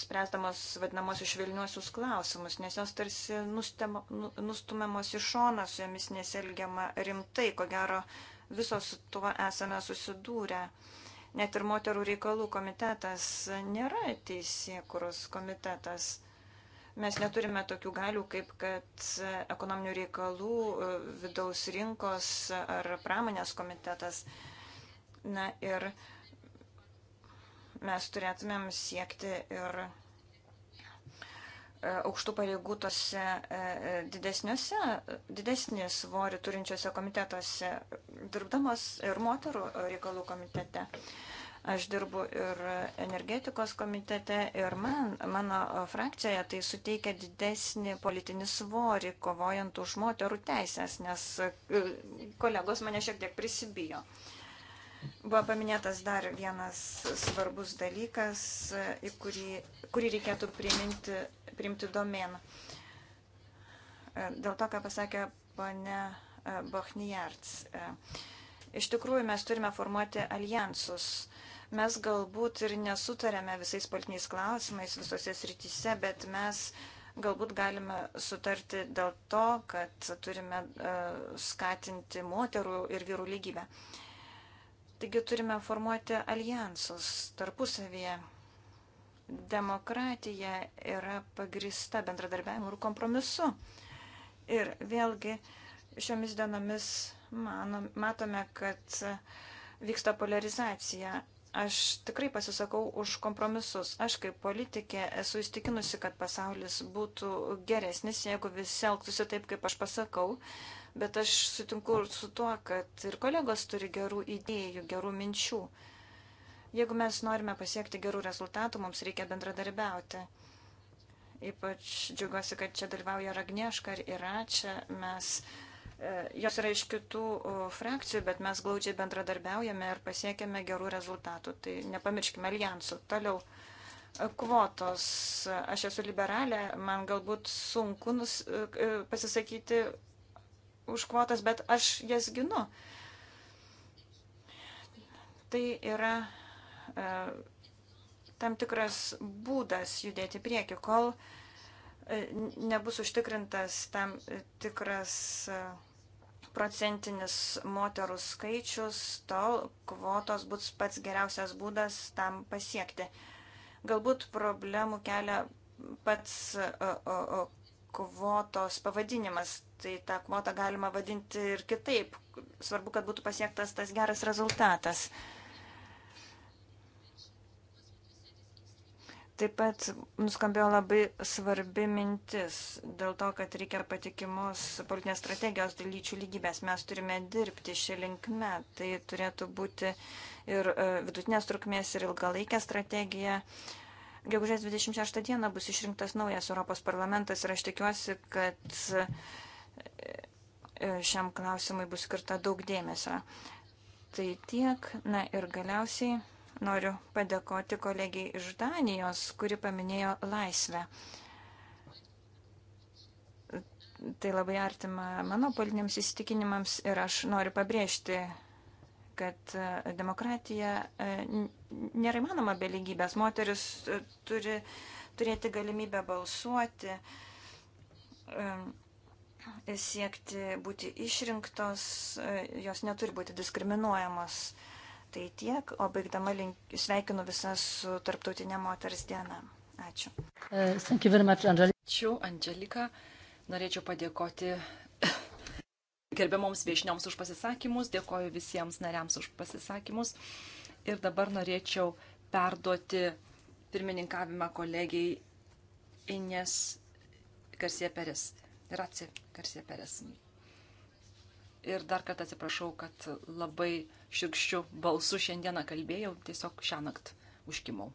S3: spręsdamos vadinamosius švilniuosius klausimus, nes jos tarsi nustemo, nu, nustumiamos į šoną, su jomis nesielgiama rimtai, ko gero visos su tuo esame susidūrę. Net ir moterų reikalų komitetas nėra teisėkuros komitetas. Mes neturime tokių galių, kaip kad ekonominių reikalų, vidaus rinkos ar pramonės komitetas. Na ir mes turėtumėm siekti ir E, aukštų pareigų tose e, e, didesniuose, didesnį svorį turinčiose komitetuose, dirbdamas ir moterų reikalų komitete. Aš dirbu ir energetikos komitete ir man, mano frakcijoje tai suteikia didesnį politinį svorį kovojant už moterų teisės, nes kolegos mane šiek tiek prisibijo. Buvo paminėtas dar vienas svarbus dalykas, kurį, kurį reikėtų priminti priimti domeną. E, dėl to, ką pasakė pane e, Bochnijarts. E, iš tikrųjų, mes turime formuoti alijansus. Mes galbūt ir nesutarėme visais politiniais klausimais visose srityse, bet mes galbūt galime sutarti dėl to, kad turime skatinti moterų ir vyrų lygybę. Taigi turime formuoti alijansus tarpusavyje Demokratija yra pagrista bendradarbiavimu ir kompromisu. Ir vėlgi šiomis dienomis manom, matome, kad vyksta polarizacija. Aš tikrai pasisakau už kompromisus. Aš kaip politikė esu įstikinusi, kad pasaulis būtų geresnis, jeigu visi elgtųsi taip, kaip aš pasakau bet aš sutinku su tuo, kad ir kolegos turi gerų idėjų, gerų minčių. Jeigu mes norime pasiekti gerų rezultatų, mums reikia bendradarbiauti. Ypač džiugiuosi, kad čia dalyvauja Ragnieška ir Iračia. Mes, e, jos yra iš kitų frakcijų, bet mes glaudžiai bendradarbiaujame ir pasiekėme gerų rezultatų. Tai nepamirškime alijansų. Toliau e, kvotos. Aš esu liberalė, man galbūt sunku nus, e, pasisakyti už kvotas, bet aš jas ginu. Tai yra E, tam tikras būdas judėti prieki, kol e, nebus užtikrintas tam e, tikras procentinis moterų skaičius, tol kvotos bus pats geriausias būdas tam pasiekti. Galbūt problemų kelia pats kvotos pavadinimas, tai tą kvotą galima vadinti ir kitaip. Svarbu, kad būtų pasiektas tas geras rezultatas. Taip pat nuskambėjo labai svarbi mintis dėl to, kad reikia patikimos politinės strategijos dėl lyčių lygybės. Mes turime dirbti šią linkmę. Tai turėtų būti ir e, vidutinės trukmės, ir ilgalaikė strategija. Gegužės 26 dieną bus išrinktas naujas Europos parlamentas ir aš tikiuosi, kad e, šiam klausimui bus skirta daug dėmesio. Tai tiek. Na ir galiausiai. Noriu padėkoti kolegijai iš Danijos, kuri paminėjo laisvę. Tai labai artima mano politiniams įsitikinimams ir aš noriu pabrėžti, kad e, demokratija e, nėra įmanoma be lygybės. Moteris e, turi turėti galimybę balsuoti, siekti būti išrinktos, jos neturi būti diskriminuojamos. Tai tiek, o baigdama link, sveikinu visas su Tarptautinė moters
S1: diena. Ačiū.
S4: E,
S1: Ačiū, Angelika. Norėčiau padėkoti [LAUGHS] gerbiamoms viešnioms už pasisakymus, dėkoju visiems nariams už pasisakymus. Ir dabar norėčiau perduoti pirmininkavimą kolegijai Ines Garsie Peres. Racija Garsie Peres. Ir dar kartą atsiprašau, kad labai širkščiu balsu šiandieną kalbėjau, tiesiog šią naktį užkimau.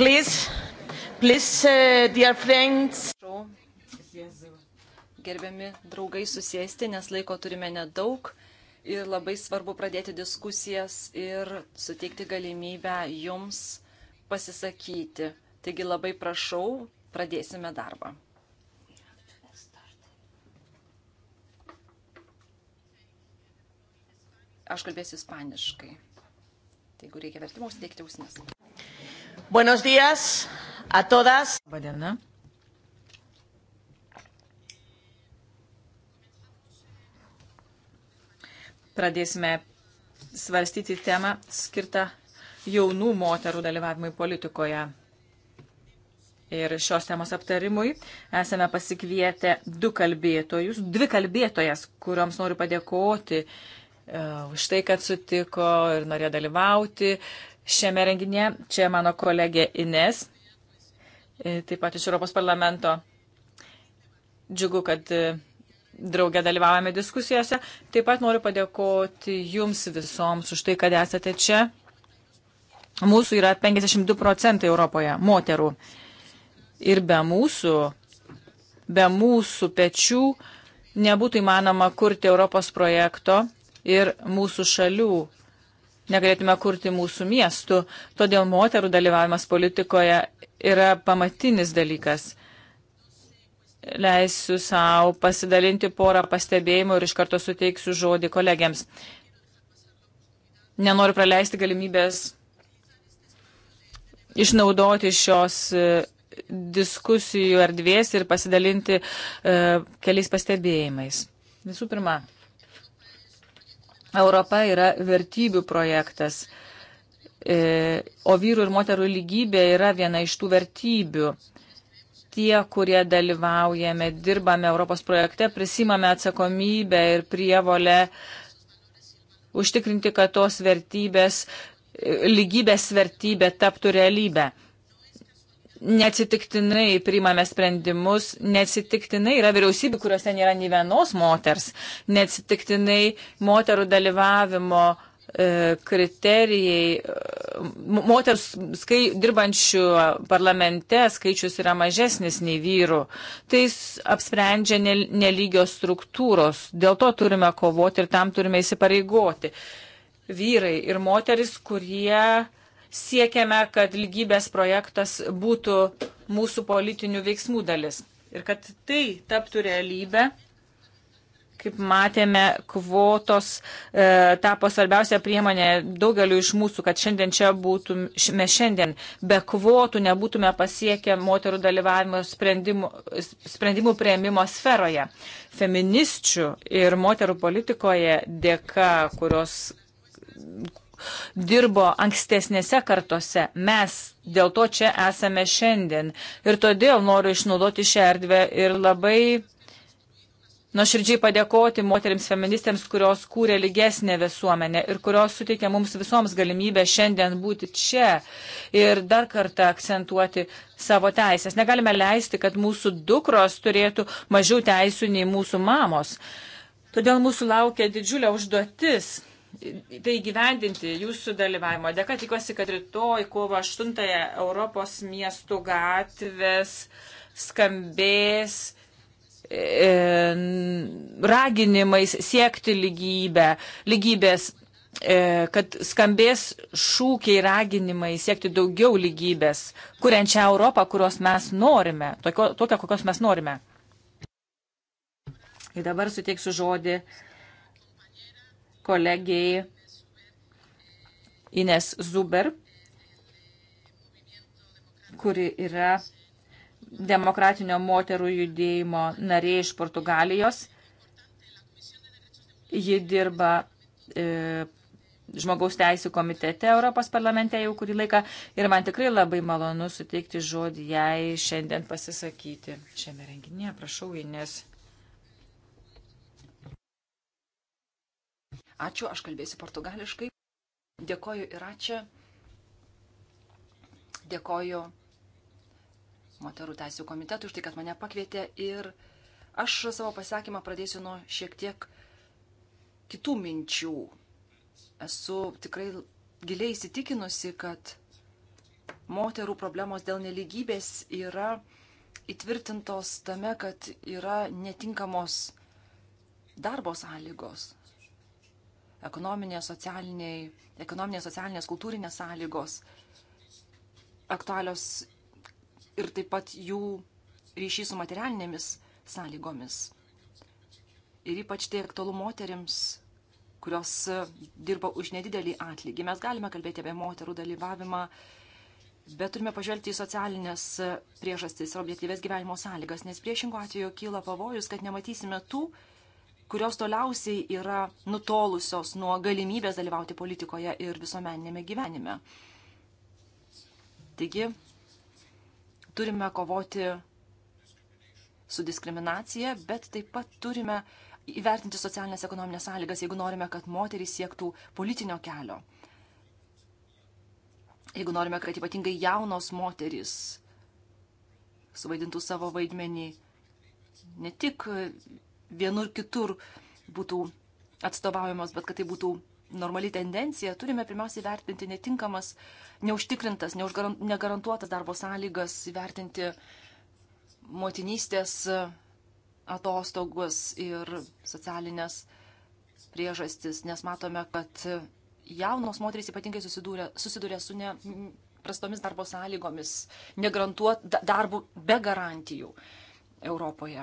S4: Please, please, uh, dear friends.
S1: Gerbiami draugai susėsti, nes laiko turime nedaug ir labai svarbu pradėti diskusijas ir suteikti galimybę jums pasisakyti. Taigi labai prašau, pradėsime darbą. Aš kalbėsiu ispaniškai. Tai jeigu reikia vertimo, užsidėkite ausinės.
S4: Buenos días
S2: a todas. Labadiena. Pradėsime svarstyti temą skirtą jaunų moterų dalyvavimui politikoje. Ir šios temos aptarimui esame pasikvietę du kalbėtojus, dvi kalbėtojas, kuriuoms noriu padėkoti e, už tai, kad sutiko ir norėjo dalyvauti šiame renginėje. Čia mano kolegė Ines, e, taip pat iš Europos parlamento. Džiugu, kad e, draugę dalyvavome diskusijose. Taip pat noriu padėkoti jums visoms už tai, kad esate čia. Mūsų yra 52 procentai Europoje moterų. Ir be mūsų, be mūsų pečių nebūtų įmanoma kurti Europos projekto ir mūsų šalių negalėtume kurti mūsų miestų. Todėl moterų dalyvavimas politikoje yra pamatinis dalykas. Leisiu savo pasidalinti porą pastebėjimų ir iš karto suteiksiu žodį kolegiams. Nenoriu praleisti galimybės išnaudoti šios e, diskusijų erdvės ir pasidalinti e, keliais pastebėjimais. Visų pirma, Europa yra vertybių projektas, e, o vyrų ir moterų lygybė yra viena iš tų vertybių. Tie, kurie dalyvaujame, dirbame Europos projekte, prisimame atsakomybę ir prievolę užtikrinti, kad tos vertybės, e, lygybės vertybė taptų realybę neatsitiktinai priimame sprendimus, neatsitiktinai yra vyriausybių, kuriuose nėra nei vienos moters, neatsitiktinai moterų dalyvavimo e, kriterijai, e, moters skai, dirbančių parlamente skaičius yra mažesnis nei vyrų. Tai apsprendžia nelygios struktūros. Dėl to turime kovoti ir tam turime įsipareigoti. Vyrai ir moteris, kurie siekiame, kad lygybės projektas būtų mūsų politinių veiksmų dalis. Ir kad tai taptų realybę, kaip matėme, kvotos e, tapo svarbiausia priemonė daugeliu iš mūsų, kad šiandien čia būtume šiandien. Be kvotų nebūtume pasiekę moterų dalyvavimo sprendimų, sprendimų prieimimo sferoje. Feminisčių ir moterų politikoje dėka, kurios dirbo ankstesnėse kartose. Mes dėl to čia esame šiandien. Ir todėl noriu išnaudoti šią erdvę ir labai nuoširdžiai padėkoti moteriams feministėms, kurios kūrė lygesnę visuomenę ir kurios suteikė mums visoms galimybę šiandien būti čia ir dar kartą akcentuoti savo teisės. Negalime leisti, kad mūsų dukros turėtų mažiau teisų nei mūsų mamos. Todėl mūsų laukia didžiulė užduotis tai gyvendinti jūsų dalyvavimo dėka. Tikiuosi, kad rytoj kovo 8-ąją Europos miestų gatvės skambės e, raginimais siekti lygybę, lygybės, e, kad skambės šūkiai raginimai siekti daugiau lygybės, kuriančią Europą, kurios mes norime, tokio, tokią, kokios mes norime. Ir dabar suteiksiu žodį uh, kolegiai Ines Zuber, kuri yra demokratinio moterų judėjimo narė iš Portugalijos. Ji dirba e, žmogaus teisų komitete Europos parlamente jau kurį laiką ir man tikrai labai malonu suteikti žodį jai šiandien pasisakyti šiame renginėje. Prašau, Ines.
S1: Ačiū, aš kalbėsiu portugališkai. Dėkoju ir ačiū. Dėkoju moterų teisų komitetui už tai, kad mane pakvietė ir aš savo pasakymą pradėsiu nuo šiek tiek kitų minčių. Esu tikrai giliai įsitikinusi, kad moterų problemos dėl neligybės yra įtvirtintos tame, kad yra netinkamos darbo sąlygos ekonominės, ekonominės, socialinės, kultūrinės sąlygos aktualios ir taip pat jų ryšys su materialinėmis sąlygomis. Ir ypač tai aktualu moteriams, kurios dirba už nedidelį atlygį. Mes galime kalbėti apie moterų dalyvavimą, bet turime pažvelgti į socialinės priežastis ir objektyvės gyvenimo sąlygas, nes priešingų atveju kyla pavojus, kad nematysime tų, kurios toliausiai yra nutolusios nuo galimybės dalyvauti politikoje ir visuomeninėme gyvenime. Taigi, turime kovoti su diskriminacija, bet taip pat turime įvertinti socialinės ekonominės sąlygas, jeigu norime, kad moterys siektų politinio kelio. Jeigu norime, kad ypatingai jaunos moterys suvaidintų savo vaidmenį ne tik vienur kitur būtų atstovaujamos, bet kad tai būtų normali tendencija, turime pirmiausiai vertinti netinkamas, neužtikrintas, negarantuotas darbo sąlygas, vertinti motinystės atostogus ir socialinės priežastis, nes matome, kad jaunos moterys ypatingai susidūrė, susidūrė su ne, prastomis darbo sąlygomis, negarantuot darbų be garantijų Europoje.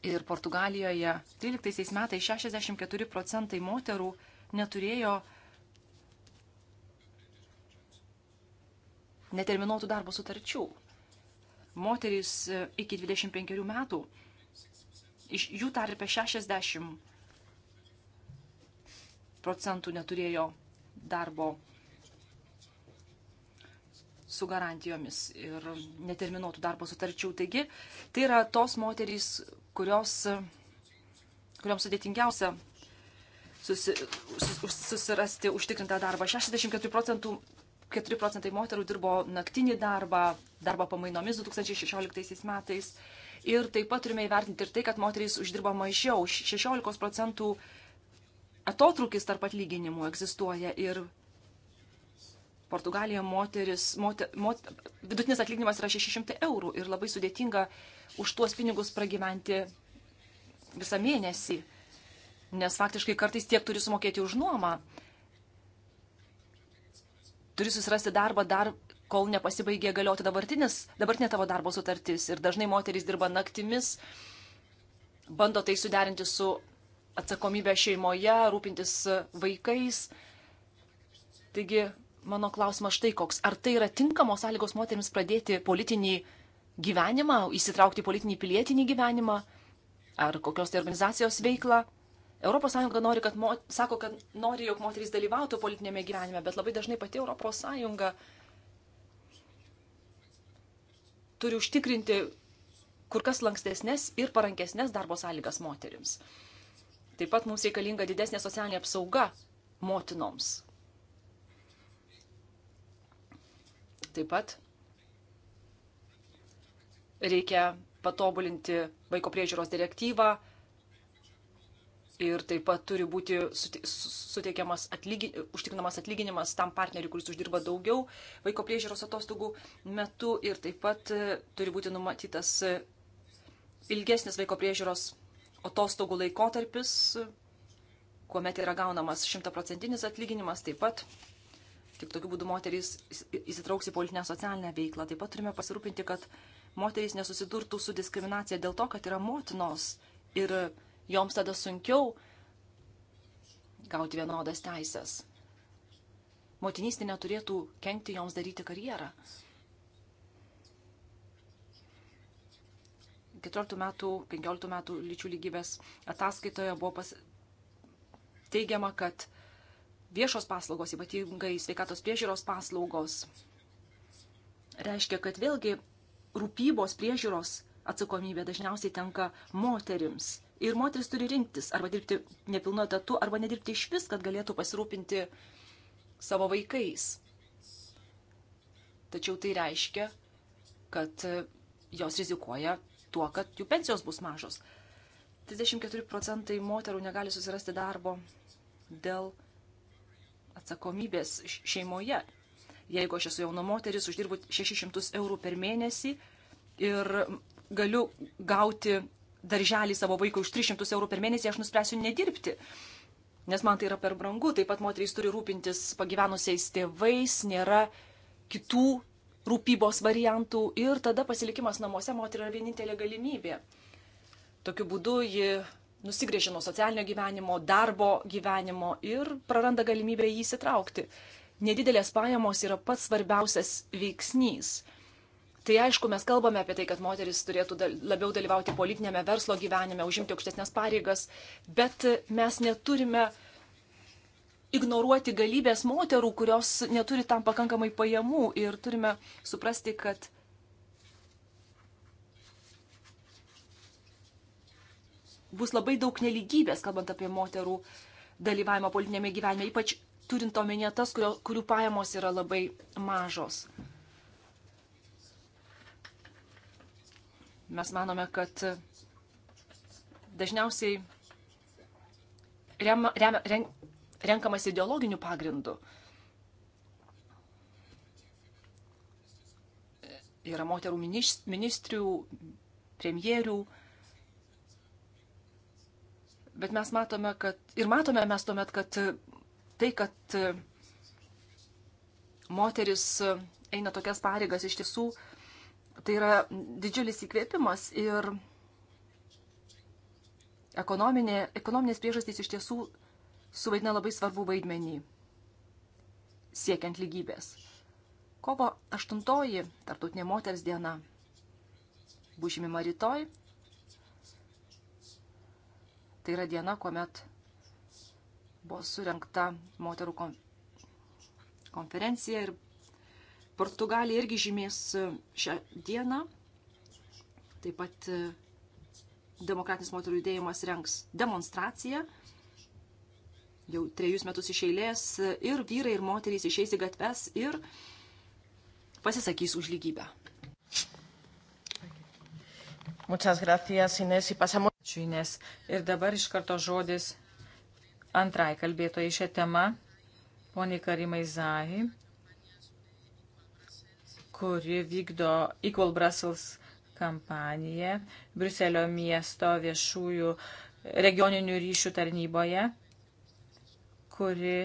S1: Ir Portugalijoje 13 metais 64 procentai moterų neturėjo neterminuotų darbo sutarčių. Moterys e, iki 25 metų, iš jų tarpe 60 procentų neturėjo darbo su garantijomis ir neterminuotų darbo sutarčių. Taigi, tai yra tos moterys, kurios, e, kurioms sudėtingiausia susi, sus, susirasti užtikrintą darbą. 64 procentų 4 procentai moterų dirbo naktinį darbą, darbą pamainomis 2016 metais. Ir taip pat turime įvertinti ir tai, kad moterys uždirba mažiau. 16 procentų atotrukis tarp atlyginimų egzistuoja ir Portugalija moteris, moter, mot, vidutinis atlyginimas yra 600 eurų ir labai sudėtinga už tuos pinigus pragyventi visą mėnesį, nes faktiškai kartais tiek turi sumokėti už nuomą. Turi susirasti darbą dar, kol nepasibaigė galioti dabartinė tavo darbo sutartis ir dažnai moteris dirba naktimis, bando tai suderinti su atsakomybė šeimoje, rūpintis vaikais. Taigi Mano klausimas štai koks. Ar tai yra tinkamos sąlygos moteriams pradėti politinį gyvenimą, įsitraukti į politinį pilietinį gyvenimą ar kokios tai organizacijos veiklą? ES nori, kad mo, sako, kad nori, jog moterys dalyvautų politinėme gyvenime, bet labai dažnai pati ES turi užtikrinti kur kas lankstesnės ir parankesnės darbo sąlygas moterims. Taip pat mums reikalinga didesnė socialinė apsauga motinoms, Taip pat reikia patobulinti vaiko priežiūros direktyvą ir taip pat turi būti suteikiamas atlygi, užtikrinamas atlyginimas tam partneriui, kuris uždirba daugiau vaiko priežiūros atostogų metu ir taip pat e, turi būti numatytas e, ilgesnis vaiko priežiūros atostogų laikotarpis, kuomet yra gaunamas šimtaprocentinis atlyginimas taip pat Tik tokiu būdu moterys įsitrauks į politinę socialinę veiklą. Taip pat turime pasirūpinti, kad moterys nesusidurtų su diskriminacija dėl to, kad yra motinos ir joms tada sunkiau gauti vienodas teisės. Motinystė neturėtų kenkti joms daryti karjerą. 14 metų, 15 metų lyčių lygybės ataskaitoje buvo pas... teigiama, kad viešos paslaugos, ypatingai sveikatos priežiūros paslaugos, reiškia, kad vėlgi rūpybos priežiūros atsakomybė dažniausiai tenka moterims. Ir moteris turi rinktis arba dirbti nepilnu etatu, arba nedirbti iš vis, kad galėtų pasirūpinti savo vaikais. Tačiau tai reiškia, kad jos rizikuoja tuo, kad jų pensijos bus mažos. 34 procentai moterų negali susirasti darbo dėl atsakomybės šeimoje. Jeigu aš esu jauna moteris, uždirbu 600 eurų per mėnesį ir galiu gauti darželį savo vaikui už 300 eurų per mėnesį, aš nuspręsiu nedirbti, nes man tai yra per brangu. Taip pat moterys turi rūpintis pagyvenusiais tėvais, nėra kitų rūpybos variantų ir tada pasilikimas namuose moterio yra vienintelė galimybė. Tokiu būdu ji nusigrėžia nuo socialinio gyvenimo, darbo gyvenimo ir praranda galimybę jį įsitraukti. Nedidelės pajamos yra pats svarbiausias veiksnys. Tai aišku, mes kalbame apie tai, kad moteris turėtų labiau dalyvauti politinėme verslo gyvenime, užimti aukštesnės pareigas, bet mes neturime ignoruoti galybės moterų, kurios neturi tam pakankamai pajamų ir turime suprasti, kad bus labai daug neligybės, kalbant apie moterų dalyvavimą politinėme gyvenime, ypač turint omenyje tas, kurio, kurių pajamos yra labai mažos. Mes manome, kad dažniausiai rem, rem, ren, renkamas ideologinių pagrindų. Yra moterų ministrių, premjerių, Bet mes matome, kad ir matome mes tuomet, kad tai, kad moteris eina tokias pareigas iš tiesų, tai yra didžiulis įkvėpimas ir ekonominė, ekonominės priežastys iš tiesų suvaidina labai svarbu vaidmenį siekiant lygybės. Kovo 8 Tartutinė moters diena bus žymima rytoj Tai yra diena, kuomet buvo surinkta moterų konferencija ir Portugalija irgi žymės e, šią dieną. Taip pat e, Demokratinis moterų judėjimas renks demonstraciją jau trejus metus iš eilės e, ir vyrai ir moterys išeis į gatves ir pasisakys už lygybę.
S2: Muchas gracias, Inés. Y pasamos... Činės. Ir dabar iš karto žodis antrai kalbėtojai šią temą, poniai Karimai Zahi, kuri vykdo Equal Brussels kampaniją Bruselio miesto viešųjų regioninių ryšių tarnyboje, kuri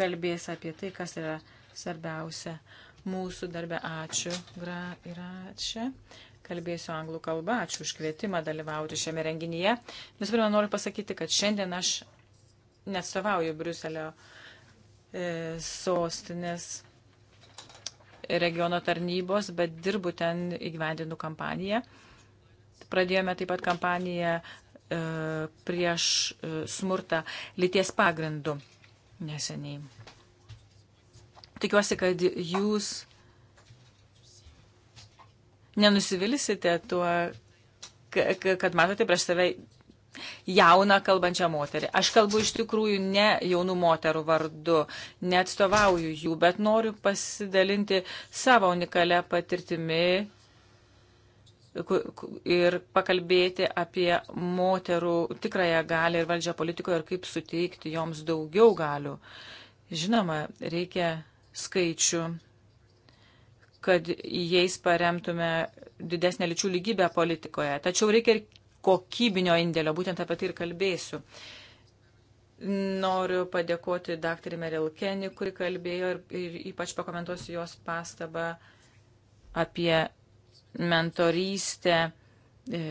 S2: kalbės apie tai, kas yra svarbiausia mūsų darbe. Ačiū, Gra ir ačiū. Kalbėsiu anglų kalbą. Ačiū už kvietimą dalyvauti šiame renginyje. Visų pirma, noriu pasakyti, kad šiandien aš nesavauju Briuselio e, sostinės regiono tarnybos, bet dirbu ten įgyvendinu kampaniją. Pradėjome taip pat kampaniją e, prieš e, smurtą lyties pagrindų neseniai. Tikiuosi, kad jūs nenusivilsite tuo, kad matote prieš save jauną kalbančią moterį. Aš kalbu iš tikrųjų ne jaunų moterų vardu, neatstovauju jų, bet noriu pasidalinti savo unikalią patirtimi ir pakalbėti apie moterų tikrąją galią ir valdžią politikoje ir kaip suteikti joms daugiau galių. Žinoma, reikia skaičių kad jais paremtume didesnę lyčių lygybę politikoje. Tačiau reikia ir kokybinio indėlio, būtent apie tai ir kalbėsiu. Noriu padėkoti daktarį Meril Kenny, kuri kalbėjo ir, ir ypač pakomentuosiu jos pastabą apie mentorystę, e,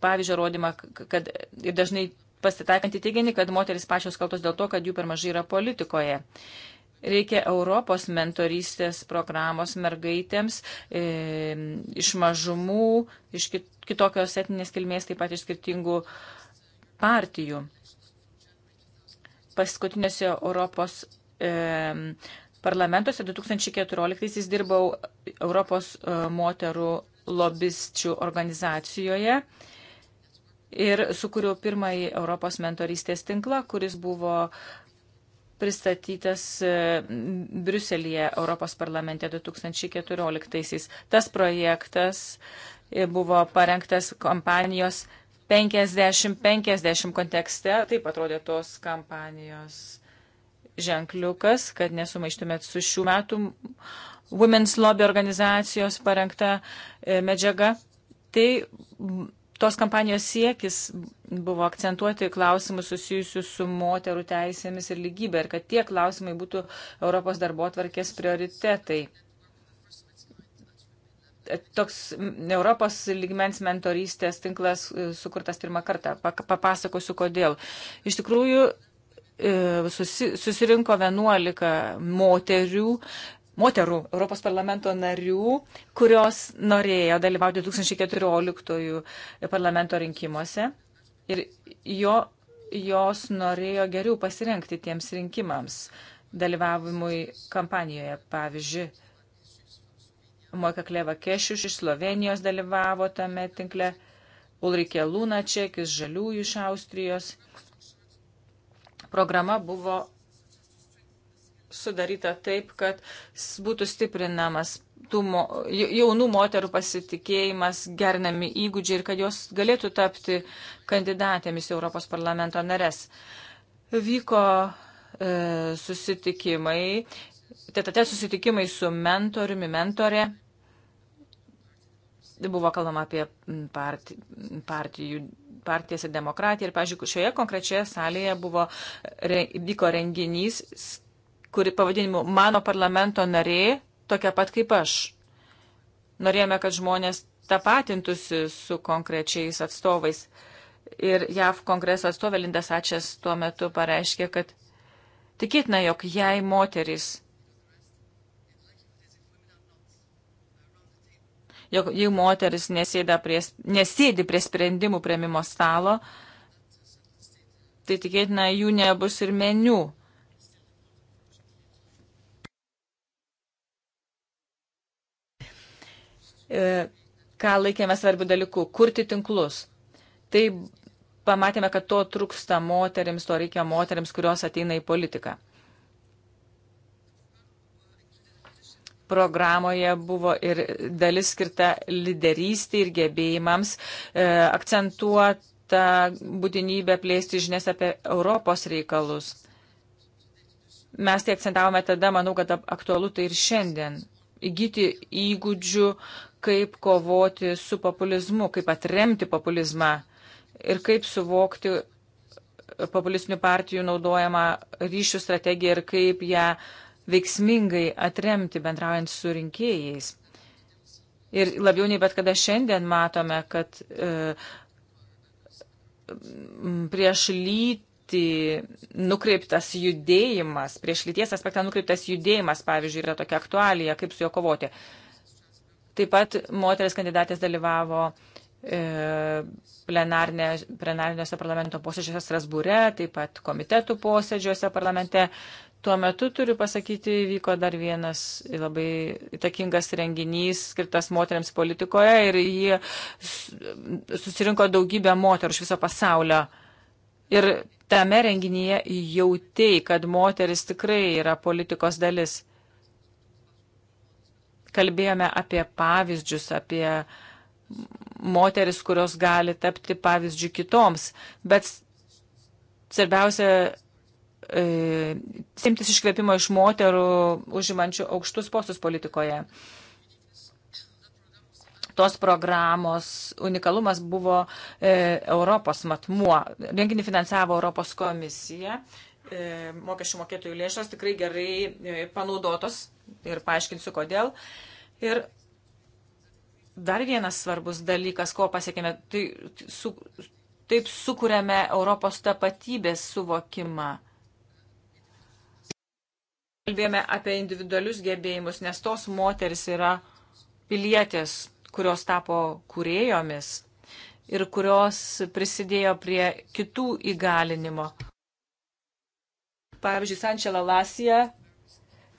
S2: pavyzdžio rodymą, kad ir dažnai pasitaikantį teiginį, kad moteris pačios kaltos dėl to, kad jų per mažai yra politikoje. Reikia Europos mentorystės programos mergaitėms e, iš mažumų, iš kitokios etinės kilmės, taip pat iš skirtingų partijų. Paskutinėse Europos e, parlamentuose 2014-aisiais dirbau Europos e, moterų lobisčių organizacijoje ir sukūriau pirmąjį Europos mentorystės tinklą, kuris buvo e, pristatytas e, Briuselėje Europos parlamente 2014-aisiais. Tas projektas e, buvo parengtas kompanijos 50-50 kontekste, taip atrodė tos kampanijos ženkliukas, kad nesumaištumėt su šių metų Women's Lobby organizacijos parengta e, medžiaga. Tai tos kampanijos siekis buvo akcentuoti klausimus susijusius su moterų teisėmis ir lygybė ir kad tie klausimai būtų Europos darbo atvarkės prioritetai. Toks Europos lygmens mentorystės tinklas e, sukurtas pirmą kartą. Papasakosiu, kodėl. Iš tikrųjų, e, susi, susirinko 11 moterių moterų Europos parlamento narių, kurios norėjo dalyvauti 2014 parlamento rinkimuose ir jo, jos norėjo geriau pasirengti tiems rinkimams, dalyvavimui kampanijoje. Pavyzdžiui, Mojka Kleva Kešius iš Slovenijos dalyvavo tame tinkle, Ulrike Lunaček iš Žaliųjų iš Austrijos. Programa buvo sudaryta taip, kad būtų stiprinamas mo, jaunų moterų pasitikėjimas, gernami įgūdžiai ir kad jos galėtų tapti kandidatėmis į Europos parlamento nares. Vyko e, susitikimai, tetate susitikimai su mentoriumi, mentorė. Buvo kalbama apie partijų, partijų partijas ir demokratiją. Ir, pažiūrėjau, šioje konkrečioje salėje buvo, re, vyko renginys kuri pavadinimu mano parlamento narė, tokia pat kaip aš. Norėjome, kad žmonės tapatintųsi su konkrečiais atstovais. Ir JAV kongreso atstovė Linda Sačias tuo metu pareiškė, kad tikėtina, jog jei moteris, jog jei moteris prie, nesėdi prie sprendimų prieimimo stalo, tai tikėtina jų nebus ir meniu. E, ką laikėme svarbių dalykų - kurti tinklus. Tai pamatėme, kad to trūksta moteriams, to reikia moteriams, kurios ateina į politiką. Programoje buvo ir dalis skirta lyderystė ir gebėjimams, e, akcentuota būtinybė plėsti žinias apie Europos reikalus. Mes tai akcentavome tada, manau, kad aktualu tai ir šiandien. Įgyti įgūdžių, kaip kovoti su populizmu, kaip atremti populizmą ir kaip suvokti populistinių partijų naudojama ryšių strategija ir kaip ją veiksmingai atremti bendraujant su rinkėjais. Ir labiau nei bet kada šiandien matome, kad e, prieš lytį nukreiptas judėjimas, prieš lyties aspektą nukreiptas judėjimas, pavyzdžiui, yra tokia aktualija, kaip su juo kovoti. E, Taip pat moteris kandidatės dalyvavo e, plenariniuose parlamento posėdžiuose Strasbūre, taip pat komitetų posėdžiuose parlamente. Tuo metu, turiu pasakyti, vyko dar vienas labai įtakingas renginys skirtas moteriams politikoje ir jį susirinko daugybę moterų iš viso pasaulio. Ir tame renginyje jautei, kad moteris tikrai yra politikos dalis kalbėjome apie pavyzdžius, apie moteris, kurios gali tapti pavyzdžių kitoms, bet svarbiausia e, simtis iškvėpimo iš moterų užimančių aukštus postus politikoje. Tos programos unikalumas buvo e, Europos matmuo. Renginį finansavo Europos komisija. E, E, mokesčių mokėtojų lėšos tikrai gerai e, panaudotos ir paaiškinsiu kodėl. Ir dar vienas svarbus dalykas, ko pasiekėme, tai su, taip sukūrėme Europos tapatybės suvokimą. Kalbėjome apie individualius gebėjimus, nes tos moteris yra pilietės, kurios tapo kūrėjomis ir kurios prisidėjo prie kitų įgalinimo. Pavyzdžiui, Sančela Lasija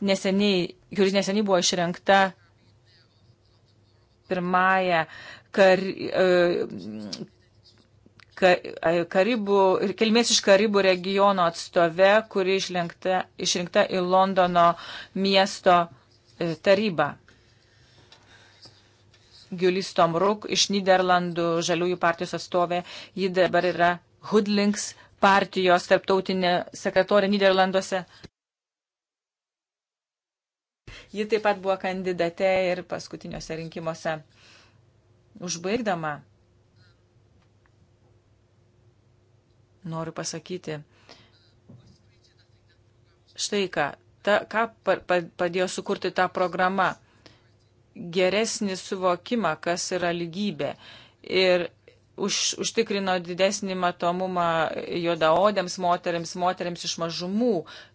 S2: neseniai, kuris neseniai buvo išrinkta pirmąją kar, e, kar, e, karibų, kilmės iš Karibų regiono atstove, kuri išrinkta, išrinkta į Londono miesto e, tarybą. Giulis Tomruk iš Niderlandų žaliųjų partijos atstovė, ji dabar yra Hudlinks partijos tarptautinė sekretorė Niderlanduose. Ji taip pat buvo kandidate ir paskutiniuose rinkimuose. Užbaigdama, noriu pasakyti, štai ką, ta, ką padėjo sukurti tą programą, geresnį suvokimą, kas yra lygybė ir už, užtikrino didesnį matomumą juodaodėms moteriams, moteriams iš mažumų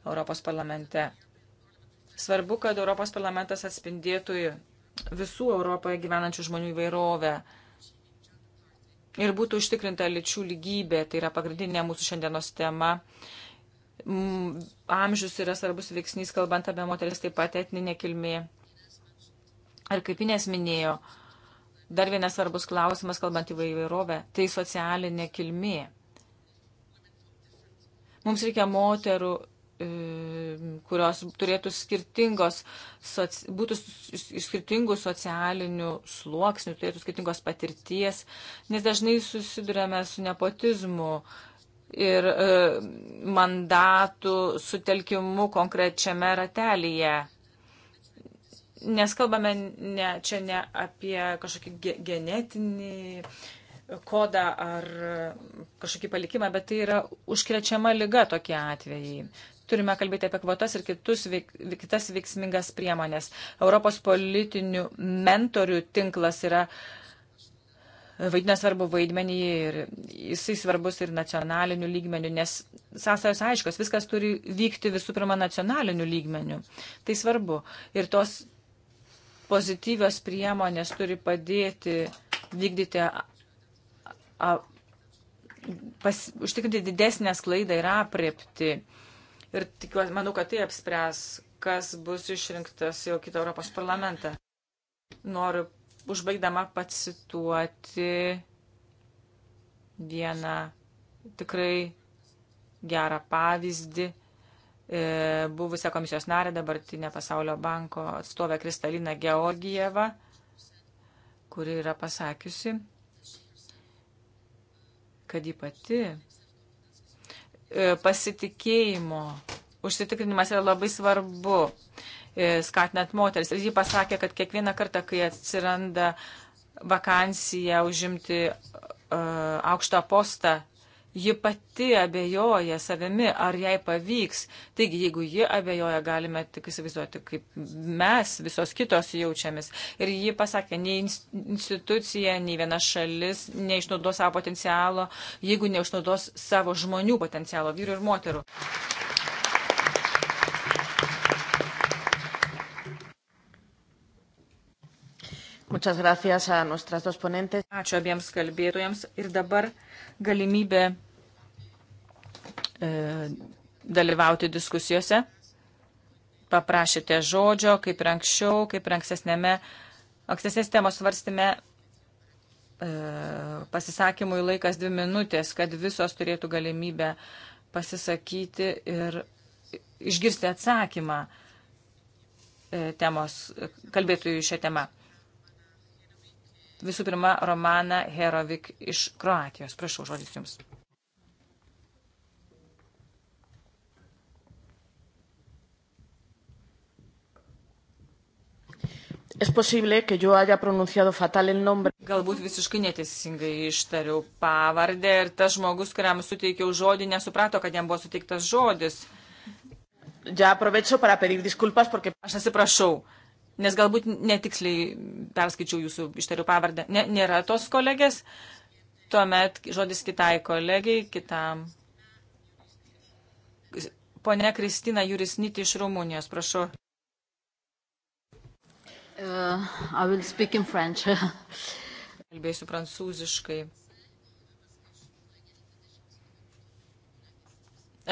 S2: Europos parlamente. Svarbu, kad Europos parlamentas atspindėtų visų Europoje gyvenančių žmonių įvairovę ir būtų užtikrinta lyčių lygybė, tai yra pagrindinė mūsų šiandienos tema. Mm, amžius yra svarbus veiksnys, kalbant apie moteris, taip pat etninė kilmė. Ar kaip Inės minėjo, uh, Dar vienas svarbus klausimas, kalbant įvairovę, tai socialinė kilmė. Mums reikia moterų, e, kurios turėtų skirtingos, būtų iš skirtingų socialinių sluoksnių, turėtų skirtingos patirties, nes dažnai susidurėme su nepotizmu ir e, mandatų sutelkimu konkrečiame ratelėje Nes kalbame ne, čia ne apie kažkokį genetinį kodą ar kažkokį palikimą, bet tai yra užkrečiama lyga tokie atvejai. Turime kalbėti apie kvotas ir kitus, veik, kitas veiksmingas priemonės. Europos politinių mentorių tinklas yra vaidina svarbu vaidmenį ir jisai svarbus ir nacionaliniu lygmeniu, nes sąsajos aiškios, viskas turi vykti visų pirma nacionaliniu lygmeniu. Tai svarbu. Ir tos pozityvios priemonės turi padėti vykdyti, a, pas, užtikrinti didesnę sklaidą ir aprepti. Ir tikiuosi, manau, kad tai apspręs, kas bus išrinktas jau kitą Europos parlamentą. Noriu užbaigdama pacituoti vieną tikrai gerą pavyzdį E, buvusią komisijos narę, dabartinę Pasaulio banko atstovę Kristaliną Georgijevą, kuri yra pasakiusi, kad ji pati e, pasitikėjimo užsitikrinimas yra labai svarbu, e, skatinant moteris. Ir ji pasakė, kad kiekvieną kartą, kai atsiranda vakancija užimti aukštą postą ji pati abejoja savimi, ar jai pavyks. Taigi, jeigu ji abejoja, galime tik įsivaizduoti, kaip mes visos kitos jaučiamės. Ir ji pasakė, nei institucija, nei viena šalis neišnaudos savo potencialo, jeigu neišnaudos savo žmonių potencialo, vyrų ir moterų. Muchas gracias a nuestras dos ponentes. Ačiū abiems kalbėtojams ir dabar galimybė E, dalyvauti diskusijose. Paprašėte žodžio, kaip ir anksčiau, kaip ir ankstesnėme, ankstesnės temos svarstime e, pasisakymui laikas dvi minutės, kad visos turėtų galimybę pasisakyti ir išgirsti atsakymą e, temos, kalbėtųjų šią temą. Visų pirma, Romana Herovik iš Kroatijos. Prašau, žodis jums.
S4: Es posible que yo haya pronunciado fatal el nombre.
S2: Galbūt visiškai neteisingai ištariau pavardę ir tas žmogus, kuriam suteikiau žodį, nesuprato, kad jam buvo suteiktas žodis.
S4: Ja aprovecho para pedir disculpas porque... Aš atsiprašau, nes
S2: galbūt netiksliai perskaičiau jūsų ištarių pavardę. Ne, nėra tos kolegės, tuomet žodis kitai kolegiai, kitam. Pone Kristina Jurisnyti iš Rumunijos, prašau.
S1: Uh, [LAUGHS]
S2: Kalbėsiu prancūziškai.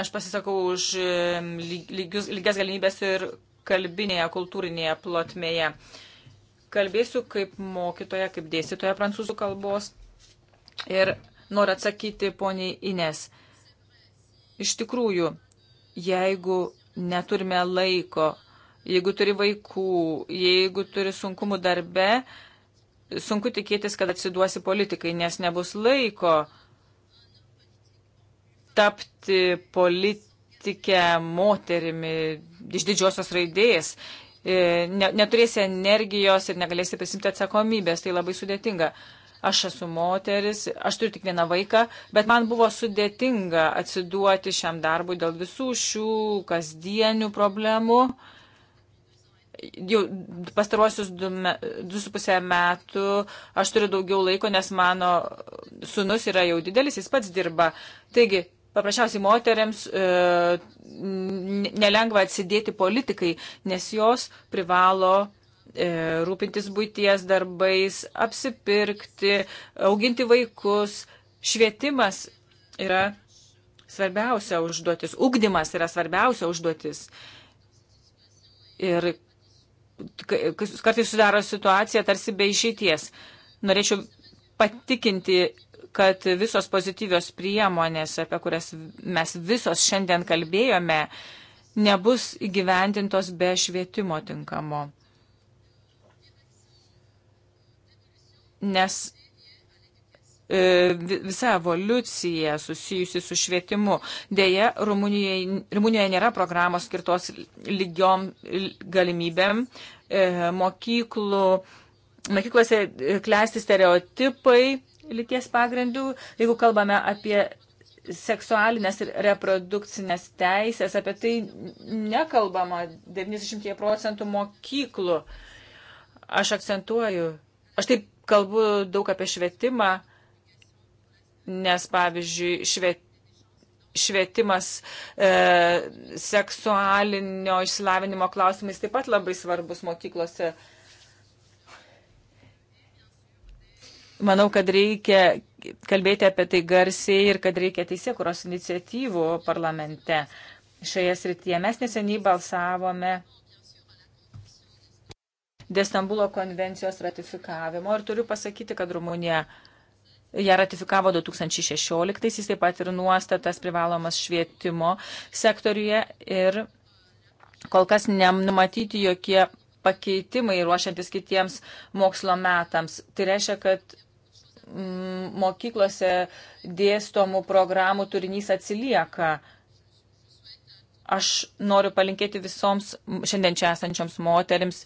S2: Aš pasisakau už um, lygius, lygias galimybės ir kalbinėje, kultūrinėje plotmėje. Kalbėsiu kaip mokytoja, kaip dėstytoja prancūzų kalbos ir noriu atsakyti poniai Ines. Iš tikrųjų, jeigu neturime laiko jeigu turi vaikų, jeigu turi sunkumų darbe, sunku tikėtis, kad atsiduosi politikai, nes nebus laiko tapti politikę moterimi iš didžiosios raidės. E, ne, neturėsi energijos ir negalėsi prisimti atsakomybės, tai labai sudėtinga. Aš esu moteris, aš turiu tik vieną vaiką, bet man buvo sudėtinga atsiduoti šiam darbui dėl visų šių kasdienių problemų. Uh, jau pastaruosius du, me, du su pusę metų aš turiu daugiau laiko, nes mano sunus yra jau didelis, jis pats dirba. Taigi, paprasčiausiai moteriams e, nelengva atsidėti politikai, nes jos privalo e, rūpintis būties darbais, apsipirkti, auginti vaikus. Švietimas yra svarbiausia užduotis, ugdymas yra svarbiausia užduotis. Ir kartais sudaro situacija tarsi be išeities. Norėčiau patikinti, kad visos pozityvios priemonės, apie kurias mes visos šiandien kalbėjome, nebus įgyvendintos be švietimo tinkamo. Nes E, visa evoliucija susijusi su švietimu. Deja, Rumunijoje, Rumunijoje nėra programos skirtos lygiom galimybėm e, mokyklų. Mokyklose e, klesti stereotipai lyties pagrindų, jeigu kalbame apie seksualinės ir reprodukcinės teisės, apie tai nekalbama 90 procentų mokyklų. Aš akcentuoju, aš taip kalbu daug apie švietimą, nes pavyzdžiui švietimas švietimas e, seksualinio išsilavinimo klausimais taip pat labai svarbus mokyklose. Manau, kad reikia kalbėti apie tai garsiai ir kad reikia teisėkuros iniciatyvų parlamente šioje srityje. Mes neseniai balsavome dėl Stambulo konvencijos ratifikavimo ir turiu pasakyti, kad Rumunija ją ratifikavo 2016-aisiais, taip pat ir nuostatas privalomas švietimo sektoriuje ir kol kas nenumatyti jokie pakeitimai ruošiantis kitiems mokslo metams. Tai reiškia, kad mm, mokyklose dėstomų programų turinys atsilieka. Aš noriu palinkėti visoms šiandien čia esančioms moterims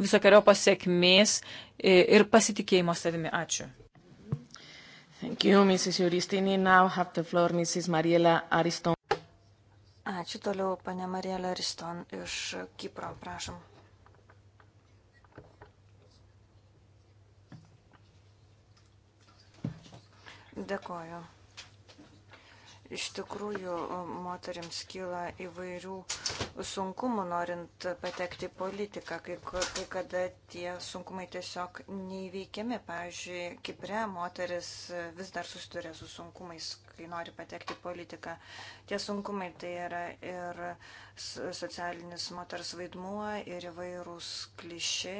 S2: visokiojo pasiekmės ir pasitikėjimo savimi. Ačiū.
S4: Thank you, Mrs. Juristini. Now have the floor Mrs. Mariela Ariston.
S3: Ačiū toliau, pane Mariela Ariston iš Kipro, prašom. Dėkoju. Iš tikrųjų, moteriams kyla įvairių sunkumų, norint patekti į politiką. Kai, kai kada tie sunkumai tiesiog neįveikiami. Pavyzdžiui, Kipre moteris vis dar susiduria su sunkumais, kai nori patekti į politiką. Tie sunkumai tai yra ir socialinis moters vaidmuo, ir įvairūs klišė.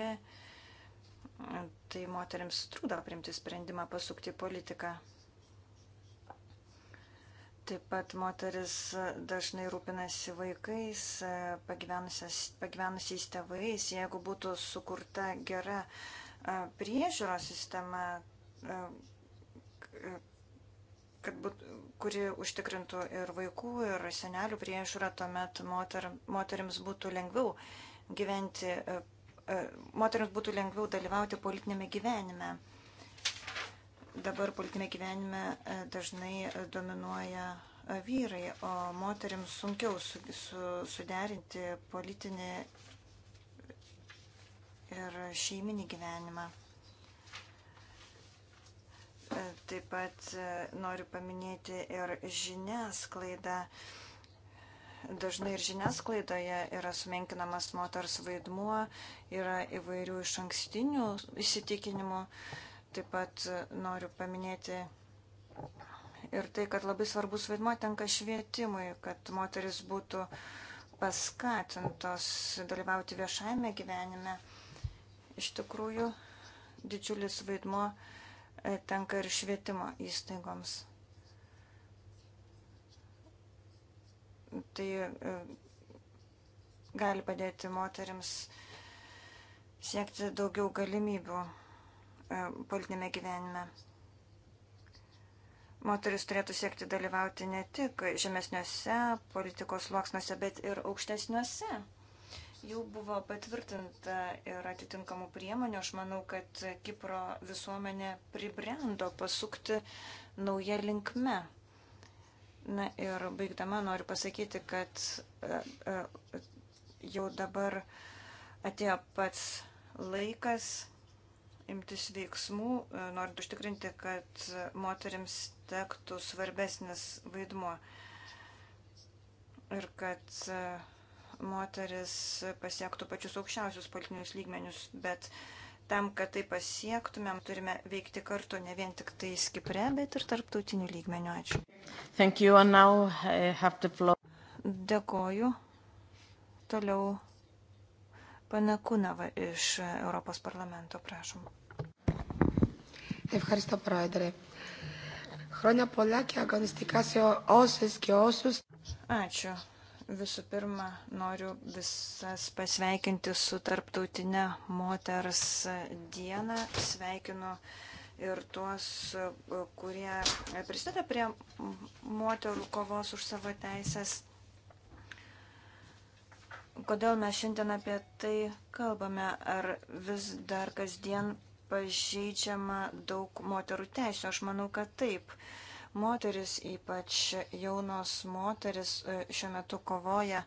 S3: Tai moteriams trūdo primti sprendimą pasukti politiką. Taip pat moteris dažnai rūpinasi vaikais, pagyvenusiais tėvais. Jeigu būtų sukurta gera priežiūros sistema, būt, kuri užtikrintų ir vaikų, ir senelių priežiūrą, tuomet moter, moteriams būtų lengviau gyventi, moteriams būtų lengviau dalyvauti politinėme gyvenime dabar politinė gyvenime e, dažnai e, dominuoja e, vyrai, o moteriams sunkiau su, su, suderinti politinį ir šeiminį gyvenimą. Taip pat noriu paminėti ir žiniasklaidą. Dažnai ir žiniasklaidoje yra sumenkinamas moters vaidmuo, yra įvairių iš ankstinių įsitikinimų. Uh, Taip pat noriu paminėti ir tai, kad labai svarbus vaidmo tenka švietimui, kad moteris būtų paskatintos dalyvauti viešajame gyvenime. Iš tikrųjų, didžiulis vaidmo e, tenka ir švietimo įstaigoms. Tai e, gali padėti moteriams siekti daugiau galimybių E, politinėme gyvenime. Moteris turėtų siekti dalyvauti ne tik žemesniuose politikos sluoksniuose, bet ir aukštesniuose. Jau buvo patvirtinta ir atitinkamų priemonių. Aš manau, kad Kipro visuomenė pribrendo pasukti naują linkme. Na ir baigdama noriu pasakyti, kad e, e, jau dabar atėjo pats laikas imtis veiksmų, e, norint užtikrinti, kad moteriams tektų svarbesnis vaidmuo ir kad e, moteris pasiektų pačius aukščiausius politinius lygmenius, bet tam, kad tai pasiektumėm, turime veikti kartu ne vien tik tai Kipre, bet ir tarptautinių lygmenių. Ačiū. Thank you, and now I have the floor. Dėkoju. Toliau Pana Kunava iš Europos parlamento, prašom. Ευχαριστώ, Πρόεδρε. Χρόνια πολλά και αγωνιστικά σε όσες και όσους. Ačiū. Visų pirma, noriu visas pasveikinti su tarptautinė moters diena. Sveikinu ir tuos, kurie prisideda prie moterų kovos už savo teisės. Kodėl mes šiandien apie tai kalbame? Ar vis dar kasdien pažeidžiama daug moterų teisų. Aš manau, kad taip. Moteris, ypač jaunos moteris, e, šiuo metu kovoja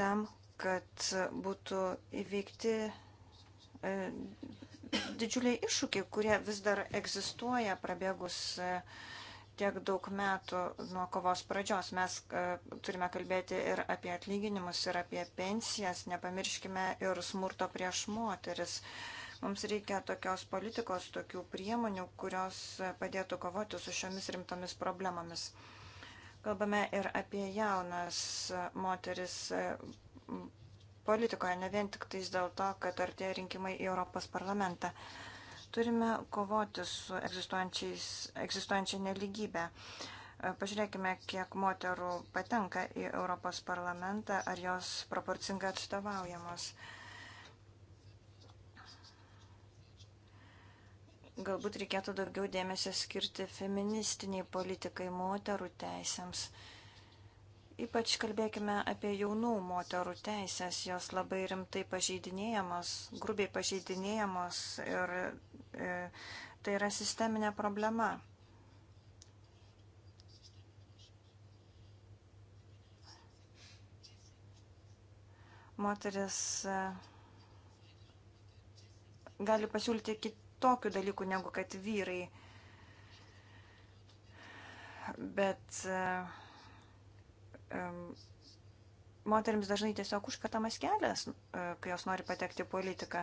S3: tam, kad būtų įveikti e, didžiuliai iššūkiai, kurie vis dar egzistuoja prabėgus e, tiek daug metų nuo kovos pradžios. Mes turime kalbėti ir apie atlyginimus, ir apie pensijas, nepamirškime ir smurto prieš moteris. Uh, Mums reikia tokios politikos, tokių priemonių, kurios padėtų kovoti su šiomis rimtomis problemomis. Kalbame ir apie jaunas moteris politikoje, ne vien tik tais dėl to, kad artėja rinkimai į Europos parlamentą. Turime kovoti su egzistuojančia neligybė. Pažiūrėkime, kiek moterų patenka į Europos parlamentą, ar jos proporcingai atstovaujamos. Galbūt reikėtų daugiau dėmesio skirti feministiniai politikai moterų teisėms. Ypač kalbėkime apie jaunų moterų teisės, jos labai rimtai pažeidinėjamos, grubiai pažeidinėjamos ir e, tai yra sisteminė problema. moteris e, gali pasiūlyti kit, kitokių dalykų negu kad vyrai. Bet um, moteriams dažnai tiesiog užkatamas kelias, e, kai jos nori patekti į politiką.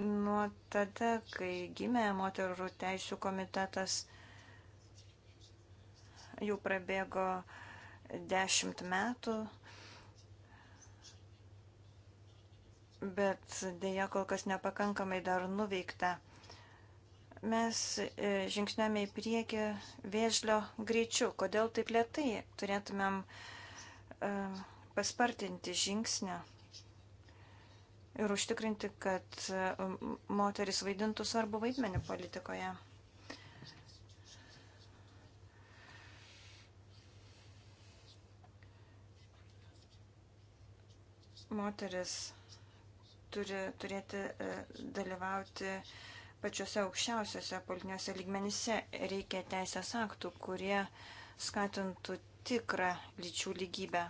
S3: Nuo tada, kai gimė moterų teisų komitetas, jau prabėgo dešimt metų bet dėja kol kas nepakankamai dar nuveikta. Mes e, žingsniame į priekį vėžlio greičiu. Kodėl taip lietai turėtumėm e, paspartinti žingsnę ir užtikrinti, kad e, moteris vaidintų svarbu vaidmenį politikoje. Moteris turi turėti e, dalyvauti pačiuose aukščiausiuose politiniuose lygmenyse. Reikia teisės aktų, kurie skatintų tikrą lyčių lygybę.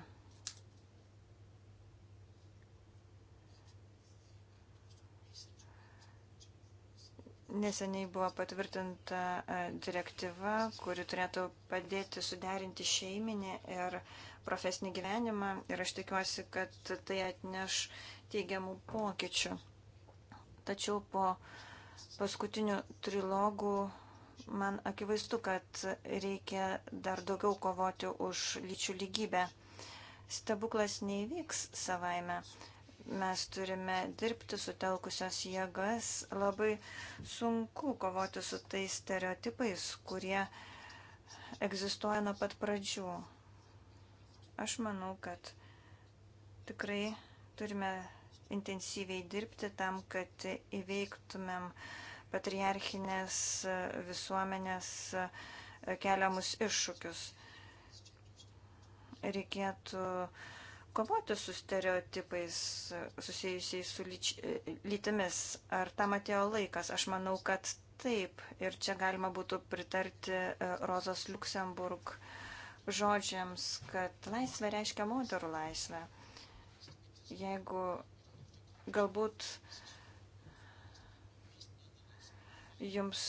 S3: Neseniai buvo patvirtinta e, direktyva, kuri turėtų padėti suderinti šeiminį ir profesinį gyvenimą ir aš tikiuosi, kad tai atneš teigiamų pokyčių. Tačiau po paskutinių trilogų man akivaizdu, kad reikia dar daugiau kovoti už lyčių lygybę. Stebuklas neįvyks savaime. Mes turime dirbti sutelkusios jėgas. Labai sunku kovoti su tais stereotipais, kurie egzistuoja nuo pat pradžių. Aš manau, kad tikrai Turime intensyviai dirbti tam, kad įveiktumėm patriarchinės visuomenės keliamus iššūkius. Reikėtų kovoti su stereotipais susijusiais su lyč, lytimis. Ar tam atėjo laikas? Aš manau, kad taip. Ir čia galima būtų pritarti e, Rozos Luxemburg žodžiams, kad laisvė reiškia moterų laisvę jeigu galbūt jums,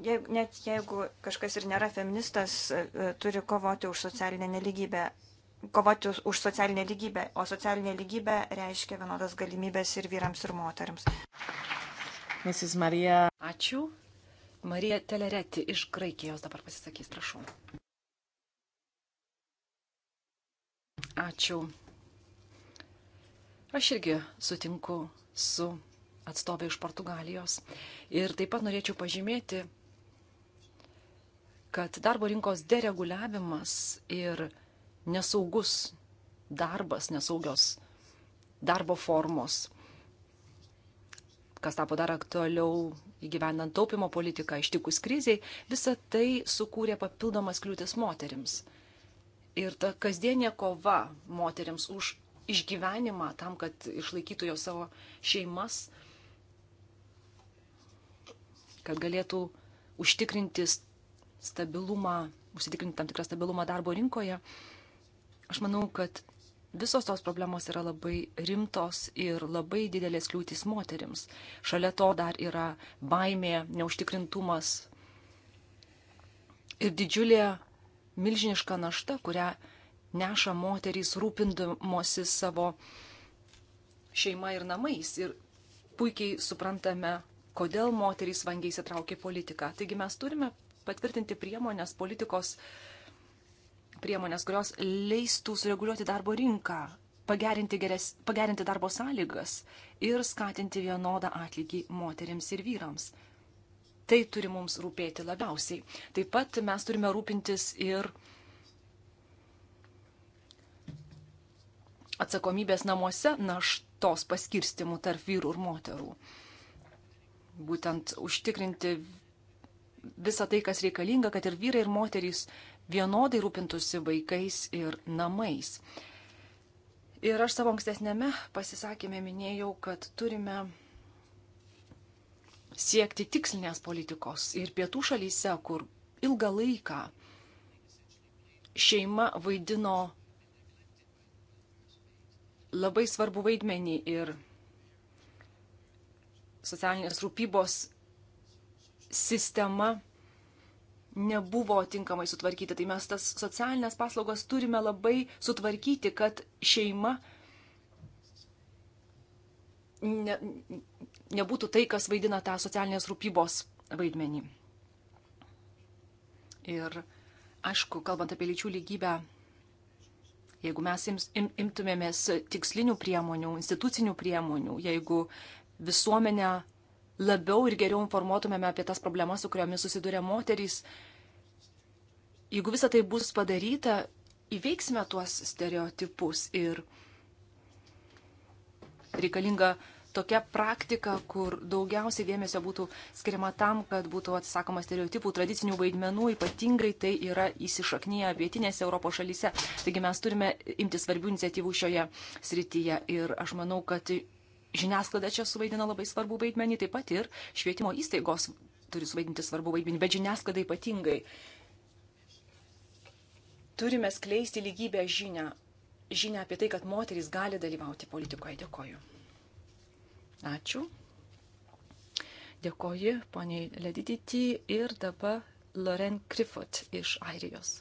S3: jeigu, net jeigu kažkas ir nėra feministas, e, turi kovoti už socialinę neligybę kovoti už socialinę lygybę, o socialinė lygybė reiškia vienodas galimybės ir vyrams, ir moteriams.
S2: Mrs.
S1: Marija. Ačiū. Marija Telereti iš Graikijos dabar pasisakys, prašau. Ačiū, Aš irgi sutinku su atstovė iš Portugalijos. Ir taip pat norėčiau pažymėti, kad darbo rinkos dereguliavimas ir nesaugus darbas, nesaugios darbo formos, kas tapo dar aktualiau įgyvendant taupimo politiką ištikus kriziai, visa tai sukūrė papildomas kliūtis moterims. Ir ta kasdienė kova moteriams už išgyvenimą tam, kad išlaikytų jo savo šeimas, kad galėtų užtikrinti stabilumą, užsitikrinti tam tikrą stabilumą darbo rinkoje. Aš manau, kad visos tos problemos yra labai rimtos ir labai didelės kliūtis moterims. Šalia to dar yra baimė, neužtikrintumas ir didžiulė milžiniška našta, kurią neša moterys rūpindamosi savo šeima ir namais. Ir puikiai suprantame, kodėl moterys vangiai įsitraukia į politiką. Taigi mes turime patvirtinti priemonės, politikos priemonės, kurios leistų sureguliuoti darbo rinką, pagerinti, geres, pagerinti darbo sąlygas ir skatinti vienodą atlygį moteriams ir vyrams. Tai turi mums rūpėti labiausiai. Taip pat mes turime rūpintis ir uh, atsakomybės namuose naštos paskirstimų tarp vyrų ir moterų. Būtent užtikrinti visą tai, kas reikalinga, kad ir vyrai, ir moterys vienodai rūpintųsi vaikais ir namais. Ir aš savo ankstesnėme pasisakymė minėjau, kad turime siekti tikslinės politikos ir pietų šalyse, kur ilgą laiką šeima vaidino labai svarbu vaidmenį ir socialinės rūpybos sistema nebuvo tinkamai sutvarkyti. Tai mes tas socialinės paslaugas turime labai sutvarkyti, kad šeima ne, nebūtų tai, kas vaidina tą socialinės rūpybos vaidmenį. Ir aišku, kalbant apie lyčių lygybę, jeigu mes imtumėmės tikslinių priemonių, institucinių priemonių, jeigu visuomenę labiau ir geriau informuotumėme apie tas problemas, su kuriomis susiduria moterys, jeigu visa tai bus padaryta, įveiksime tuos stereotipus ir reikalinga tokia praktika, kur daugiausiai dėmesio būtų skiriama tam, kad būtų atsisakoma stereotipų, tradicinių vaidmenų, ypatingai tai yra įsišaknyje vietinėse Europos šalyse. Taigi mes turime imti svarbių iniciatyvų šioje srityje ir aš manau, kad žiniasklaida čia suvaidina labai svarbu vaidmenį, taip pat ir švietimo įstaigos turi suvaidinti svarbu vaidmenį, bet žiniasklaida ypatingai. Turime skleisti lygybę žinią žinę apie tai, kad moterys gali dalyvauti politikoje. Dėkoju. Ačiū. Dėkoju poniai Ledidyti ir dabar Loren Griffith iš Airijos.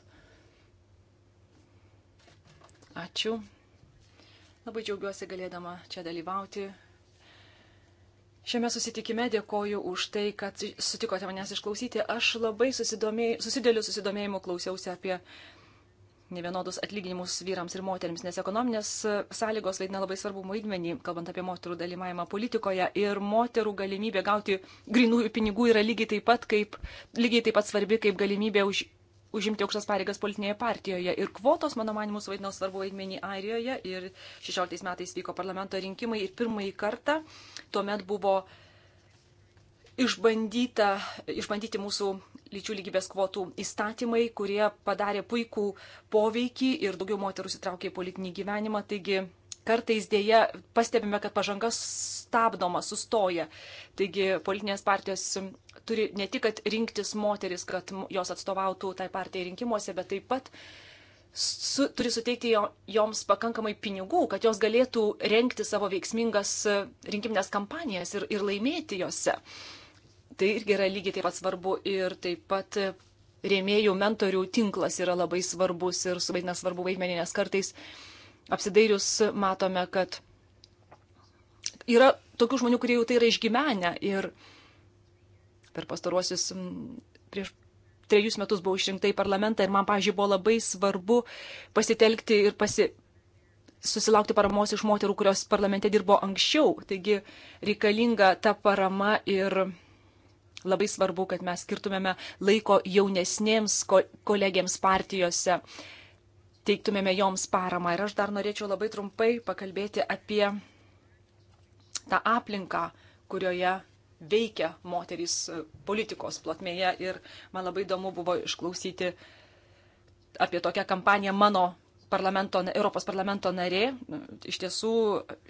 S1: Ačiū. Labai džiaugiuosi galėdama čia dalyvauti. Šiame susitikime dėkoju už tai, kad sutikote manęs išklausyti. Aš labai susidėliu susidomėjimu klausiausi apie nevienodus atlyginimus vyrams ir moteriams, nes ekonominės sąlygos vaidina labai svarbu vaidmenį, kalbant apie moterų dalyvavimą politikoje ir moterų galimybė gauti grinųjų pinigų yra lygiai taip pat, kaip, lygiai taip pat svarbi kaip galimybė už, užimti aukštas pareigas politinėje partijoje. Ir kvotos, mano manimus, vaidino svarbu vaidmenį Airijoje ir 16 metais vyko parlamento rinkimai ir pirmąjį kartą tuomet buvo išbandyta, išbandyti mūsų lyčių lygybės kvotų įstatymai, kurie padarė puikų poveikį ir daugiau moterų sitraukė į politinį gyvenimą. Taigi kartais dėja pastebime, kad pažanga stabdoma, sustoja. Taigi politinės partijos turi ne tik rinktis moteris, kad jos atstovautų tai partijai rinkimuose, bet taip pat su, turi suteikti jo, joms pakankamai pinigų, kad jos galėtų renkti savo veiksmingas rinkiminės kampanijas ir, ir laimėti jose. Uh, tai irgi yra lygiai taip pat svarbu ir taip pat rėmėjų mentorių tinklas yra labai svarbus ir suvaidina svarbu vaidmenį, nes kartais apsidairius matome, kad yra tokių žmonių, kurie jau tai yra išgyvenę ir per pastaruosius prieš trejus metus buvau išrinkta į parlamentą ir man, pažiūrėjau, buvo labai svarbu pasitelkti ir pasi, susilaukti paramos iš moterų, kurios parlamente dirbo anksčiau. Taigi reikalinga ta parama ir Labai svarbu, kad mes skirtumėme laiko jaunesnėms kolegėms partijose, teiktumėme joms paramą. Ir aš dar norėčiau labai trumpai pakalbėti apie tą aplinką, kurioje veikia moterys politikos plotmėje. Ir man labai įdomu buvo išklausyti apie tokią kampaniją mano parlamento, Europos parlamento narė. Iš tiesų,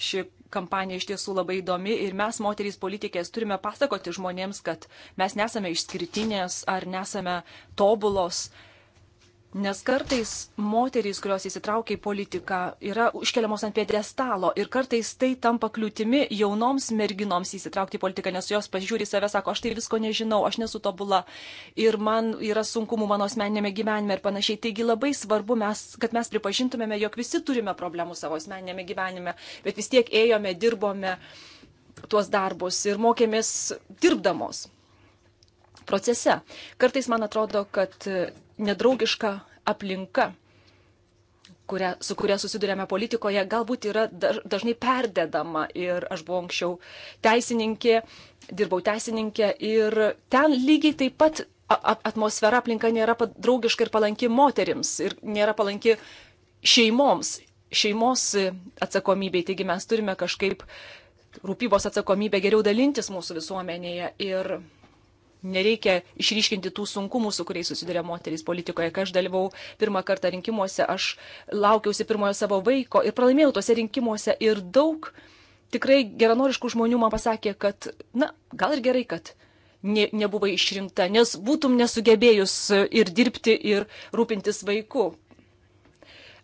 S1: ši kampanija iš tiesų labai įdomi ir mes, moterys politikės, turime pasakoti žmonėms, kad mes nesame išskirtinės ar nesame tobulos, Nes kartais moterys, kurios įsitraukia į politiką, yra užkeliamos ant piedestalo ir kartais tai tampa kliūtimi jaunoms merginoms įsitraukti į politiką, nes jos pažiūri save, sako, aš tai visko nežinau, aš nesu tobula ir man yra sunkumų mano asmeninėme gyvenime ir panašiai. Taigi labai svarbu, mes, kad mes pripažintumėme, jog visi turime problemų savo asmeninėme gyvenime, bet vis tiek ėjome, dirbome tuos darbus ir mokėmės dirbdamos procese. Kartais man atrodo, kad nedraugiška aplinka, kuria, su kuria susidurėme politikoje, galbūt yra dažnai perdedama. Ir aš buvau anksčiau teisininkė, dirbau teisininkė ir ten lygiai taip pat atmosfera aplinka nėra draugiška ir palanki moterims ir nėra palanki šeimoms, šeimos atsakomybei. Taigi mes turime kažkaip rūpybos atsakomybę geriau dalintis mūsų visuomenėje ir nereikia išryškinti tų sunkumų, su kuriais susiduria moterys politikoje. Kai aš dalyvau pirmą kartą rinkimuose, aš laukiausi pirmojo savo vaiko ir pralaimėjau tuose rinkimuose ir daug tikrai geranoriškų žmonių man pasakė, kad, na, gal ir gerai, kad ne, nebuvai išrinkta, nes būtum nesugebėjus ir dirbti, ir rūpintis vaiku.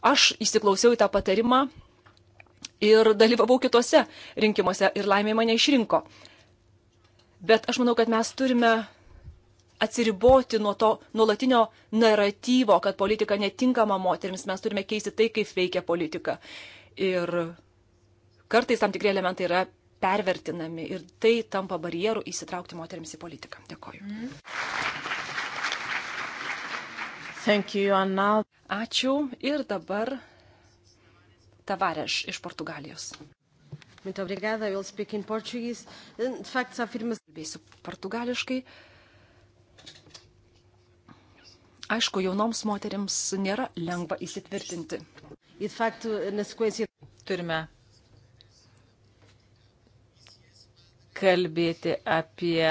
S1: Aš įsiklausiau į tą patarimą ir dalyvavau kitose rinkimuose ir laimė mane išrinko. Bet aš manau, kad mes turime atsiriboti nuo to nuolatinio naratyvo, kad politika netinkama moteriams, mes turime keisti tai, kaip veikia politika. Ir kartais tam tikri elementai yra pervertinami ir tai tampa barjerų įsitraukti moteriams į politiką. Dėkoju. You, Ačiū ir dabar Tavareš iš Portugalijos. Muito obrigada, eu speak in Portuguese. Eh, de facto, afirmas. Kalbėsiu portugališkai. Aišku, jaunoms moteriams nėra lengva įsitvirtinti. Ir faktų neskuėsi. Turime
S2: kalbėti apie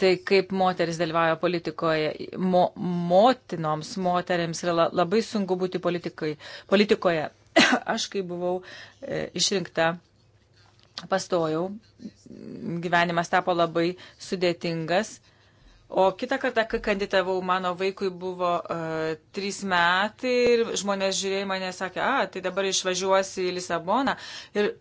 S2: tai, kaip moteris dalyvauja politikoje. Mo, motinoms, moteriams yra labai sunku būti politikai, politikoje. [COUGHS] Aš, kai buvau e, išrinkta, pastojau, gyvenimas tapo labai sudėtingas. O kitą kartą, kai kandidatavau, mano vaikui buvo uh, trys metai ir žmonės žiūrėjo mane ir sakė, a, tai dabar išvažiuosi į Lisaboną. Ir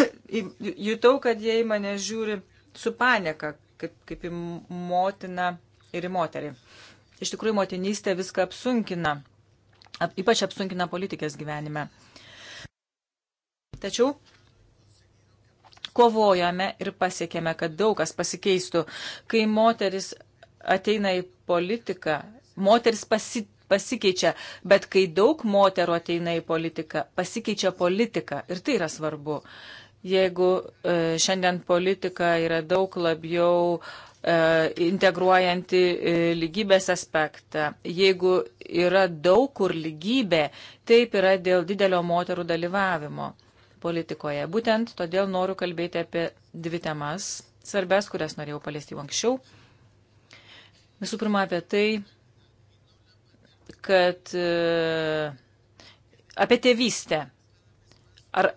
S2: [COUGHS] jutau, kad jie į mane žiūri su panieka, kaip, kaip į motiną ir į moterį. Iš tikrųjų, motinystė viską apsunkina ap, ypač apsunkina politikės gyvenime. Tačiau kovojame ir pasiekėme, kad daug kas pasikeistų. Kai moteris ateina į politiką, moteris pasi, pasikeičia, bet kai daug moterų ateina į politiką, pasikeičia politika ir tai yra svarbu. Uh, Jeigu e, šiandien politika yra daug labiau e, integruojanti e, lygybės aspektą. Jeigu yra daug kur lygybė, taip yra dėl didelio moterų dalyvavimo politikoje. Būtent todėl noriu kalbėti apie dvi temas, svarbės, kurias norėjau paliesti jau anksčiau. Visų pirma, apie tai, kad apie tėvystę. Ar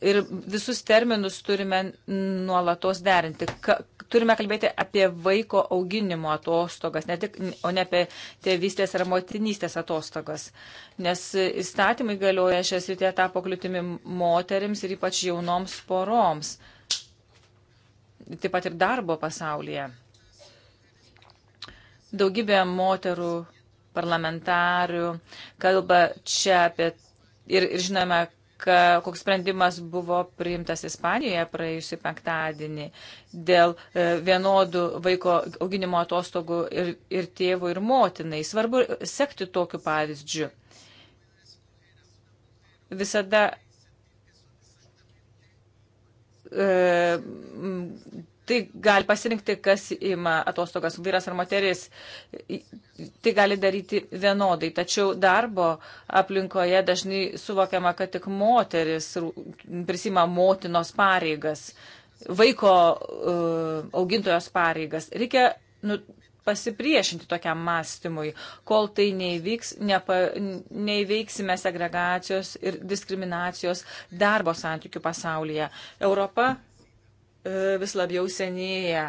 S2: ir visus terminus turime nuolatos derinti. Ka, turime kalbėti apie vaiko auginimo atostogas, ne tik, o ne apie tėvystės ar motinystės atostogas. Nes įstatymai galioja šias rytė tapo kliūtimi moterims ir ypač jaunoms poroms. Taip pat ir darbo pasaulyje. Daugybė moterų parlamentarių kalba čia apie ir, ir žinome, ka, koks sprendimas buvo priimtas Ispanijoje praėjusį penktadienį dėl e, vienodų vaiko auginimo atostogų ir, ir tėvų ir motinai. Svarbu sekti tokiu pavyzdžiu. Visada e, tai gali pasirinkti, kas ima atostogas, vyras ar moteris. Tai gali daryti vienodai. Tačiau darbo aplinkoje dažnai suvokiama, kad tik moteris prisima motinos pareigas, vaiko uh, augintojos pareigas. Reikia nu, pasipriešinti tokiam mąstymui. Kol tai neįvyks, nepa, neįveiksime segregacijos ir diskriminacijos darbo santykių pasaulyje. Europa E, vis labiau senėja.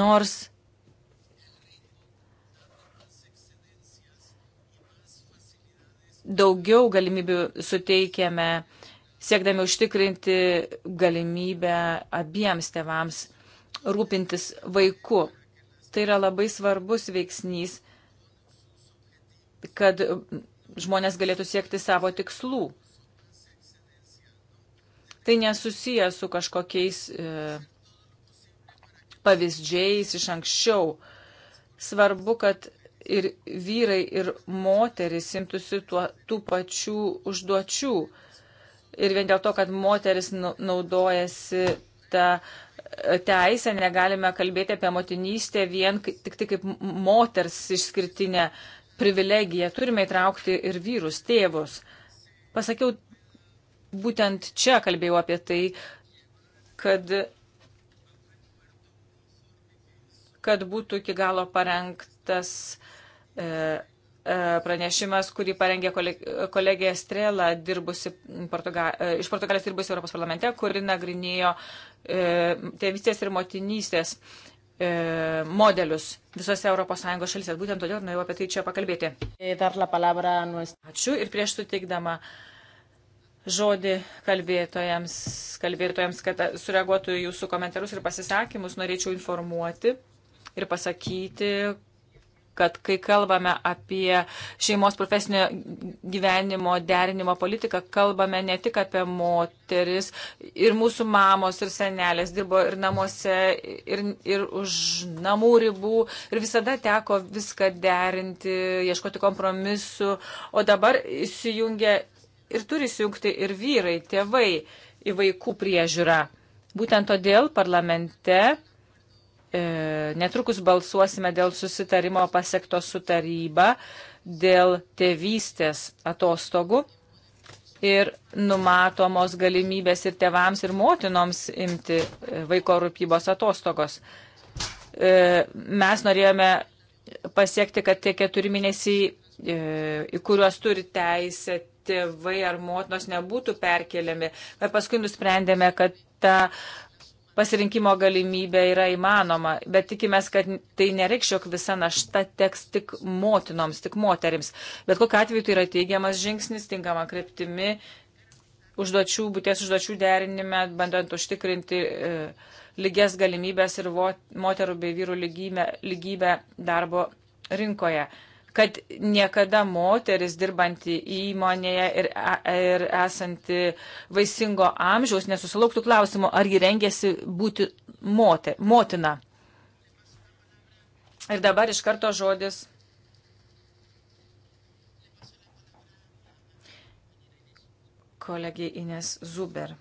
S2: Nors daugiau galimybių suteikiame, siekdami užtikrinti galimybę abiems tevams rūpintis vaiku. Tai yra labai svarbus veiksnys, kad žmonės galėtų siekti savo tikslų. Tai nesusiję su kažkokiais e, pavyzdžiais iš anksčiau. Svarbu, kad ir vyrai, ir moteris imtųsi tuo, tų pačių užduočių. Ir vien dėl to, kad moteris nu, naudojasi tą e, teisę, negalime kalbėti apie motinystę vien tik tai kaip moters išskirtinę privilegiją. Turime įtraukti ir vyrus, tėvus. Pasakiau būtent čia kalbėjau apie tai, kad, kad būtų iki galo parengtas e, e, pranešimas, kurį parengė kolegė Estrela, dirbusi Portuga, e, iš Portugalijos dirbusi Europos parlamente, kuri nagrinėjo e, tėvystės ir motinystės e, modelius visose ES šalyse. Būtent todėl norėjau apie tai čia pakalbėti. Ačiū ir prieš suteikdama. E, žodį kalbėtojams, kalbėtojams kad sureaguotų jūsų komentarus ir pasisakymus, norėčiau informuoti ir pasakyti, kad kai kalbame apie šeimos profesinio gyvenimo derinimo politiką, kalbame ne tik apie moteris, ir mūsų mamos, ir senelės dirbo ir namuose, ir, ir už namų ribų, ir visada teko viską derinti, ieškoti kompromisu, o dabar įsijungia ir turi įsijungti ir vyrai, tėvai į vaikų priežiūrą. Būtent todėl parlamente e, netrukus balsuosime dėl susitarimo pasiekto su taryba, dėl tėvystės atostogų ir numatomos galimybės ir tėvams, ir motinoms imti e, vaiko rūpybos atostogos. E, mes norėjome pasiekti, kad tie keturi mėnesiai, e, į kuriuos turi teisę tėvai ar motinos nebūtų perkeliami. Bet paskui nusprendėme, kad ta pasirinkimo galimybė yra įmanoma, bet tikimės, kad tai nereikš, jog visa našta teks tik motinoms, tik moterims. Bet kokiu atveju tai yra teigiamas žingsnis, tinkama kryptimi, užduočių, būties užduočių derinime, bandant užtikrinti e, lygias galimybės ir vo, moterų bei vyrų lygybę, lygybę darbo rinkoje. E, kad niekada moteris dirbanti įmonėje ir, ir esanti vaisingo amžiaus nesusilauktų klausimo, ar ji rengėsi būti mote, motina. Ir dabar iš karto žodis. Kolegė Ines Zuber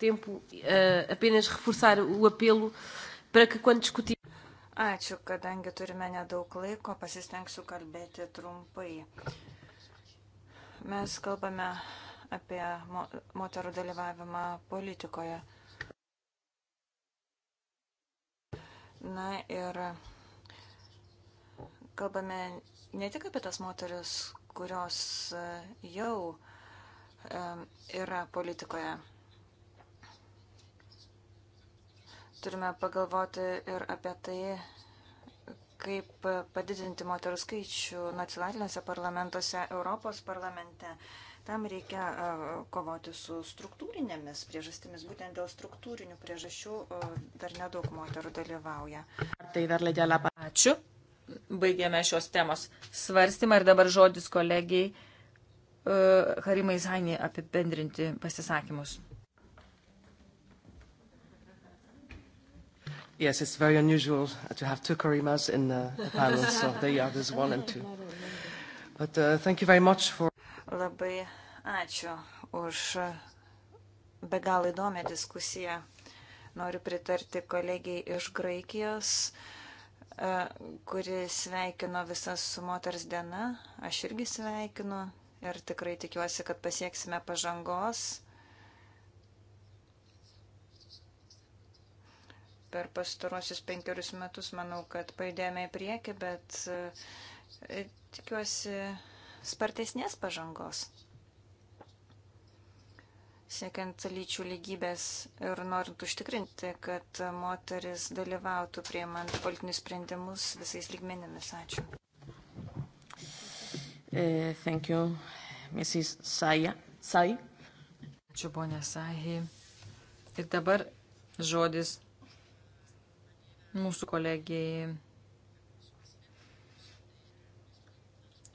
S1: tempo uh, apenas reforçar o apelo para que quando discutir
S3: Ačiū, kadangi turime nedaug laiko, pasistengsiu kalbėti trumpai. Mes kalbame apie mo moterų dalyvavimą politikoje. Na ir kalbame ne tik apie tas moteris, kurios jau e, yra politikoje. Turime pagalvoti ir apie tai, kaip padidinti moterų skaičių nacionaliniuose parlamentuose, Europos parlamente. Tam reikia kovoti su struktūrinėmis priežastimis. Būtent dėl struktūrinių priežasčių dar nedaug moterų dalyvauja.
S4: Tai Ačiū.
S2: Baigėme šios temos svarstymą ir dabar žodis kolegijai e, Harimai Zainį apibendrinti pasisakymus.
S4: Yes, it's very unusual to have two Karimas in the, the panel, so [LAUGHS] there you are, there's one and two. But uh, thank you very much for...
S3: Labai ačiū už be galo įdomią diskusiją. Noriu pritarti kolegijai iš Graikijos, e, kuri sveikino visas su moters diena. Aš irgi sveikinu ir tikrai tikiuosi, kad pasieksime pažangos per pastarosius penkerius metus, manau, kad pajudėjome į priekį, bet e, tikiuosi spartesnės pažangos. Siekiant lyčių lygybės ir norint užtikrinti, kad moteris dalyvautų prieimant politinius sprendimus visais lygmenimis.
S2: Ačiū.
S4: Uh, thank you, Mrs.
S2: Saja. Sai. Ačiū, ponė Sahi. Ir dabar žodis mūsų kolegijai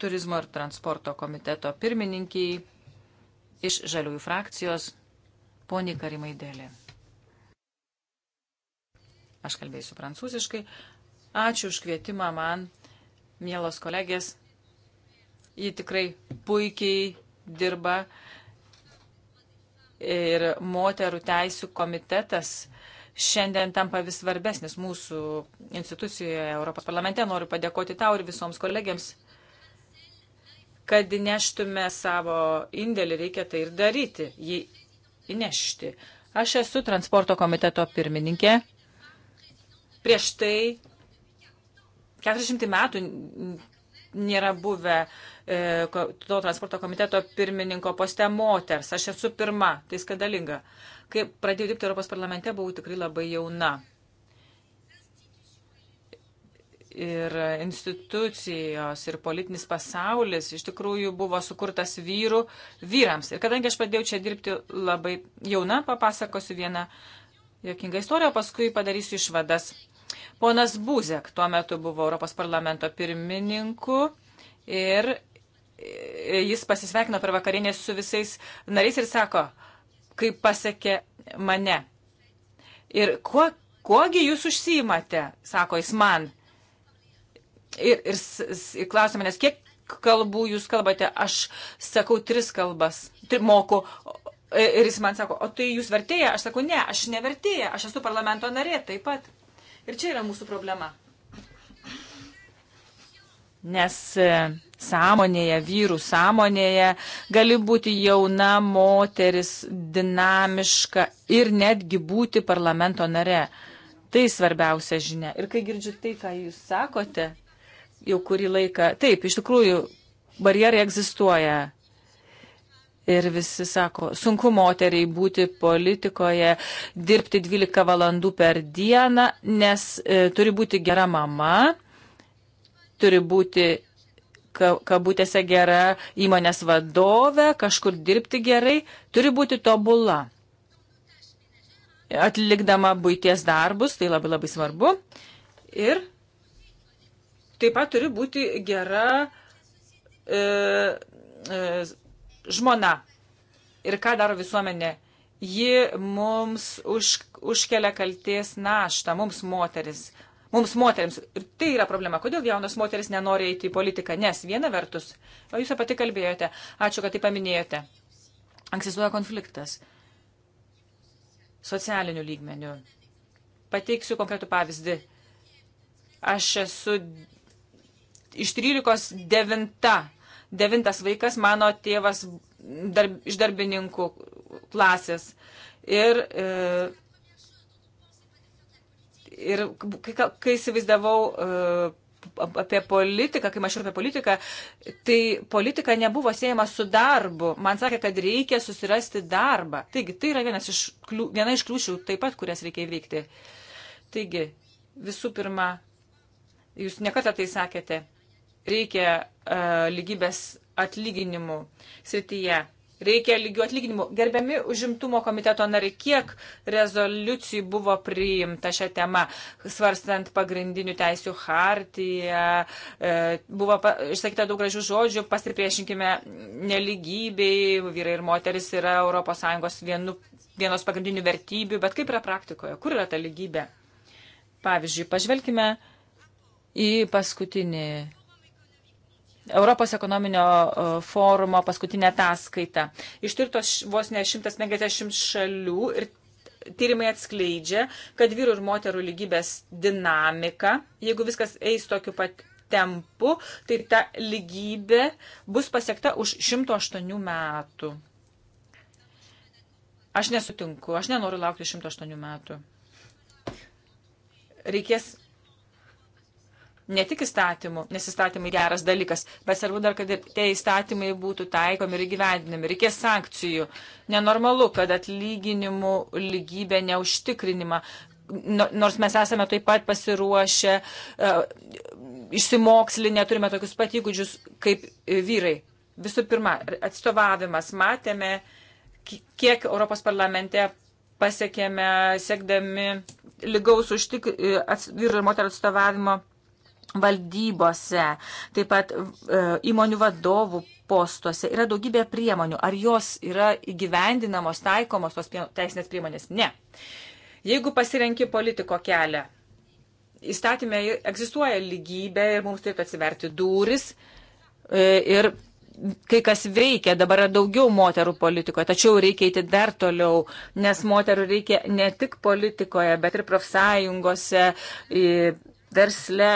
S2: turizmo ir transporto komiteto pirmininkiai iš Žaliųjų frakcijos, poniai Karimai Dėlė. Aš kalbėsiu prancūziškai. Ačiū už kvietimą man, mielos kolegės. Ji tikrai puikiai dirba ir moterų teisų komitetas šiandien tampa vis svarbesnis mūsų institucijoje, Europos parlamente. Noriu padėkoti tau ir visoms kolegiams, kad neštume savo indėlį, reikia tai ir daryti, jį įnešti. Aš esu transporto komiteto pirmininkė. Prieš tai 40 metų nėra buvę e, to transporto komiteto pirmininko poste moters. Aš esu pirma, tai skadalinga. Kai pradėjau dirbti Europos parlamente, buvau tikrai labai jauna. Ir institucijos, ir politinis pasaulis iš tikrųjų buvo sukurtas vyrų vyrams. Ir kadangi aš pradėjau čia dirbti labai jauna, papasakosiu vieną jokingą istoriją, o paskui padarysiu išvadas Ponas Buzek tuo metu buvo Europos parlamento pirmininku ir e, jis pasisveikino per vakarienę su visais nariais ir sako, kaip pasiekė mane. Ir kuo, kuogi jūs užsiimate, sako jis man. Ir, ir, ir klausia manęs, kiek kalbų jūs kalbate, aš sakau tris kalbas, tri, moku. E, ir jis man sako, o tai jūs vertėja? Aš sakau, ne, aš nevertėja, aš esu parlamento narė taip pat. Ir čia yra mūsų problema. Nes e, sąmonėje, vyrų sąmonėje gali būti jauna moteris, dinamiška ir netgi būti parlamento nare. Tai svarbiausia žinia. Ir kai girdžiu tai, ką jūs sakote, jau kurį laiką, taip, iš tikrųjų, barjerai egzistuoja Ir visi sako, sunku moteriai būti politikoje, dirbti 12 valandų per dieną, nes e, turi būti gera mama, turi būti kabutėse gera įmonės vadovė, kažkur dirbti gerai, turi būti tobula. Atlikdama būties darbus, tai labai labai svarbu. Ir taip pat turi būti gera e, e, žmona. Ir ką daro visuomenė? Ji mums už, užkelia kalties naštą, mums moteris. Mums moteriams. Ir tai yra problema. Kodėl jaunos moteris nenori eiti į politiką? Nes viena vertus, o jūs apie tai kalbėjote, ačiū, kad tai paminėjote, egzistuoja konfliktas socialinių lygmenių. Pateiksiu konkretų pavyzdį. Aš esu iš 13 devinta devintas vaikas, mano tėvas darb, iš darbininkų klasės. Ir, e, ir kai, kai įsivaizdavau e, apie politiką, kai mačiau apie politiką, tai politika nebuvo siejama su darbu. Man sakė, kad reikia susirasti darbą. Taigi, tai yra vienas iš, viena iš kliūčių taip pat, kurias reikia įveikti. Taigi, visų pirma, jūs nekartą tai sakėte, Reikia uh, lygybės atlyginimų srityje. Reikia lygių atlyginimų. Gerbiami užimtumo komiteto nariai, kiek rezoliucijų buvo priimta šią temą, svarstant pagrindinių teisių hartiją, e, buvo išsakyta daug gražių žodžių, pasipriešinkime neligybei, vyrai ir moteris yra ES vienu, vienos pagrindinių vertybių, bet kaip yra praktikoje, kur yra ta lygybė? Pavyzdžiui, pažvelkime į paskutinį Europos ekonominio e, forumo paskutinę ataskaitą. Ištirtos vos ne 150 šalių ir tyrimai atskleidžia, kad vyrų ir moterų lygybės dinamika, jeigu viskas eis tokiu pat tempu, tai ta lygybė bus pasiekta už 108 metų. Aš nesutinku, aš nenoriu laukti 108 metų. Reikės ne tik įstatymų, nes įstatymai geras dalykas, bet svarbu dar, kad tie įstatymai būtų taikomi ir gyvendinami. Reikės sankcijų. Nenormalu, kad atlyginimų lygybė neužtikrinima. Nors mes esame taip pat pasiruošę, e, išsimokslinę, turime tokius pat įgūdžius kaip vyrai. Visų pirma, atstovavimas. Matėme, kiek Europos parlamente pasiekėme, siekdami lygaus užtik, e, vyrų ir moterų atstovavimo valdybose, taip pat e, įmonių vadovų postuose. Yra daugybė priemonių. Ar jos yra įgyvendinamos, taikomos tos teisinės priemonės? Ne. Jeigu pasirenki politiko kelią, įstatymė egzistuoja lygybė ir mums turėtų atsiverti duris e, ir kai kas veikia, dabar yra daugiau moterų politikoje, tačiau reikia eiti dar toliau, nes moterų reikia ne tik politikoje, bet ir profsąjungose, versle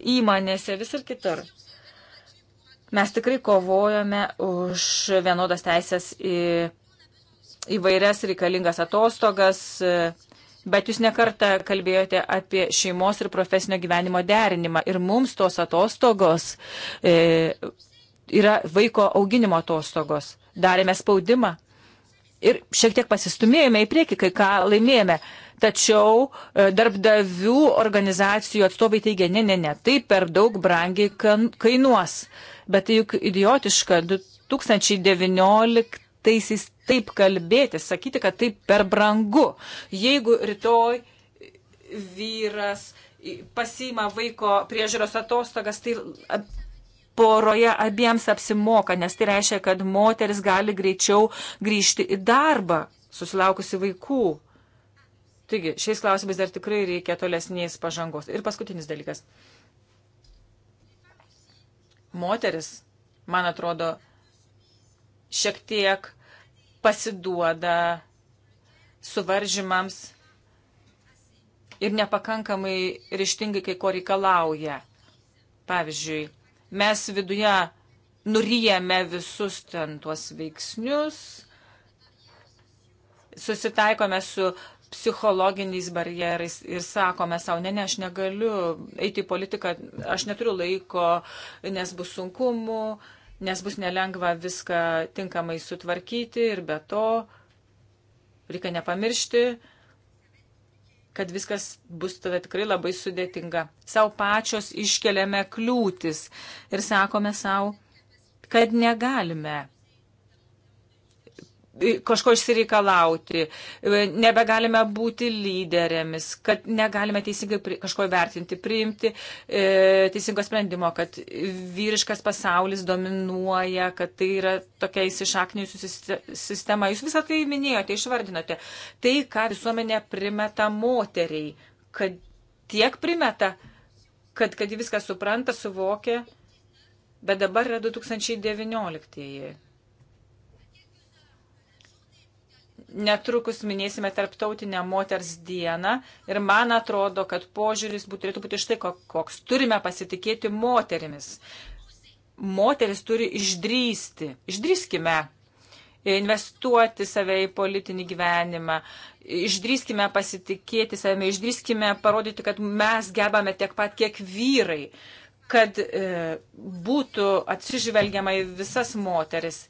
S2: įmonėse, visur kitur. Mes tikrai kovojame už vienodas teisės į įvairias reikalingas atostogas, bet jūs nekartą kalbėjote apie šeimos ir profesinio gyvenimo derinimą ir mums tos atostogos e, yra vaiko auginimo atostogos. Darėme spaudimą ir šiek tiek pasistumėjome į priekį, kai ką laimėjome. E, Tačiau e, darbdavių organizacijų atstovai teigia, ne, ne, ne, tai per daug brangiai kainuos. Bet tai juk idiotiška 2019-aisiais taip kalbėti, sakyti, kad tai per brangu. Jeigu rytoj vyras pasima vaiko priežiūros atostogas, tai poroje abiems apsimoka, nes tai reiškia, kad moteris gali greičiau grįžti į darbą susilaukusi vaikų. Taigi, šiais klausimais dar tikrai reikia tolesnės pažangos. Ir paskutinis dalykas. Moteris, man atrodo, šiek tiek pasiduoda suvaržymams ir nepakankamai ryštingai kai ko reikalauja. Pavyzdžiui, mes viduje nurijame visus ten tuos veiksnius, susitaikome su psichologiniais barjerais ir sakome savo, ne, ne, aš negaliu eiti į politiką, aš neturiu laiko, nes bus sunkumų, nes bus nelengva viską tinkamai sutvarkyti ir be to reikia nepamiršti, kad viskas bus tada tikrai labai sudėtinga. Sau pačios iškeliame kliūtis ir sakome savo, kad negalime kažko išsireikalauti, e, nebegalime būti lyderėmis, kad negalime teisingai pri, kažko vertinti, priimti e, teisingo sprendimo, kad vyriškas pasaulis dominuoja, kad tai yra tokia įsišaknyjusi sistema. Jūs visą tai minėjote, išvardinote. Tai, ką visuomenė primeta moteriai, kad tiek primeta, kad, kad ji viską supranta, suvokia, bet dabar yra 2019. -ieji. netrukus minėsime Tarptautinę moters dieną ir man atrodo, kad požiūris turėtų būti štai koks. Turime pasitikėti moterimis. Moteris turi išdrysti. Išdryskime investuoti save į politinį gyvenimą, išdryskime pasitikėti savimi, išdryskime parodyti, kad mes gebame tiek pat, kiek vyrai, kad e, būtų atsižvelgiama į visas moteris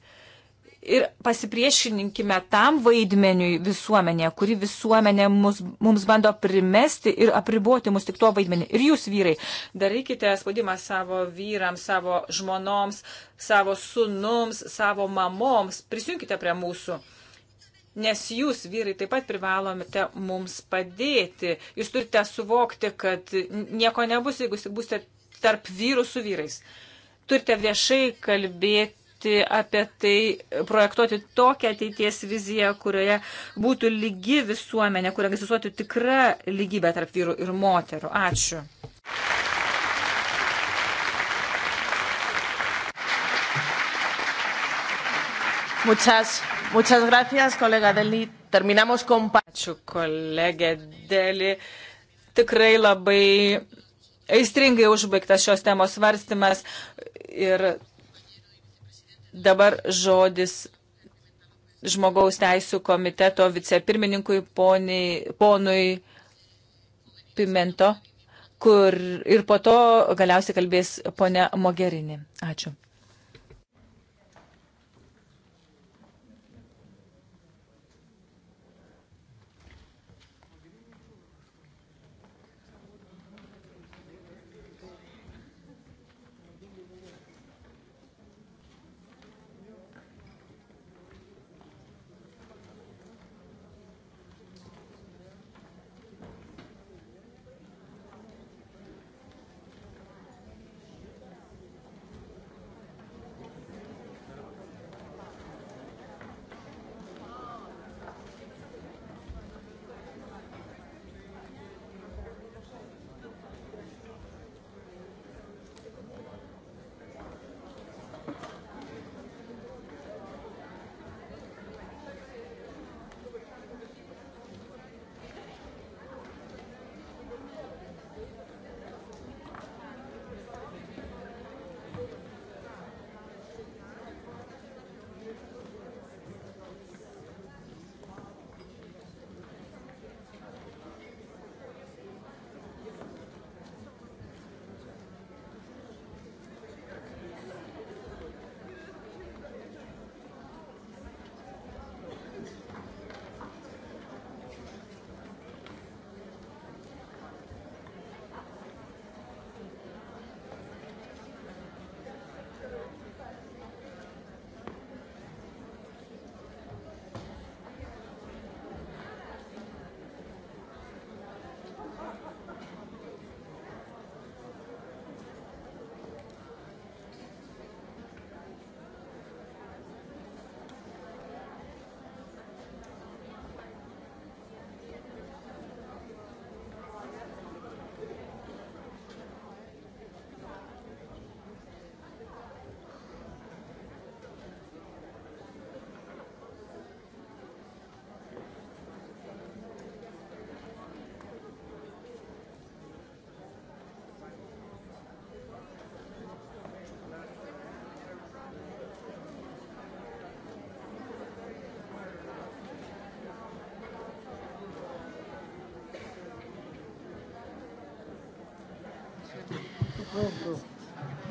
S2: ir pasipriešinkime tam vaidmeniui visuomenėje, kuri visuomenė mus, mums bando primesti ir apriboti mus tik tuo vaidmenį. Ir jūs, vyrai, darykite spaudimą savo vyrams, savo žmonoms, savo sunums, savo mamoms, prisijunkite prie mūsų. Nes jūs, vyrai, taip pat privalomite mums padėti. Jūs turite suvokti, kad nieko nebus, jeigu tik būsite tarp vyrų su vyrais. Turite viešai kalbėti galvoti apie tai, projektuoti tokią ateities viziją, kurioje būtų lygi visuomenė, kurioje egzistuotų tikra lygybė tarp vyrų ir moterų. Ačiū. Muchas, muchas gracias, kolega Deli. Terminamos con... Ačiū, kolegė Deli. Tikrai labai aistringai užbaigtas šios temos svarstymas ir Dabar žodis žmogaus teisų komiteto vicepirmininkui poniai, ponui Pimento, kur ir po to galiausiai kalbės ponia Mogerini. Ačiū.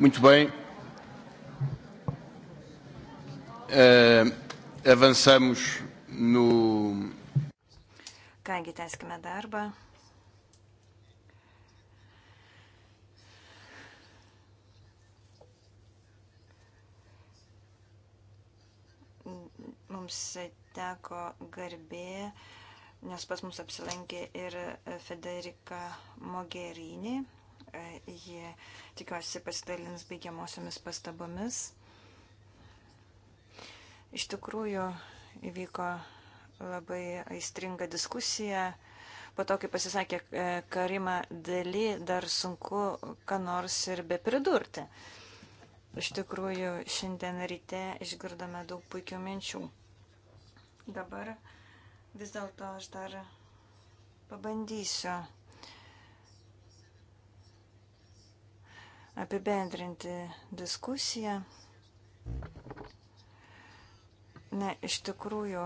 S3: Muito bem. Uh, avançamos no. Kągi, tęskime darbą. Mums teko garbė, nes pas mus apsilankė ir Federika Mogherini jie, tikiuosi, pasidalins baigiamosiomis pastabomis. Iš tikrųjų, įvyko labai aistringa diskusija. Po to, kai pasisakė e, Karima Dali, dar sunku, ką nors ir be pridurti. Iš tikrųjų, šiandien ryte išgirdome daug puikių minčių. Dabar vis dėlto aš dar pabandysiu apibendrinti diskusiją. Na, iš tikrųjų,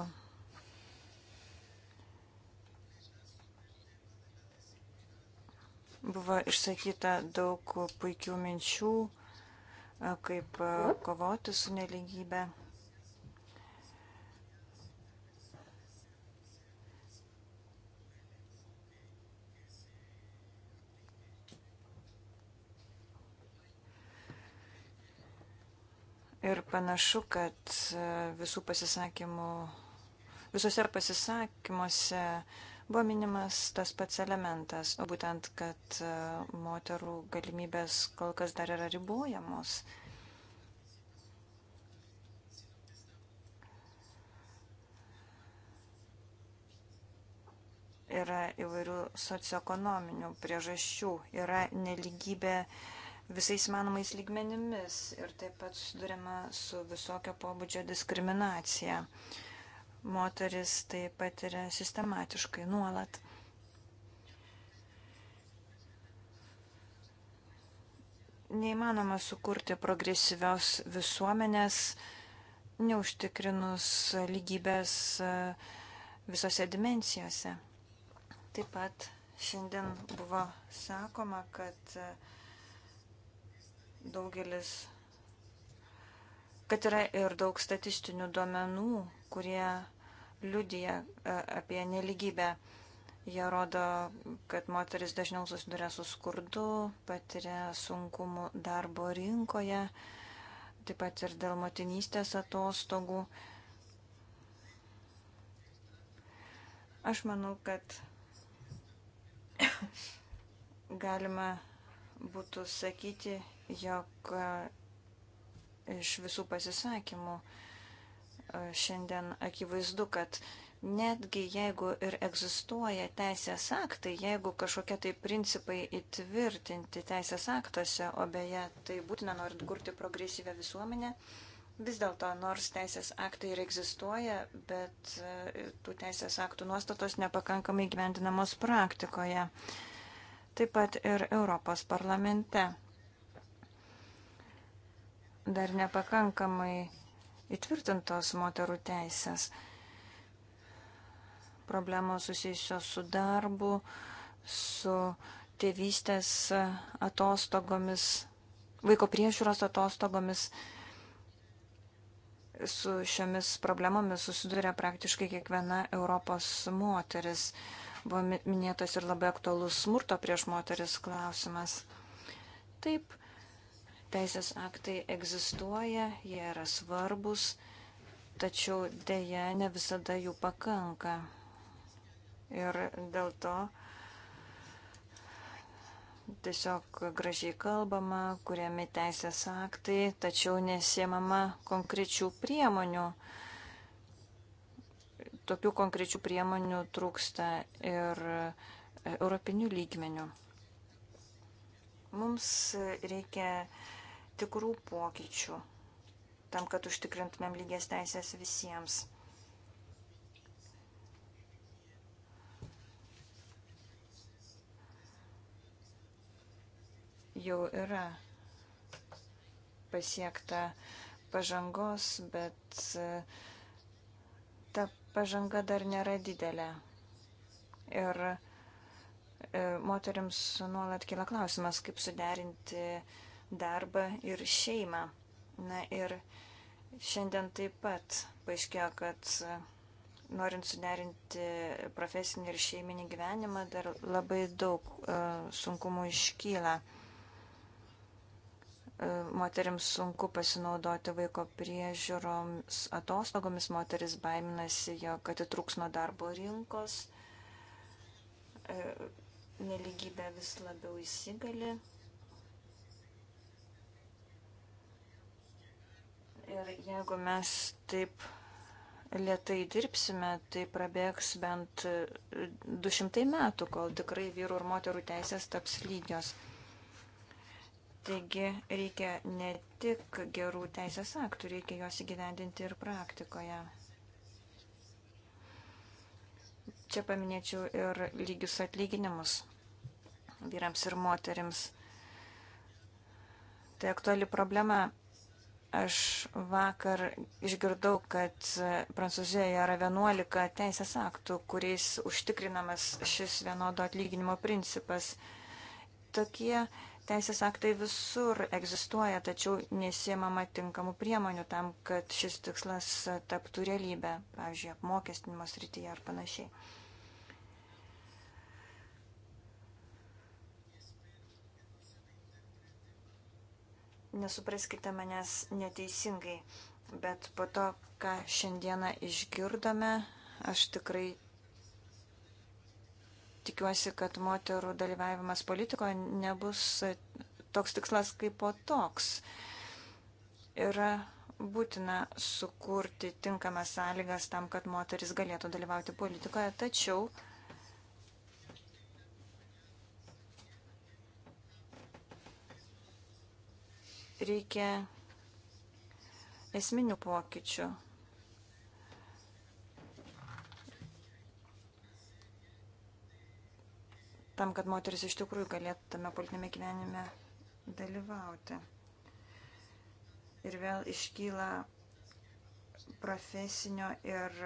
S3: buvo išsakyta daug puikių minčių, kaip kovoti su neligybė. Ir panašu, kad e, visų pasisakymų, visose pasisakymuose buvo minimas tas pats elementas, o būtent, kad e, moterų galimybės kol kas dar yra ribojamos. yra įvairių socioekonominių priežasčių, yra neligybė visais manomais lygmenimis ir taip pat susidurima su visokio pobūdžio diskriminacija. Moteris taip pat yra sistematiškai nuolat. Neįmanoma sukurti progresyvios visuomenės, neužtikrinus lygybės e, visose dimencijose. Taip pat šiandien buvo sakoma, kad uh, daugelis, kad yra ir daug statistinių duomenų, kurie liudija e, apie neligybę. Jie rodo, kad moteris dažniau susiduria su skurdu, patiria sunkumu darbo rinkoje, taip pat ir dėl motinystės atostogų. Aš manau, kad [COUGHS] galima būtų sakyti, jog e, iš visų pasisakymų e, šiandien akivaizdu, kad netgi jeigu ir egzistuoja teisės aktai, jeigu kažkokie tai principai įtvirtinti teisės aktuose, o beje, tai būtina norint kurti progresyvę visuomenę, vis dėlto, nors teisės aktai ir egzistuoja, bet e, tų teisės aktų nuostatos nepakankamai gyventinamos praktikoje. Taip pat ir Europos parlamente dar nepakankamai įtvirtintos moterų teisės. Problemos susijusios su darbu, su tėvystės atostogomis, vaiko priežiūros atostogomis. Su šiomis problemomis susiduria praktiškai kiekviena Europos moteris. Buvo minėtas ir labai aktualus smurto prieš moteris klausimas. Taip, Teisės aktai egzistuoja, jie yra svarbus, tačiau dėja ne visada jų pakanka. Ir dėl to tiesiog gražiai kalbama, kuriami teisės aktai, tačiau nesiemama konkrečių priemonių tokių konkrečių priemonių trūksta ir europinių lygmenių. Mums reikia tikrų pokyčių, tam, kad užtikrintumėm lygias teisės visiems. Jau yra pasiekta pažangos, bet e, ta pažanga dar nėra didelė. Ir e, moteriams nuolat kyla klausimas, kaip suderinti darbą ir šeimą. Na ir šiandien taip pat paaiškėjo, kad e, norint suderinti profesinį ir šeiminį gyvenimą, dar labai daug e, sunkumų iškyla. E, moterims sunku pasinaudoti vaiko priežiūroms atostogomis, moteris baiminasi, jog atitrūks nuo darbo rinkos, neligybė vis labiau įsigali Ir jeigu mes taip lietai dirbsime, tai prabėgs bent 200 metų, kol tikrai vyrų ir moterų teisės taps lygios. Taigi reikia ne tik gerų teisės aktų, reikia juos įgyvendinti ir praktikoje. Čia paminėčiau ir lygius atlyginimus vyrams ir moterims. Tai aktuali problema Aš vakar išgirdau, kad Prancūzijoje yra 11 teisės aktų, kuriais užtikrinamas šis vienodo atlyginimo principas. Tokie teisės aktai visur egzistuoja, tačiau nesiemama tinkamų priemonių tam, kad šis tikslas taptų realybę, pavyzdžiui, apmokestinimo srityje ar panašiai. nesupraskite manęs neteisingai, bet po to, ką šiandieną išgirdome, aš tikrai tikiuosi, kad moterų dalyvavimas politikoje nebus toks tikslas kaip po toks. Yra būtina sukurti tinkamas sąlygas tam, kad moteris galėtų dalyvauti politikoje, tačiau reikia esminių pokyčių. tam, kad moteris iš tikrųjų galėtų tame politinėme gyvenime dalyvauti. Ir vėl iškyla profesinio ir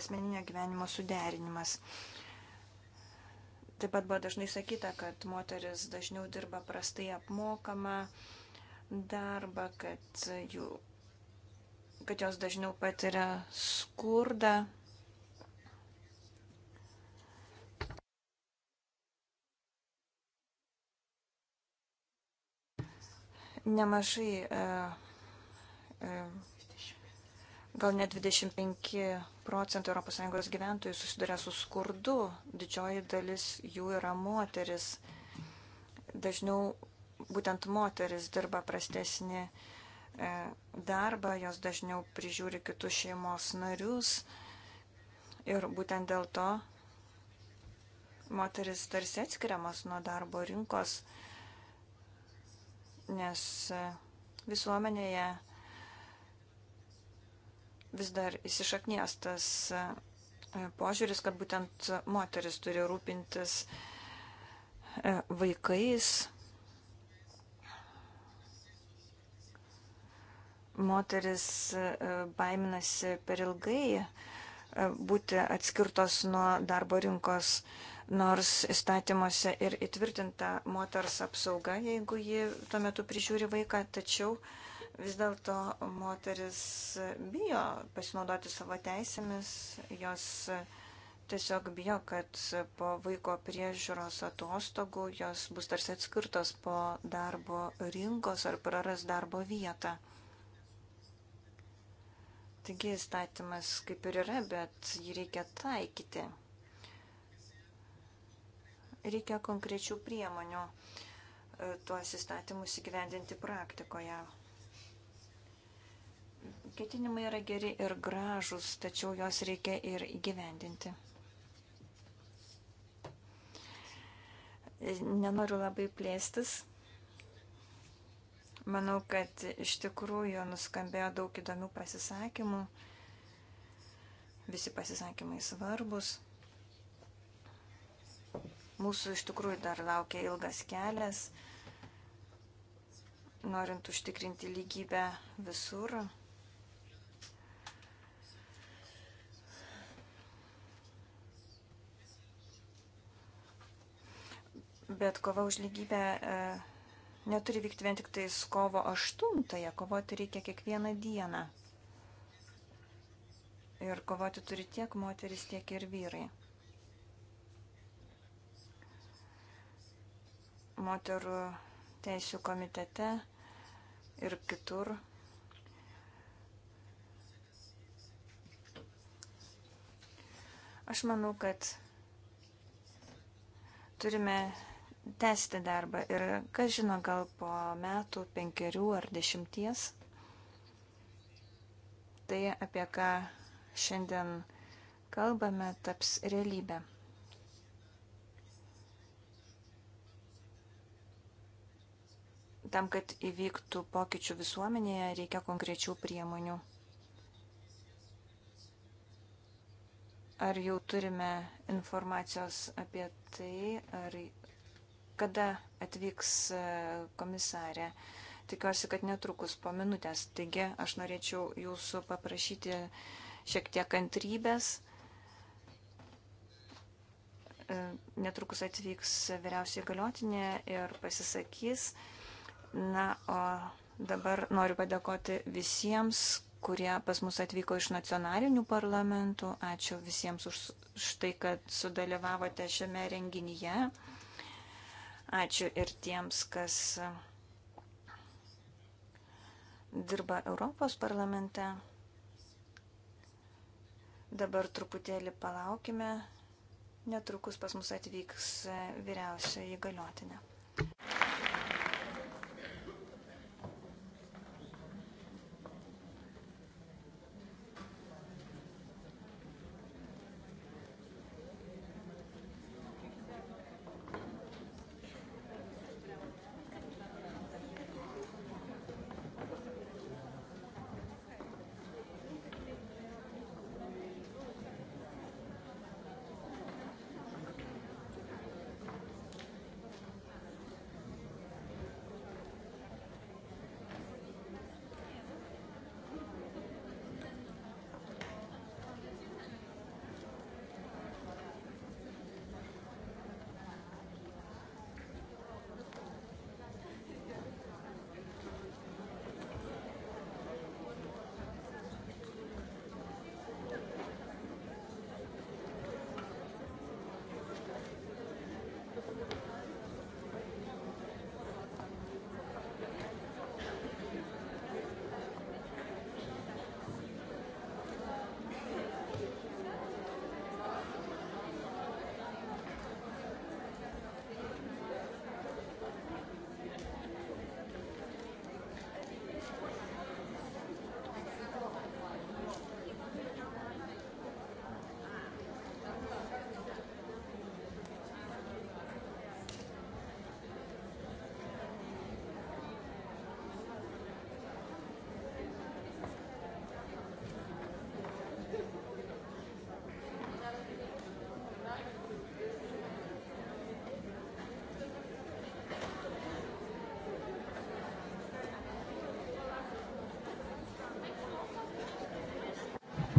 S3: asmeninio gyvenimo suderinimas. Taip pat buvo dažnai sakyta, kad moteris dažniau dirba prastai apmokama, darbą, kad, jų, kad jos dažniau patiria skurdą. Nemažai, e, e, gal net 25 procentai ES gyventojų susiduria su skurdu, didžioji dalis jų yra moteris. Dažniau būtent moteris dirba prastesnį e, darbą, jos dažniau prižiūri kitus šeimos narius ir būtent dėl to moteris tarsi atskiriamas nuo darbo rinkos, nes e, visuomenėje vis dar įsišaknės tas e, požiūris, kad būtent moteris turi rūpintis vaikais, moteris e, baiminasi per ilgai e, būti atskirtos nuo darbo rinkos, nors įstatymuose ir įtvirtinta moters apsauga, jeigu ji tuo metu prižiūri vaiką, tačiau vis dėlto moteris bijo pasinaudoti savo teisėmis, jos tiesiog bijo, kad po vaiko priežiūros atostogų jos bus tarsi atskirtos po darbo rinkos ar praras darbo vietą. Taigi įstatymas kaip ir yra, bet jį reikia taikyti. Reikia konkrečių priemonių e, tuos įstatymus įgyvendinti praktikoje. Ketinimai yra geri ir gražus, tačiau juos reikia ir įgyvendinti. Nenoriu labai plėstis. Manau, kad iš tikrųjų nuskambėjo daug įdomių pasisakymų. Visi pasisakymai svarbus. Mūsų iš tikrųjų dar laukia ilgas kelias, norint užtikrinti lygybę visur. Bet kova už lygybę. E, neturi vykti vien tik tais kovo 8-ąją, kovoti reikia kiekvieną dieną. Ir kovoti turi tiek moteris, tiek ir vyrai. Moterų teisų komitete ir kitur. Aš manau, kad turime tęsti darbą ir kas žino, gal po metų, penkerių ar dešimties, tai apie ką šiandien kalbame, taps realybė. Tam, kad įvyktų pokyčių visuomenėje, reikia konkrečių priemonių. Ar jau turime informacijos apie tai, ar kada atvyks e, komisarė. Tikiuosi, kad netrukus po minutės. Taigi aš norėčiau jūsų paprašyti šiek tiek kantrybės. E, netrukus atvyks vyriausiai galiotinė ir pasisakys. Na, o dabar noriu padėkoti visiems, kurie pas mus atvyko iš nacionalinių parlamentų. Ačiū visiems už, už tai, kad sudalyvavote šiame renginyje. Ačiū ir tiems, kas dirba Europos parlamente. Dabar truputėlį palaukime. Netrukus pas mus atvyks vyriausioji galiotinė.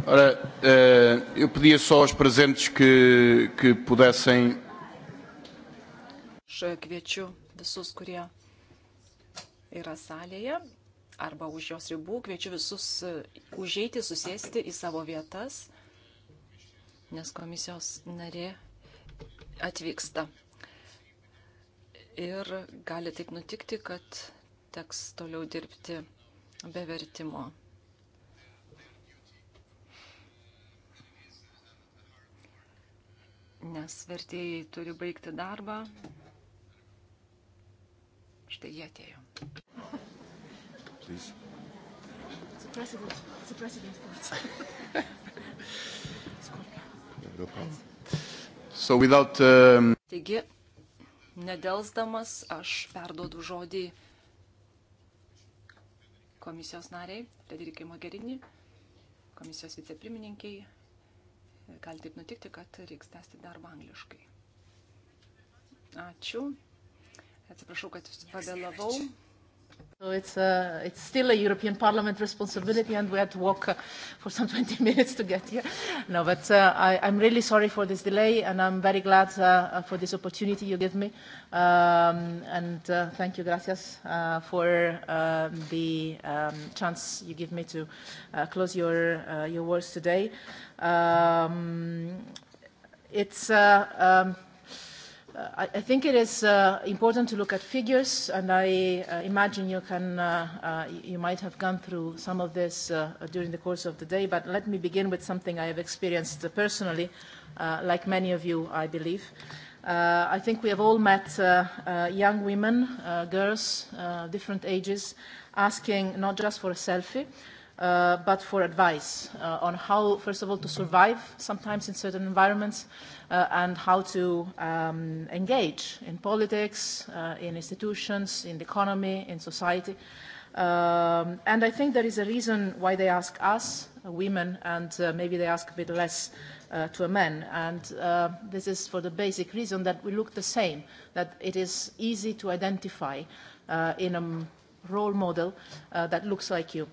S3: Ora, uh, eu pedia só aos presentes que, que pudessem.
S1: Aš kviečiu visus, kurie yra salėje arba už jos ribų, kviečiu visus eh, užeiti, susėsti į savo vietas, nes komisijos narė atvyksta. Ir gali taip nutikti, kad teks toliau dirbti be vertimo. nes vertėjai turi baigti darbą. Štai jie atėjo. Please. It's a president. It's a president.
S4: no problem. So without, um...
S1: Taigi, nedelsdamas, aš perduodu žodį komisijos nariai, Frederikai Mogherini, komisijos vicepirmininkiai gali taip nutikti, kad reiks tęsti darbą angliškai. Ačiū. Atsiprašau, kad jūs pavėlavau.
S4: So it's, uh, it's still a European Parliament responsibility, and we had to walk uh, for some 20 [LAUGHS] minutes to get here. No, but uh, I, I'm really sorry for this delay, and I'm very glad uh, uh for this opportunity you give me. Um, and uh, thank you, gracias, uh, for uh, the um, chance you give me to uh, close your, uh, your words today. Um, it's... Uh, um, I, I think it is uh, important to look at figures, and I uh, imagine you, can, uh, uh, you might have gone through some of this uh, during the course of the day, but let me begin with something I have experienced personally, uh, like many of you, I believe. Uh, I think we have all met uh, uh, young women, uh, girls, uh, different ages, asking not just for a selfie, uh, uh, but for advice uh, on how, first of all, to survive sometimes in certain environments uh, and how to um, engage in politics, uh, in institutions, in the economy, in society. Um, and I think there is a reason why they ask us, uh, women, and uh, maybe they ask a bit less uh, to a man. And uh, this is for the basic reason that we look the same, that it is easy to identify uh, in a role model uh, that looks like you. Uh,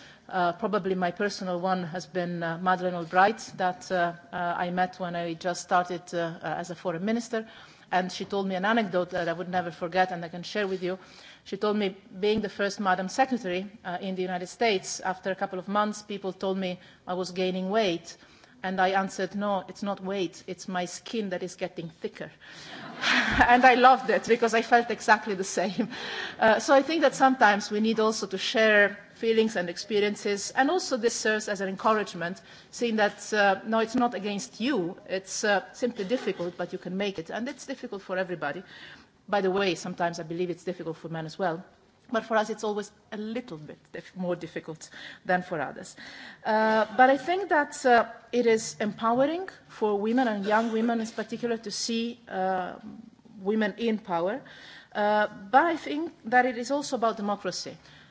S4: Uh, probably my personal one has been uh, Madeleine Albright that uh, uh, I met when I just started uh, uh, as a foreign minister. And she told me an anecdote that I would never forget and I can share with you. She told me, being the first Madam Secretary uh, in the United States, after a couple of months, people told me I was gaining weight. And I answered, no, it's not weight, it's my skin that is getting thicker. [LAUGHS] and I loved it because I felt exactly the same. Uh, so I think that sometimes we need also to share feelings and experiences. And also this serves as an encouragement, seeing that, uh, no, it's not against you, it's uh, simply difficult, but you can make it. And it's difficult for everybody. By the way, sometimes I believe it's difficult for men as well. But for us, it's always a little bit dif more difficult than for others. Uh, but I think that uh, it is empowering for women and young women in particular to see uh, women in power. Uh, but I think that it is also about democracy. Uh,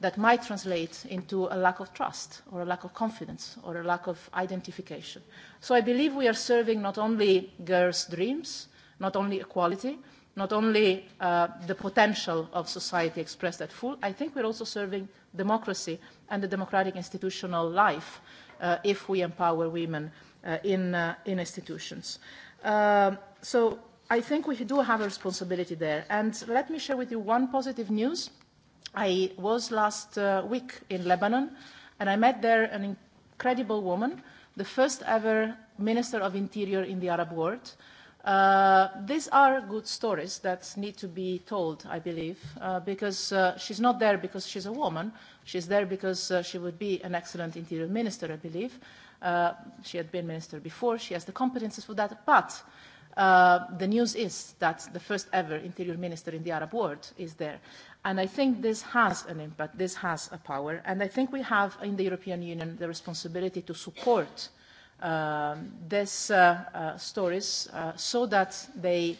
S4: that might translate into a lack of trust or a lack of confidence or a lack of identification. So I believe we are serving not only girls' dreams, not only equality, not only uh, the potential of society expressed at full, I think we're also serving democracy and the democratic institutional life uh, if we empower women uh, in, uh, in institutions. Um, so I think we do have a responsibility there. And let me share with you one positive news I was last uh, week in Lebanon, and I met there an incredible woman, the first ever Minister of Interior in the Arab world. Uh, these are good stories that need to be told, I believe, uh, because uh, she's not there because she's a woman. She's there because uh, she would be an excellent interior minister, I believe. Uh, she had been minister before. She has the competences for that. But uh, the news is that the first ever interior minister in the Arab world is there. And I think this has an impact, this has a power, and I think we have in the European Union the responsibility to support um, these uh, uh, stories uh, so that they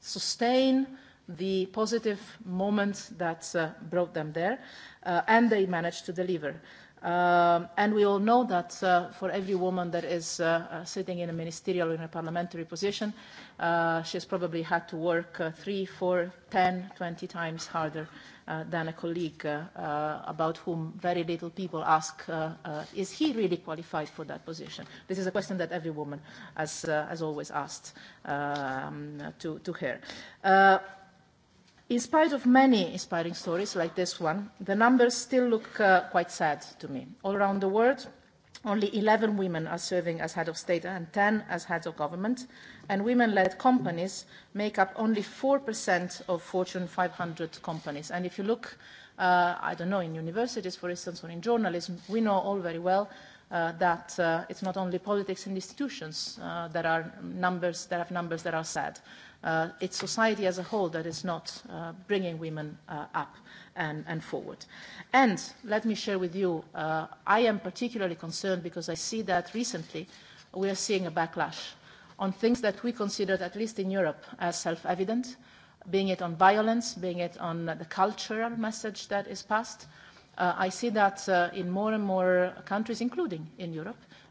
S4: sustain the positive moment that uh, brought them there, uh, and they managed to deliver. Uh, Um, and we all know that uh, for every woman that is uh, uh sitting in a ministerial or in a parliamentary position, uh, she has probably had to work uh, three, four, 10, 20 times harder uh, than a colleague uh, uh, about whom very little people ask, uh, uh, is he really qualified for that position? This is a question that every woman has, uh, has always asked um, to, to her. Uh, In spite of many inspiring stories like this one, the numbers still look uh, quite sad to me. All around the world, only 11 women are serving as head of state and 10 as heads of government, and women-led companies make up only 4% of Fortune 500 companies. And if you look, uh, I don't know, in universities, for instance, or in journalism, we know all very well uh, that uh, it's not only politics and institutions uh, that are numbers that have numbers that are sad. Uh, uh, it's society as a whole that is not uh, bringing women uh, up and, and forward. And let me share with you, uh, I am particularly concerned because I see that recently we are seeing a backlash on things that we considered, at least in Europe, as self-evident, being it on violence, being it on the cultural message that is passed. Uh, I see that uh, in more and more countries, including in Europe,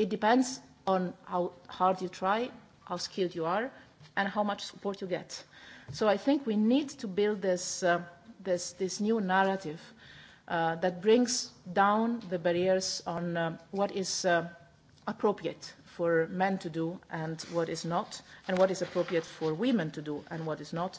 S4: it depends on how hard you try, how skilled you are, and how much support you get. So I think we need to build this, uh, this, this new narrative uh, that brings down the barriers on uh, what is uh, appropriate for men to do and what is not, and what is appropriate for women to do and what is not,